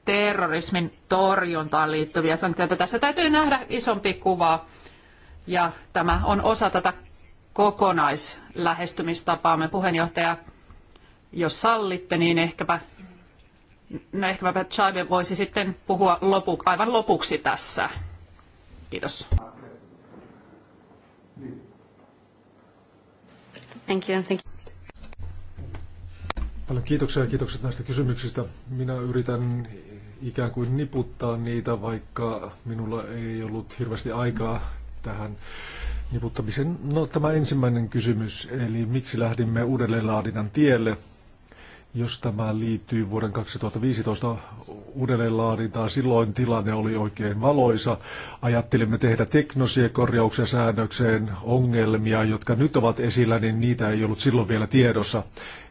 terrorismin torjuntaan liittyviä sanktioita. Tässä täytyy nähdä isompi kuva ja tämä on osa tätä kokonaislähestymistapaa me Puheenjohtaja, jos sallitte, niin ehkäpä, no ehkäpä voisi sitten puhua lopu, aivan lopuksi tässä. Kiitos. Thank you, thank you. Paljon kiitoksia ja kiitokset näistä kysymyksistä. Minä yritän ikään kuin niputtaa niitä, vaikka minulla ei ollut hirveästi aikaa tähän niputtamiseen. No tämä ensimmäinen kysymys, eli miksi lähdimme uudelleenlaadinnan tielle – jos tämä liittyy vuoden 2015 uudelleenlaadintaan, silloin tilanne oli oikein valoisa. Ajattelimme tehdä teknosiä korjauksia säännökseen ongelmia, jotka nyt ovat esillä, niin niitä ei ollut silloin vielä tiedossa.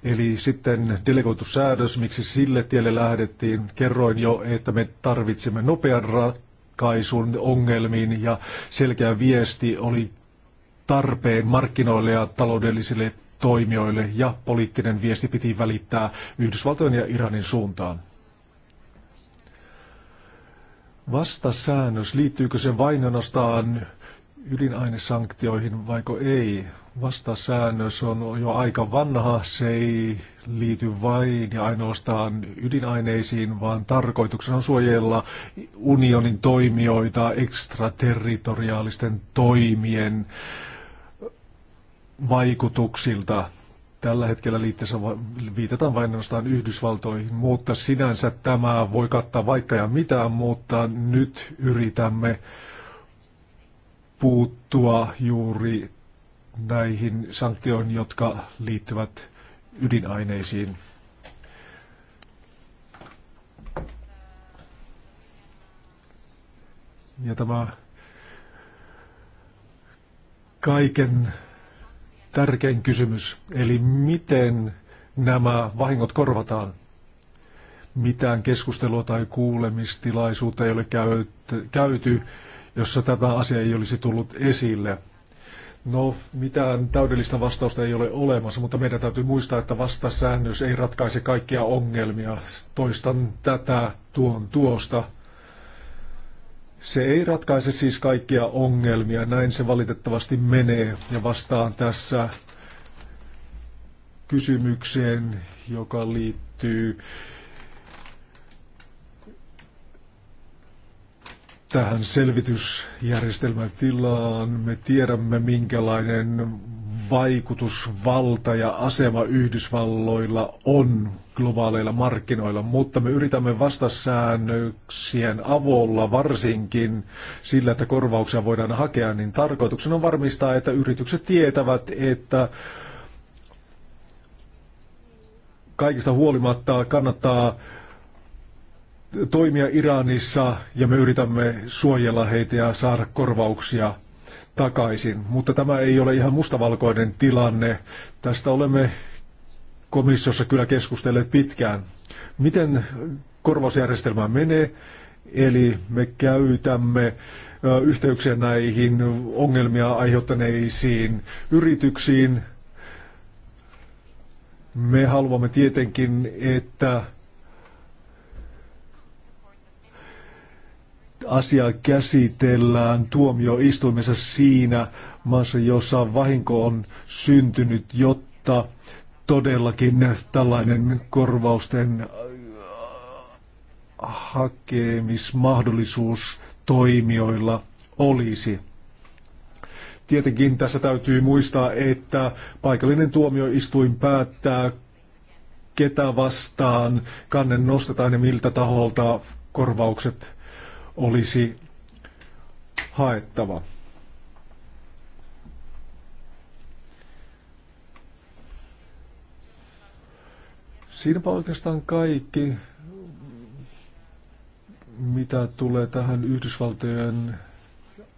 Eli sitten delegoitu säädös, miksi sille tielle lähdettiin. Kerroin jo, että me tarvitsemme nopean ratkaisun ongelmiin ja selkeä viesti oli tarpeen markkinoille ja taloudellisille toimijoille ja poliittinen viesti piti välittää Yhdysvaltojen ja Iranin suuntaan. Vastasäännös, liittyykö se vain ainoastaan ydinainesanktioihin vaiko ei? Vastasäännös on jo aika vanha, se ei liity vain ja ainoastaan ydinaineisiin, vaan tarkoituksena on suojella unionin toimijoita ekstraterritoriaalisten toimien äh, vaikutuksilta. Tällä hetkellä liitteessä viitataan vain ainoastaan Yhdysvaltoihin, mutta sinänsä tämä voi kattaa vaikka ja mitä, mutta nyt yritämme puuttua juuri näihin sanktioihin, jotka liittyvät ydinaineisiin. Ja tämä kaiken tärkein kysymys. Eli miten nämä vahingot korvataan? Mitään keskustelua tai kuulemistilaisuutta ei ole käyty, jossa tämä asia ei olisi tullut esille. No, mitään täydellistä vastausta ei ole olemassa, mutta meidän täytyy muistaa, että vastasäännös ei ratkaise kaikkia ongelmia. Toistan tätä tuon tuosta. Se ei ratkaise siis kaikkia ongelmia, näin se valitettavasti menee. Ja vastaan tässä kysymykseen, joka liittyy tähän selvitysjärjestelmän tilaan. Me tiedämme, minkälainen vaikutusvalta ja asema Yhdysvalloilla on globaaleilla markkinoilla, mutta me yritämme vastasäännöksien avulla varsinkin sillä, että korvauksia voidaan hakea, niin tarkoituksena on varmistaa, että yritykset tietävät, että kaikista huolimatta kannattaa toimia Iranissa ja me yritämme suojella heitä ja saada korvauksia takaisin. Mutta tämä ei ole ihan mustavalkoinen tilanne. Tästä olemme komissiossa kyllä keskustelleet pitkään. Miten korvausjärjestelmä menee? Eli me käytämme yhteyksiä näihin ongelmia aiheuttaneisiin yrityksiin. Me haluamme tietenkin, että asia käsitellään tuomioistuimessa siinä maassa, jossa vahinko on syntynyt, jotta todellakin tällainen korvausten äh, hakemismahdollisuus toimijoilla olisi. Tietenkin tässä täytyy muistaa, että paikallinen tuomioistuin päättää, ketä vastaan kannen nostetaan ja miltä taholta korvaukset olisi haettava. Siinäpä oikeastaan kaikki, mitä tulee tähän Yhdysvaltojen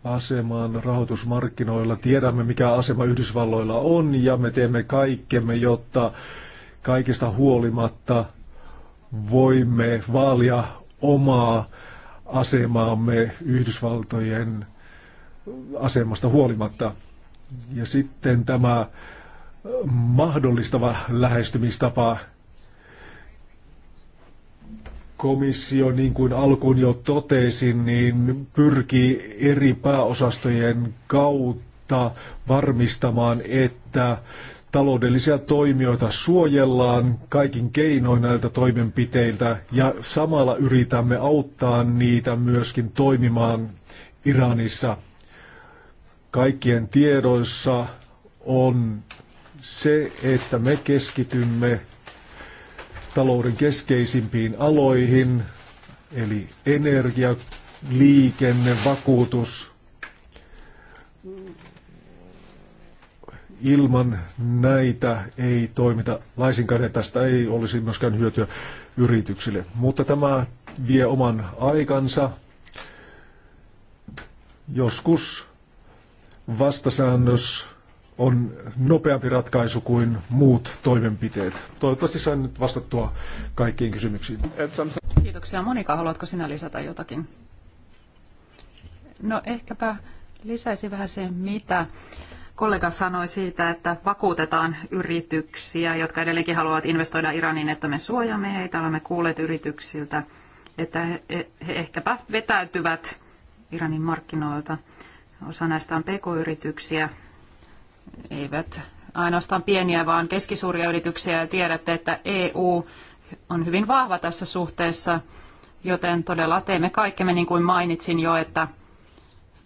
asemaan rahoitusmarkkinoilla. Tiedämme, mikä asema Yhdysvalloilla on ja me teemme kaikkemme, jotta kaikista huolimatta voimme vaalia omaa asemaamme Yhdysvaltojen asemasta huolimatta. Ja sitten tämä mahdollistava lähestymistapa komissio, niin kuin alkuun jo totesin, niin pyrkii eri pääosastojen kautta varmistamaan, että taloudellisia toimijoita suojellaan kaikin keinoin näiltä toimenpiteiltä ja samalla yritämme auttaa niitä myöskin toimimaan Iranissa. Kaikkien tiedoissa on se, että me keskitymme talouden keskeisimpiin aloihin, eli energia, liikenne, vakuutus. Ilman näitä ei toimita laisinkaan ja tästä ei olisi myöskään hyötyä yrityksille. Mutta tämä vie oman aikansa. Joskus vastasäännös on nopeampi ratkaisu kuin muut toimenpiteet. Toivottavasti sain nyt vastattua kaikkiin kysymyksiin. Kiitoksia. Monika, haluatko sinä lisätä jotakin? No ehkäpä lisäisin vähän sen, mitä kollega sanoi siitä, että vakuutetaan yrityksiä, jotka edelleenkin haluavat investoida Iraniin, että me suojaamme heitä. Olemme kuulleet yrityksiltä, että he ehkäpä vetäytyvät Iranin markkinoilta. Osa näistä on pk-yrityksiä, eivät ainoastaan pieniä, vaan keskisuuria yrityksiä ja tiedätte, että EU on hyvin vahva tässä suhteessa, joten todella teemme kaikkemme, niin kuin mainitsin jo, että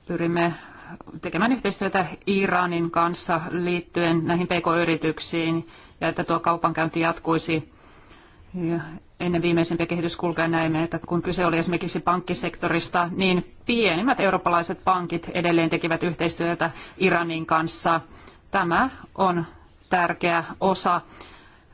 pyrimme tekemään yhteistyötä Iranin kanssa liittyen näihin pk-yrityksiin ja että tuo kaupankäynti jatkuisi ennen viimeisimpiä kehityskulkuja näimme, että kun kyse oli esimerkiksi pankkisektorista, niin pienimmät eurooppalaiset pankit edelleen tekivät yhteistyötä Iranin kanssa. Tämä on tärkeä osa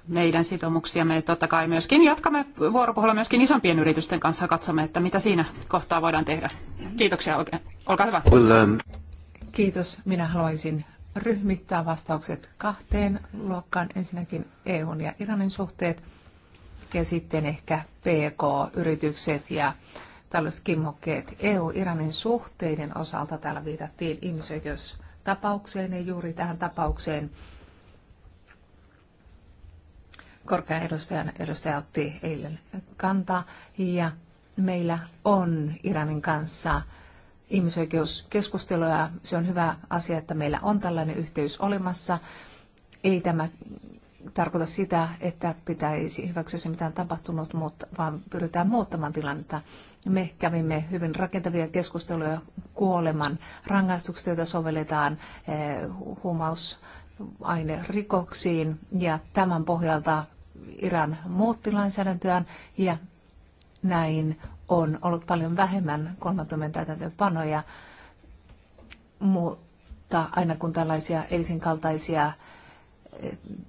meidän sitoumuksiamme. Totta kai myöskin jatkamme vuoropuhelua myöskin isompien yritysten kanssa katsomme, että mitä siinä kohtaa voidaan tehdä. Kiitoksia oikein. Olkaa hyvä. Um, Kiitos. Minä haluaisin ryhmittää vastaukset kahteen luokkaan. Ensinnäkin EUn ja Iranin suhteet ja sitten ehkä PK-yritykset ja tällaiset kimmokkeet EU-Iranin suhteiden osalta. Täällä viitattiin ihmisoikeustapaukseen ja juuri tähän tapaukseen korkean edustajan edustaja otti eilen kantaa ja meillä on Iranin kanssa ihmisoikeuskeskusteluja. Se on hyvä asia, että meillä on tällainen yhteys olemassa. Ei tämä tarkoita sitä, että pitäisi hyväksyä se, mitä on tapahtunut, mutta vaan pyritään muuttamaan tilannetta. Me kävimme hyvin rakentavia keskusteluja kuoleman rangaistuksista, joita sovelletaan eh, huumausainerikoksiin. Ja tämän pohjalta Iran muutti lainsäädäntöään ja näin on ollut paljon vähemmän kolmantumen täytäntöönpanoja, mutta aina kun tällaisia elisin kaltaisia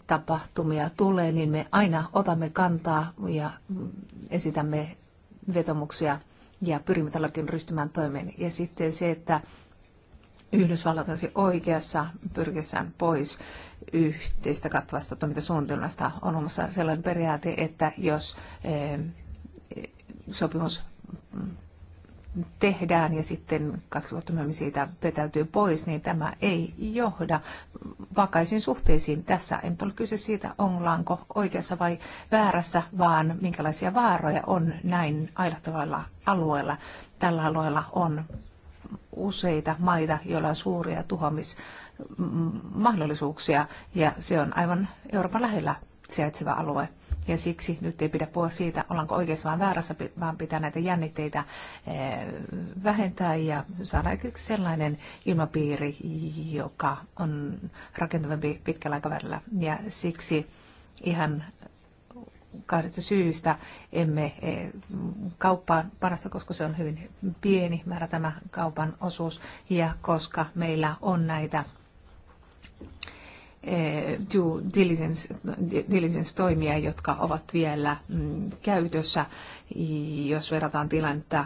tapahtumia tulee, niin me aina otamme kantaa ja esitämme vetomuksia ja pyrimme tälläkin ryhtymään toimeen. Ja sitten se, että Yhdysvallat olisi oikeassa pyrkessään pois yhteistä kattavasta toimintasuunnitelmasta. On olemassa sellainen periaate, että jos eh, sopimus tehdään ja sitten kaksi vuotta myöhemmin siitä vetäytyy pois, niin tämä ei johda vakaisiin suhteisiin. Tässä en ole kyse siitä, ollaanko oikeassa vai väärässä, vaan minkälaisia vaaroja on näin ailahtavalla alueella. Tällä alueella on useita maita, joilla on suuria tuhoamismahdollisuuksia ja se on aivan Euroopan lähellä sijaitseva alue. Ja siksi nyt ei pidä puhua siitä, ollaanko oikeassa vai väärässä, vaan pitää näitä jännitteitä eh, vähentää ja saada sellainen ilmapiiri, joka on rakentavampi pitkällä aikavälillä. Ja siksi ihan kahdesta syystä emme eh, kauppaa parasta, koska se on hyvin pieni määrä tämä kaupan osuus ja koska meillä on näitä Eh, due diligence, diligence-toimia, jotka ovat vielä mm, käytössä, jos verrataan tilannetta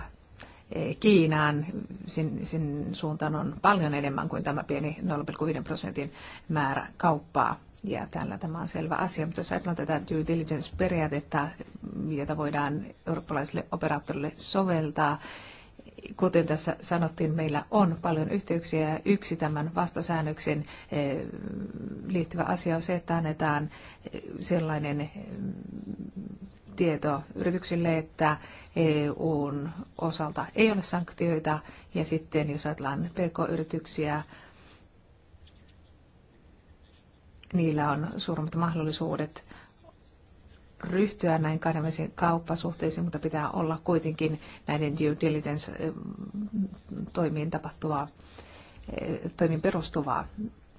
eh, Kiinaan. Sen, sin suuntaan on paljon enemmän kuin tämä pieni 0,5 prosentin määrä kauppaa. Ja tällä tämä on selvä asia, mutta jos ajatellaan tätä due diligence-periaatetta, jota voidaan eurooppalaisille operaattorille soveltaa, kuten tässä sanottiin, meillä on paljon yhteyksiä ja yksi tämän vastasäännöksen eh, liittyvä asia on se, että annetaan eh, sellainen eh, tieto yrityksille, että EUn osalta ei ole sanktioita ja sitten jos ajatellaan pk-yrityksiä, niillä on suuremmat mahdollisuudet ryhtyä näin kahdenvälisiin kauppasuhteisiin, mutta pitää olla kuitenkin näiden due diligence-toimiin eh, tapahtuvaa, eh, toimiin perustuvaa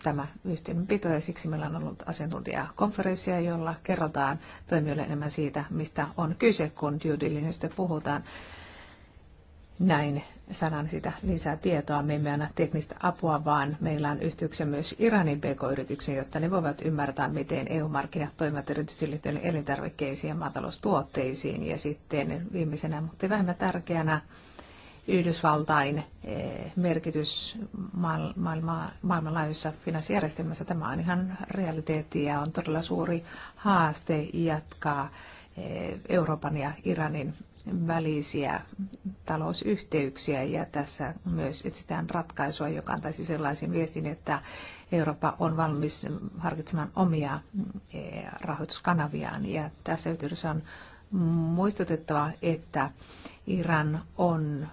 tämä yhteydenpito ja siksi meillä on ollut asiantuntijakonferenssia, jolla kerrotaan toimijoille enemmän siitä, mistä on kyse, kun due puhutaan näin sanan sitä lisää tietoa. Me emme anna teknistä apua, vaan meillä on yhteyksiä myös Iranin pk-yrityksiin, jotta ne voivat ymmärtää, miten EU-markkinat toimivat erityisesti liittyen elintarvikkeisiin ja maataloustuotteisiin. Ja sitten viimeisenä, mutta vähemmän tärkeänä, Yhdysvaltain eh, merkitys maailma, maailmanlaajuisessa finanssijärjestelmässä. Tämä on ihan realiteetti ja on todella suuri haaste jatkaa eh, Euroopan ja Iranin välisiä talousyhteyksiä ja tässä myös etsitään ratkaisua, joka antaisi sellaisen viestin, että Eurooppa on valmis harkitsemaan omia eh, rahoituskanaviaan ja tässä yhteydessä on muistutettava, että Iran on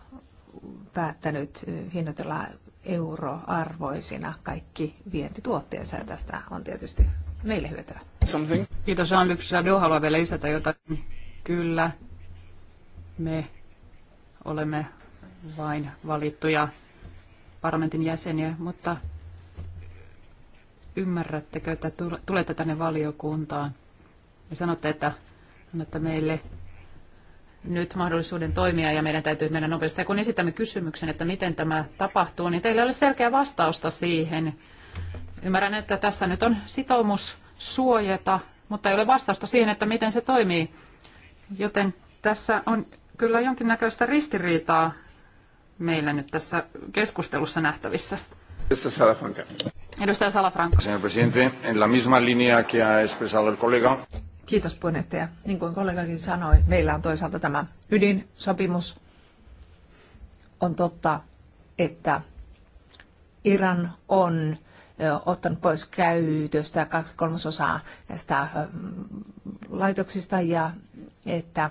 päättänyt hinnoitella euroarvoisina kaikki vientituotteensa ja tästä on tietysti meille hyötyä. Something. Kiitos Jean-Luc haluaa vielä lisätä jotain. Kyllä, me olemme vain valittuja parlamentin jäseniä, mutta ymmärrättekö, että tulette tänne valiokuntaan ja sanotte, että annatte meille nyt mahdollisuuden toimia ja meidän täytyy mennä nopeasti. Ja kun esitämme kysymyksen, että miten tämä tapahtuu, niin teillä ei ole selkeä vastausta siihen. Ymmärrän, että tässä nyt on sitoumus suojata, mutta ei ole vastausta siihen, että miten se toimii. Joten tässä on kyllä jonkinnäköistä ristiriitaa meillä nyt tässä keskustelussa nähtävissä. Edustaja Salafranca. Edustaja Señor presidente, en la misma línea que ha expresado el colega. Kiitos puheenjohtaja. Niin kuin kollegakin sanoi, meillä on toisaalta tämä ydinsopimus. On totta, että Iran on ottanut pois käytöstä kaksi kolmasosaa näistä laitoksista ja että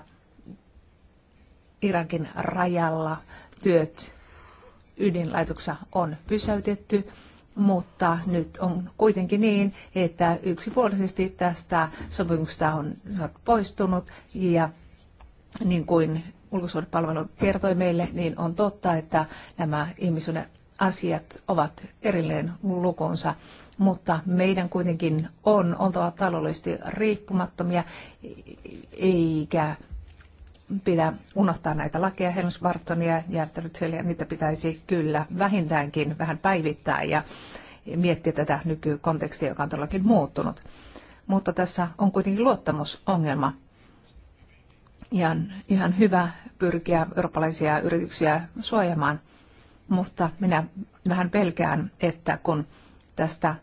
Irakin rajalla työt ydinlaitoksessa on pysäytetty, mutta nyt on kuitenkin niin, että yksipuolisesti tästä sopimuksesta on poistunut ja niin kuin ulkosuhdepalvelu kertoi meille, niin on totta, että nämä ihmisuuden asiat ovat erilleen lukunsa, mutta meidän kuitenkin on oltava taloudellisesti riippumattomia, eikä pidä unohtaa näitä lakeja, Helmsvartonia ja Trytselia, niitä pitäisi kyllä vähintäänkin vähän päivittää ja miettiä tätä nykykontekstia, joka on todellakin muuttunut. Mutta tässä on kuitenkin luottamusongelma. Ja on ihan hyvä pyrkiä eurooppalaisia yrityksiä suojamaan, mutta minä vähän pelkään, että kun tästä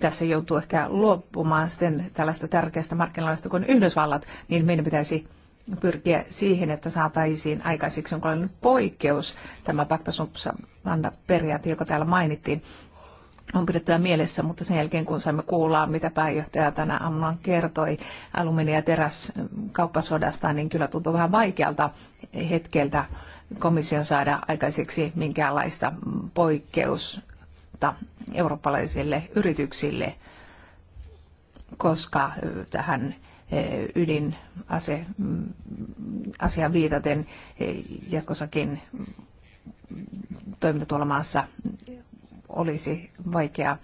tässä joutuu ehkä luopumaan sitten tällaista tärkeästä markkinoista kuin Yhdysvallat, niin meidän pitäisi pyrkiä siihen, että saataisiin aikaiseksi jonkinlainen poikkeus, tämä pacta vanda periaate, joka täällä mainittiin, on pidettävä mielessä, mutta sen jälkeen kun saimme kuulla, mitä pääjohtaja tänä aamuna kertoi alumiini- ja teräskauppasodasta, niin kyllä tuntuu vähän vaikealta hetkeltä komission saada aikaiseksi minkäänlaista poikkeusta eurooppalaisille yrityksille, koska tähän ydinase mm, asiaan viitaten e, jatkossakin toiminta tuolla maassa olisi vaikea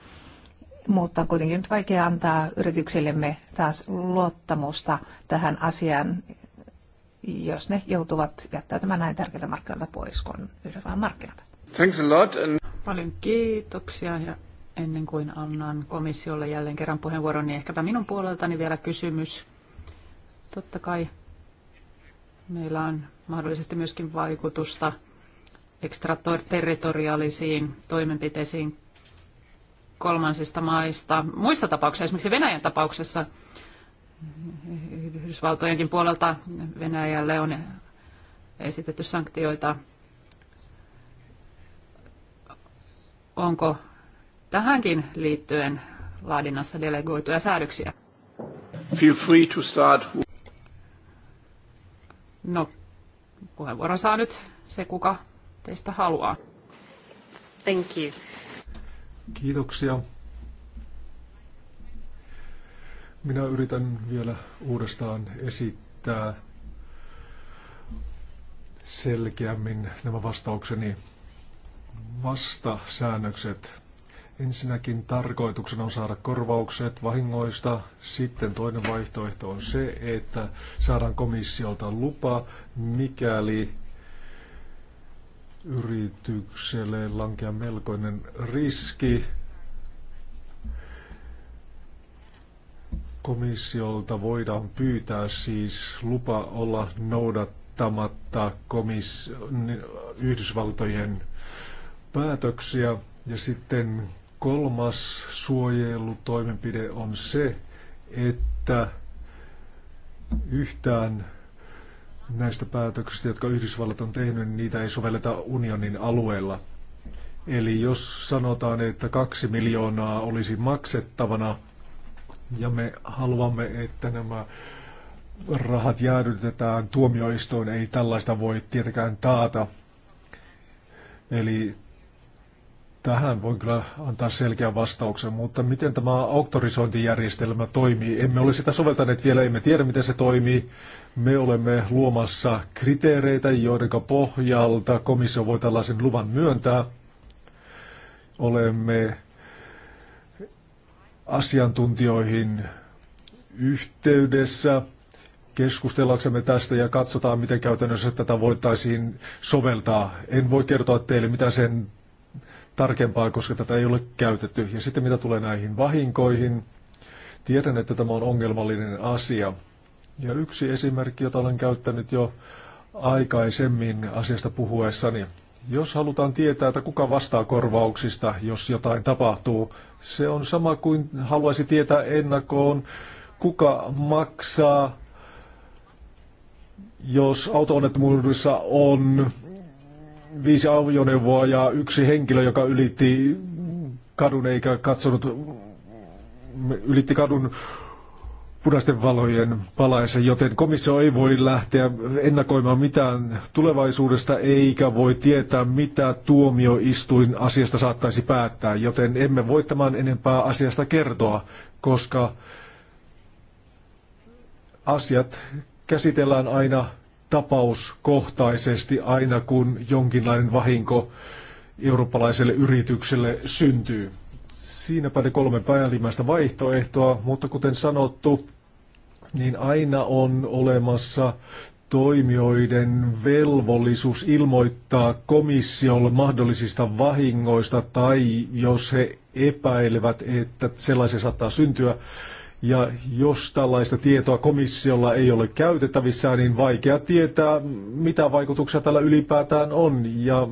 mutta on kuitenkin nyt vaikea antaa yrityksillemme taas luottamusta tähän asiaan, jos ne joutuvat jättämään näin tärkeitä markkinoilta pois kuin Yhdysvallan markkinat. Thanks a lot. And... Paljon kiitoksia ja ennen kuin annan komissiolle jälleen kerran puheenvuoron, niin ehkäpä minun puoleltani vielä kysymys Totta kai meillä on mahdollisesti myöskin vaikutusta ekstraterritoriaalisiin toimenpiteisiin kolmansista maista. Muissa tapauksissa, esimerkiksi Venäjän tapauksessa, Yhdysvaltojenkin puolelta Venäjälle on esitetty sanktioita. Onko tähänkin liittyen laadinnassa delegoituja säädöksiä? Feel free to start. No, puheenvuoron saa nyt se, kuka teistä haluaa. Thank you. Kiitoksia. Minä yritän vielä uudestaan esittää selkeämmin nämä vastaukseni vastasäännökset Ensinnäkin tarkoituksena on saada korvaukset vahingoista. Sitten toinen vaihtoehto on se, että saadaan komissiolta lupa, mikäli yritykselle lankea melkoinen riski. Komissiolta voidaan pyytää siis lupa olla noudattamatta komis- Yhdysvaltojen päätöksiä ja sitten Kolmas suojelutoimenpide on se, että yhtään näistä päätöksistä, jotka Yhdysvallat on tehnyt, niitä ei sovelleta unionin alueella. Eli jos sanotaan, että kaksi miljoonaa olisi maksettavana ja me haluamme, että nämä rahat jäädytetään tuomioistuin, ei tällaista voi tietenkään taata. Eli Tähän voin kyllä antaa selkeän vastauksen, mutta miten tämä auktorisointijärjestelmä toimii? Emme ole sitä soveltaneet vielä, emme tiedä miten se toimii. Me olemme luomassa kriteereitä, joiden pohjalta komissio voi tällaisen luvan myöntää. Olemme asiantuntijoihin yhteydessä keskustellaksemme tästä ja katsotaan, miten käytännössä tätä voitaisiin soveltaa. En voi kertoa teille, mitä sen tarkempaa, koska tätä ei ole käytetty. Ja sitten mitä tulee näihin vahinkoihin, tiedän, että tämä on ongelmallinen asia. Ja yksi esimerkki, jota olen käyttänyt jo aikaisemmin asiasta puhuessani. Jos halutaan tietää, että kuka vastaa korvauksista, jos jotain tapahtuu, se on sama kuin haluaisi tietää ennakkoon, kuka maksaa, jos auto-onnettomuudessa on viisi avioneuvoa ja yksi henkilö, joka ylitti kadun eikä katsonut, ylitti kadun punaisten valojen palaisen, joten komissio ei voi lähteä ennakoimaan mitään tulevaisuudesta eikä voi tietää, mitä tuomioistuin asiasta saattaisi päättää, joten emme voi tämän enempää asiasta kertoa, koska asiat käsitellään aina tapauskohtaisesti aina, kun jonkinlainen vahinko eurooppalaiselle yritykselle syntyy. Siinäpä ne kolme päällimmäistä vaihtoehtoa, mutta kuten sanottu, niin aina on olemassa toimijoiden velvollisuus ilmoittaa komissiolle mahdollisista vahingoista tai jos he epäilevät, että sellaisia saattaa syntyä, ja jos tällaista tietoa komissiolla ei ole käytettävissä, niin vaikea tietää, mitä vaikutuksia tällä ylipäätään on ja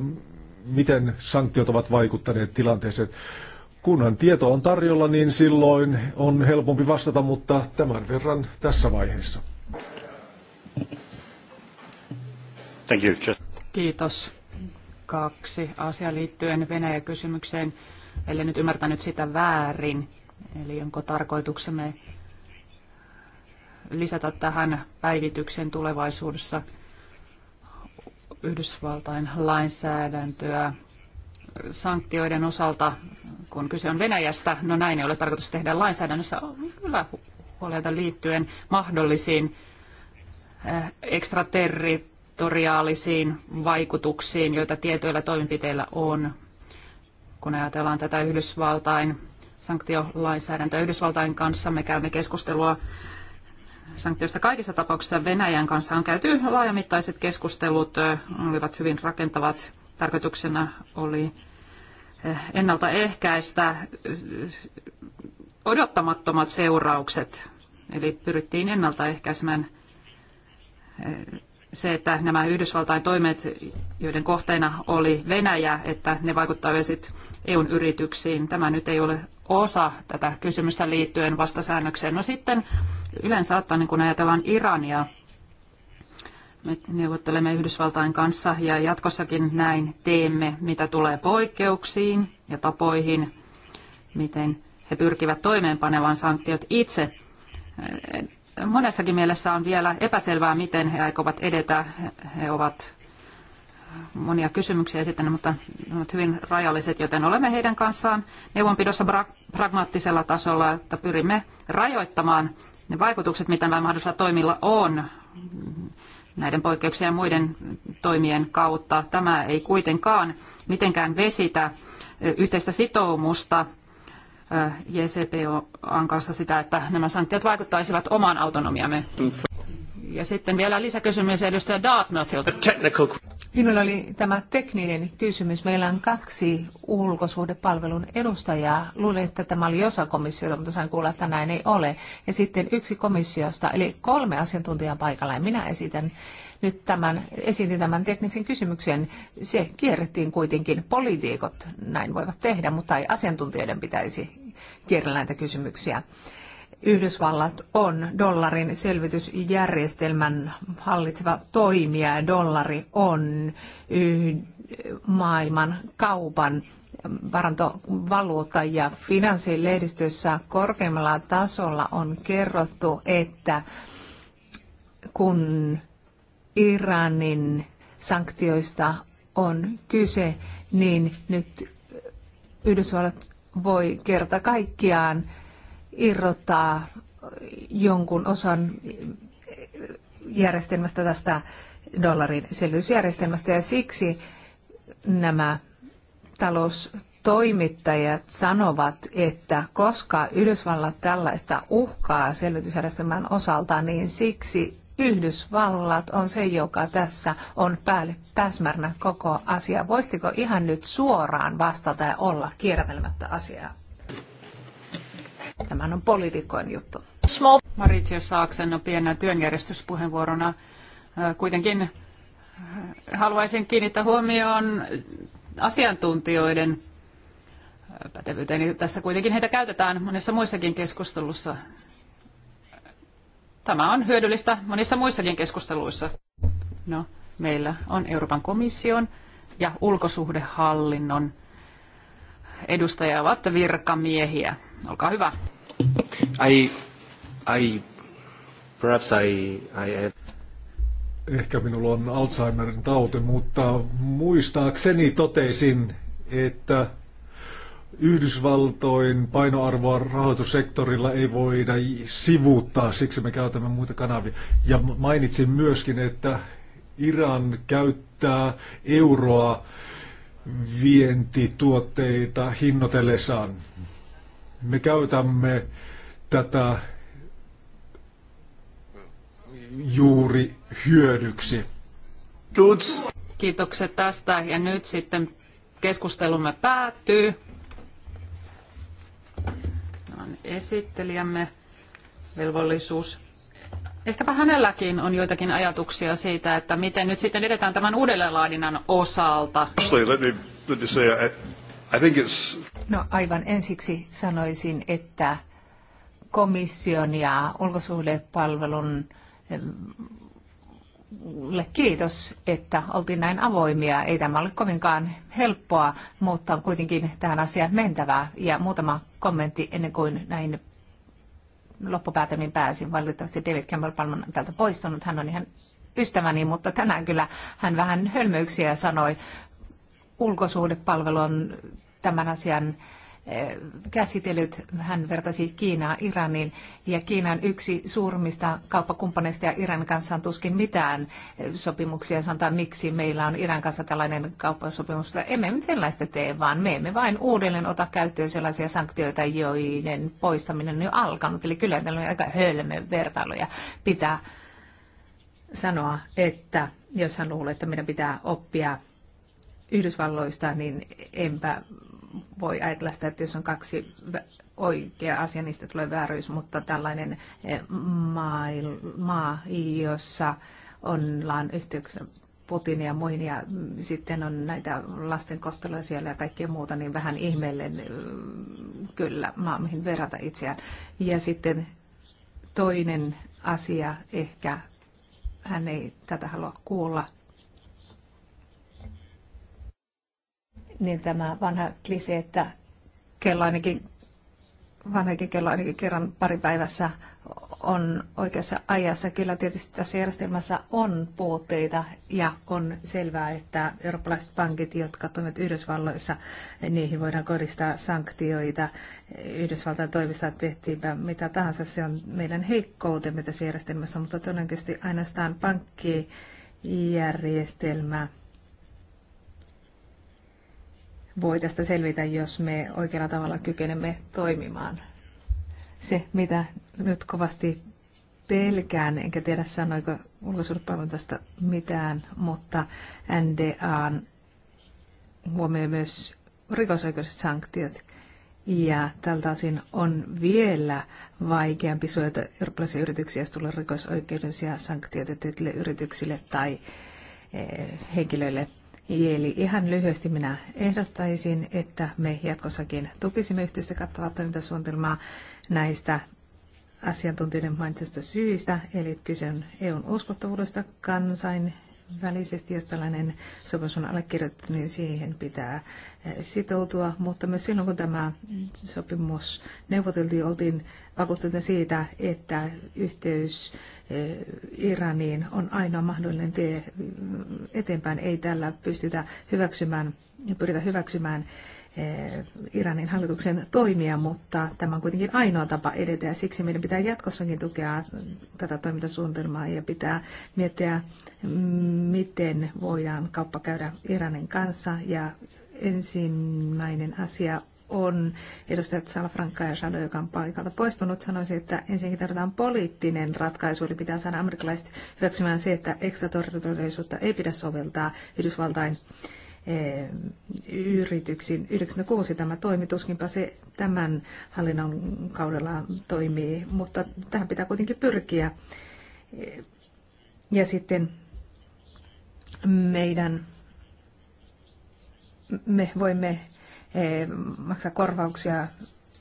miten sanktiot ovat vaikuttaneet tilanteeseen. Kunhan tieto on tarjolla, niin silloin on helpompi vastata, mutta tämän verran tässä vaiheessa. Thank you. Kiitos. Kaksi asiaa liittyen Venäjä-kysymykseen, ellei nyt ymmärtänyt sitä väärin Eli onko tarkoituksemme lisätä tähän päivityksen tulevaisuudessa Yhdysvaltain lainsäädäntöä sanktioiden osalta, kun kyse on Venäjästä. No näin ei ole tarkoitus tehdä lainsäädännössä. On kyllä huolelta liittyen mahdollisiin eh, ekstraterritoriaalisiin vaikutuksiin, joita tietyillä toimenpiteillä on. Kun ajatellaan tätä Yhdysvaltain sanktiolainsäädäntöä Yhdysvaltain kanssa. Me käymme keskustelua sanktioista kaikissa tapauksissa Venäjän kanssa on käyty laajamittaiset keskustelut, olivat hyvin rakentavat. Tarkoituksena oli ennaltaehkäistä odottamattomat seuraukset. Eli pyrittiin ennaltaehkäisemään se, että nämä Yhdysvaltain toimet, joiden kohteena oli Venäjä, että ne vaikuttavat EUn yrityksiin. Tämä nyt ei ole osa tätä kysymystä liittyen vastasäännökseen. No sitten yleensä ottaen, niin kun ajatellaan Irania, me neuvottelemme Yhdysvaltain kanssa ja jatkossakin näin teemme, mitä tulee poikkeuksiin ja tapoihin, miten he pyrkivät toimeenpanevan sanktiot itse. Monessakin mielessä on vielä epäselvää, miten he aikovat edetä. He ovat monia kysymyksiä esittäneet, mutta ne ovat hyvin rajalliset, joten olemme heidän kanssaan neuvonpidossa pragmaattisella tasolla, että pyrimme rajoittamaan ne vaikutukset, mitä näillä mahdollisilla toimilla on näiden poikkeuksien ja muiden toimien kautta. Tämä ei kuitenkaan mitenkään vesitä yhteistä sitoumusta JCPOan kanssa sitä, että nämä sanktiot vaikuttaisivat omaan autonomiamme. Ja sitten vielä lisäkysymys edustaja Dartmouthilta. Technical. Minulla oli tämä tekninen kysymys. Meillä on kaksi ulkosuhdepalvelun edustajaa. Luulin, että tämä oli osa komissiota, mutta sain kuulla, että näin ei ole. Ja sitten yksi komissiosta, eli kolme asiantuntijaa paikalla. Ja minä esitän nyt tämän, esitin tämän teknisen kysymyksen. Se kierrettiin kuitenkin. Poliitikot näin voivat tehdä, mutta ei asiantuntijoiden pitäisi kierrellä näitä kysymyksiä. Yhdysvallat on dollarin selvitysjärjestelmän hallitseva toimija ja dollari on maailman kaupan varantovaluutta ja finanssilehdistössä korkeimmalla tasolla on kerrottu, että kun Iranin sanktioista on kyse, niin nyt Yhdysvallat voi kerta kaikkiaan irrottaa jonkun osan järjestelmästä tästä dollarin selvitysjärjestelmästä ja siksi nämä taloustoimittajat sanovat, että koska Yhdysvallat tällaista uhkaa selvitysjärjestelmän osalta, niin siksi Yhdysvallat on se, joka tässä on päälle koko asia. Voisitko ihan nyt suoraan vastata ja olla kiertelemättä asiaa? tämähän on poliitikkojen juttu. Maritja Saaksena pienä työnjärjestyspuheenvuorona. Kuitenkin haluaisin kiinnittää huomioon asiantuntijoiden pätevyyteen. Tässä kuitenkin heitä käytetään monessa muissakin keskustelussa. Tämä on hyödyllistä monissa muissakin keskusteluissa. No, meillä on Euroopan komission ja ulkosuhdehallinnon edustajat ovat virkamiehiä. Olkaa hyvä. I, I, perhaps I, I... Ehkä minulla on Alzheimerin tauti, mutta muistaakseni totesin, että Yhdysvaltoin painoarvoa rahoitussektorilla ei voida sivuuttaa, siksi me käytämme muita kanavia. Ja mainitsin myöskin, että Iran käyttää euroa vientituotteita hinnoitellessaan me käytämme tätä juuri hyödyksi. Tuts. Kiitokset tästä ja nyt sitten keskustelumme päättyy. On esittelijämme velvollisuus. Ehkäpä hänelläkin on joitakin ajatuksia siitä, että miten nyt sitten edetään tämän uudelleenlaadinnan osalta. Actually, let me, let me say, I, I think it's No aivan ensiksi sanoisin, että komission ja ulkosuhdepalvelun eh, kiitos, että oltiin näin avoimia. Ei tämä ole kovinkaan helppoa, mutta on kuitenkin tähän asiaan mentävää. Ja muutama kommentti ennen kuin näin loppupäätelmiin pääsin. Valitettavasti David Campbell Palman täältä poistunut. Hän on ihan ystäväni, mutta tänään kyllä hän vähän hölmöyksiä sanoi. Ulkosuhdepalvelu on tämän asian eh, käsitellyt. Hän vertasi Kiinaa Iraniin ja Kiinan yksi suurimmista kauppakumppaneista ja Iran kanssa on tuskin mitään eh, sopimuksia. Sanotaan, miksi meillä on Iran kanssa tällainen kauppasopimus. Emme sellaista tee, vaan me emme vain uudelleen ota käyttöön sellaisia sanktioita, joiden poistaminen on jo alkanut. Eli kyllä tällainen on aika hölmön vertailuja pitää sanoa, että jos hän luulee, että meidän pitää oppia Yhdysvalloista, niin enpä voi ajatella sitä, että jos on kaksi oikea asia, niistä tulee vääryys, mutta tällainen eh, maa, jossa ollaan yhteyksissä Putinia ja muihin ja sitten on näitä lasten kohtaloja siellä ja kaikkea muuta, niin vähän ihmeellinen eh, kyllä maa, mihin verrata itseään. Ja sitten toinen asia ehkä, hän ei tätä halua kuulla, niin tämä vanha klise, että kello ainakin, vanhakin kello ainakin kerran pari päivässä on oikeassa ajassa. Kyllä tietysti tässä järjestelmässä on puutteita ja on selvää, että eurooppalaiset pankit, jotka toimivat Yhdysvalloissa, niihin voidaan kohdistaa sanktioita. Yhdysvaltain toimista tehtiinpä mitä tahansa. Se on meidän heikkoutemme tässä järjestelmässä, mutta todennäköisesti ainoastaan pankkijärjestelmä järjestelmä voi tästä selvitä, jos me oikealla tavalla kykenemme toimimaan. Se, mitä nyt kovasti pelkään, enkä tiedä sanoiko ulkosuudepalvelu tästä mitään, mutta NDA huomioi myös rikosoikeudelliset sanktiot. Ja tältä osin on vielä vaikeampi suojata eurooppalaisia yrityksiä, jos tulee rikosoikeudellisia sanktioita tietyille yrityksille tai eh, henkilöille – Eli ihan lyhyesti minä ehdottaisin, että me jatkossakin tukisimme yhteistä kattavaa toimintasuunnitelmaa näistä asiantuntijoiden mainitusta syistä, eli kyse on EUn uskottavuudesta, kansain, välisesti, jos tällainen sopimus on allekirjoitettu, niin siihen pitää eh, sitoutua. Mutta myös silloin, kun tämä sopimus neuvoteltiin, oltiin vakuuttuneita siitä, että yhteys eh, Iraniin on ainoa mahdollinen tie mm, eteenpäin. Ei tällä pystytä hyväksymään, pyritä hyväksymään Eh, Iranin hallituksen toimia, mutta tämä on kuitenkin ainoa tapa edetä ja siksi meidän pitää jatkossakin tukea tätä toimintasuunnitelmaa ja pitää miettiä, miten voidaan kauppa käydä Iranin kanssa ja ensimmäinen asia on edustajat Salafranca ja Shadow, joka on paikalta poistunut, sanoisi, että ensinnäkin tarvitaan poliittinen ratkaisu, eli pitää saada amerikkalaiset hyväksymään se, että ekstraterritoriallisuutta ei pidä soveltaa Yhdysvaltain äh, Eh, yrityksiin. 96 tämä toimi, tuskinpa se tämän hallinnon kaudella toimii, mutta tähän pitää kuitenkin pyrkiä. Ja sitten meidän, me voimme eh, maksaa korvauksia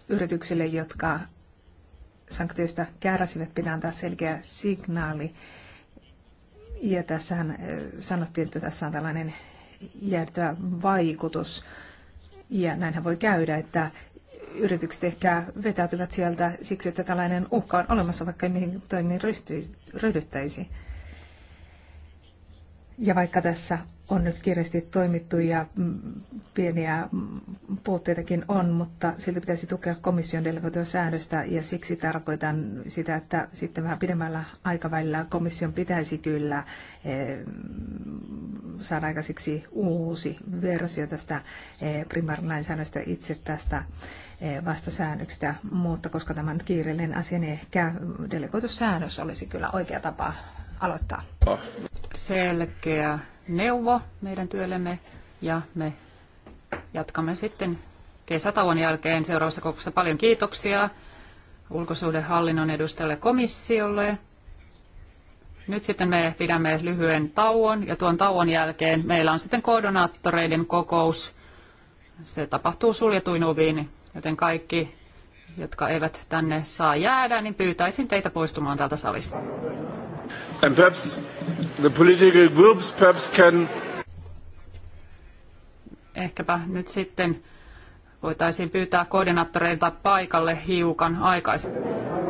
yrityksille, jotka sanktioista kärsivät, pitää antaa selkeä signaali. Ja tässähän eh, sanottiin, että tässä on tällainen järjestää vaikutus. Ja näinhän voi käydä, että yritykset ehkä vetäytyvät sieltä siksi, että tällainen uhka on olemassa, vaikka ei mihin toimiin ryhty, ryhdyttäisi. Ja vaikka tässä on nyt kiireesti toimittu ja mm, pieniä mm, puutteitakin on, mutta silti pitäisi tukea komission delegoitua säännöstä ja siksi tarkoitan sitä, että sitten vähän pidemmällä aikavälillä komission pitäisi kyllä eh, saada aikaiseksi uusi versio tästä eh, primarilainsäädännöstä itse tästä eh, vastasäännöksestä, mutta koska tämä on nyt kiireellinen asia, niin ehkä delegoitu säännös olisi kyllä oikea tapa aloittaa. Selkeä neuvo meidän työllemme ja me jatkamme sitten kesätauon jälkeen seuraavassa kokouksessa. Paljon kiitoksia ulkosuhdehallinnon edustajalle komissiolle. Nyt sitten me pidämme lyhyen tauon ja tuon tauon jälkeen meillä on sitten koordinaattoreiden kokous. Se tapahtuu suljetuin uviin, joten kaikki, jotka eivät tänne saa jäädä, niin pyytäisin teitä poistumaan täältä salista. And perhaps the political groups perhaps can... Ehkäpä nyt sitten voitaisiin pyytää koordinaattoreita paikalle hiukan aikaisemmin.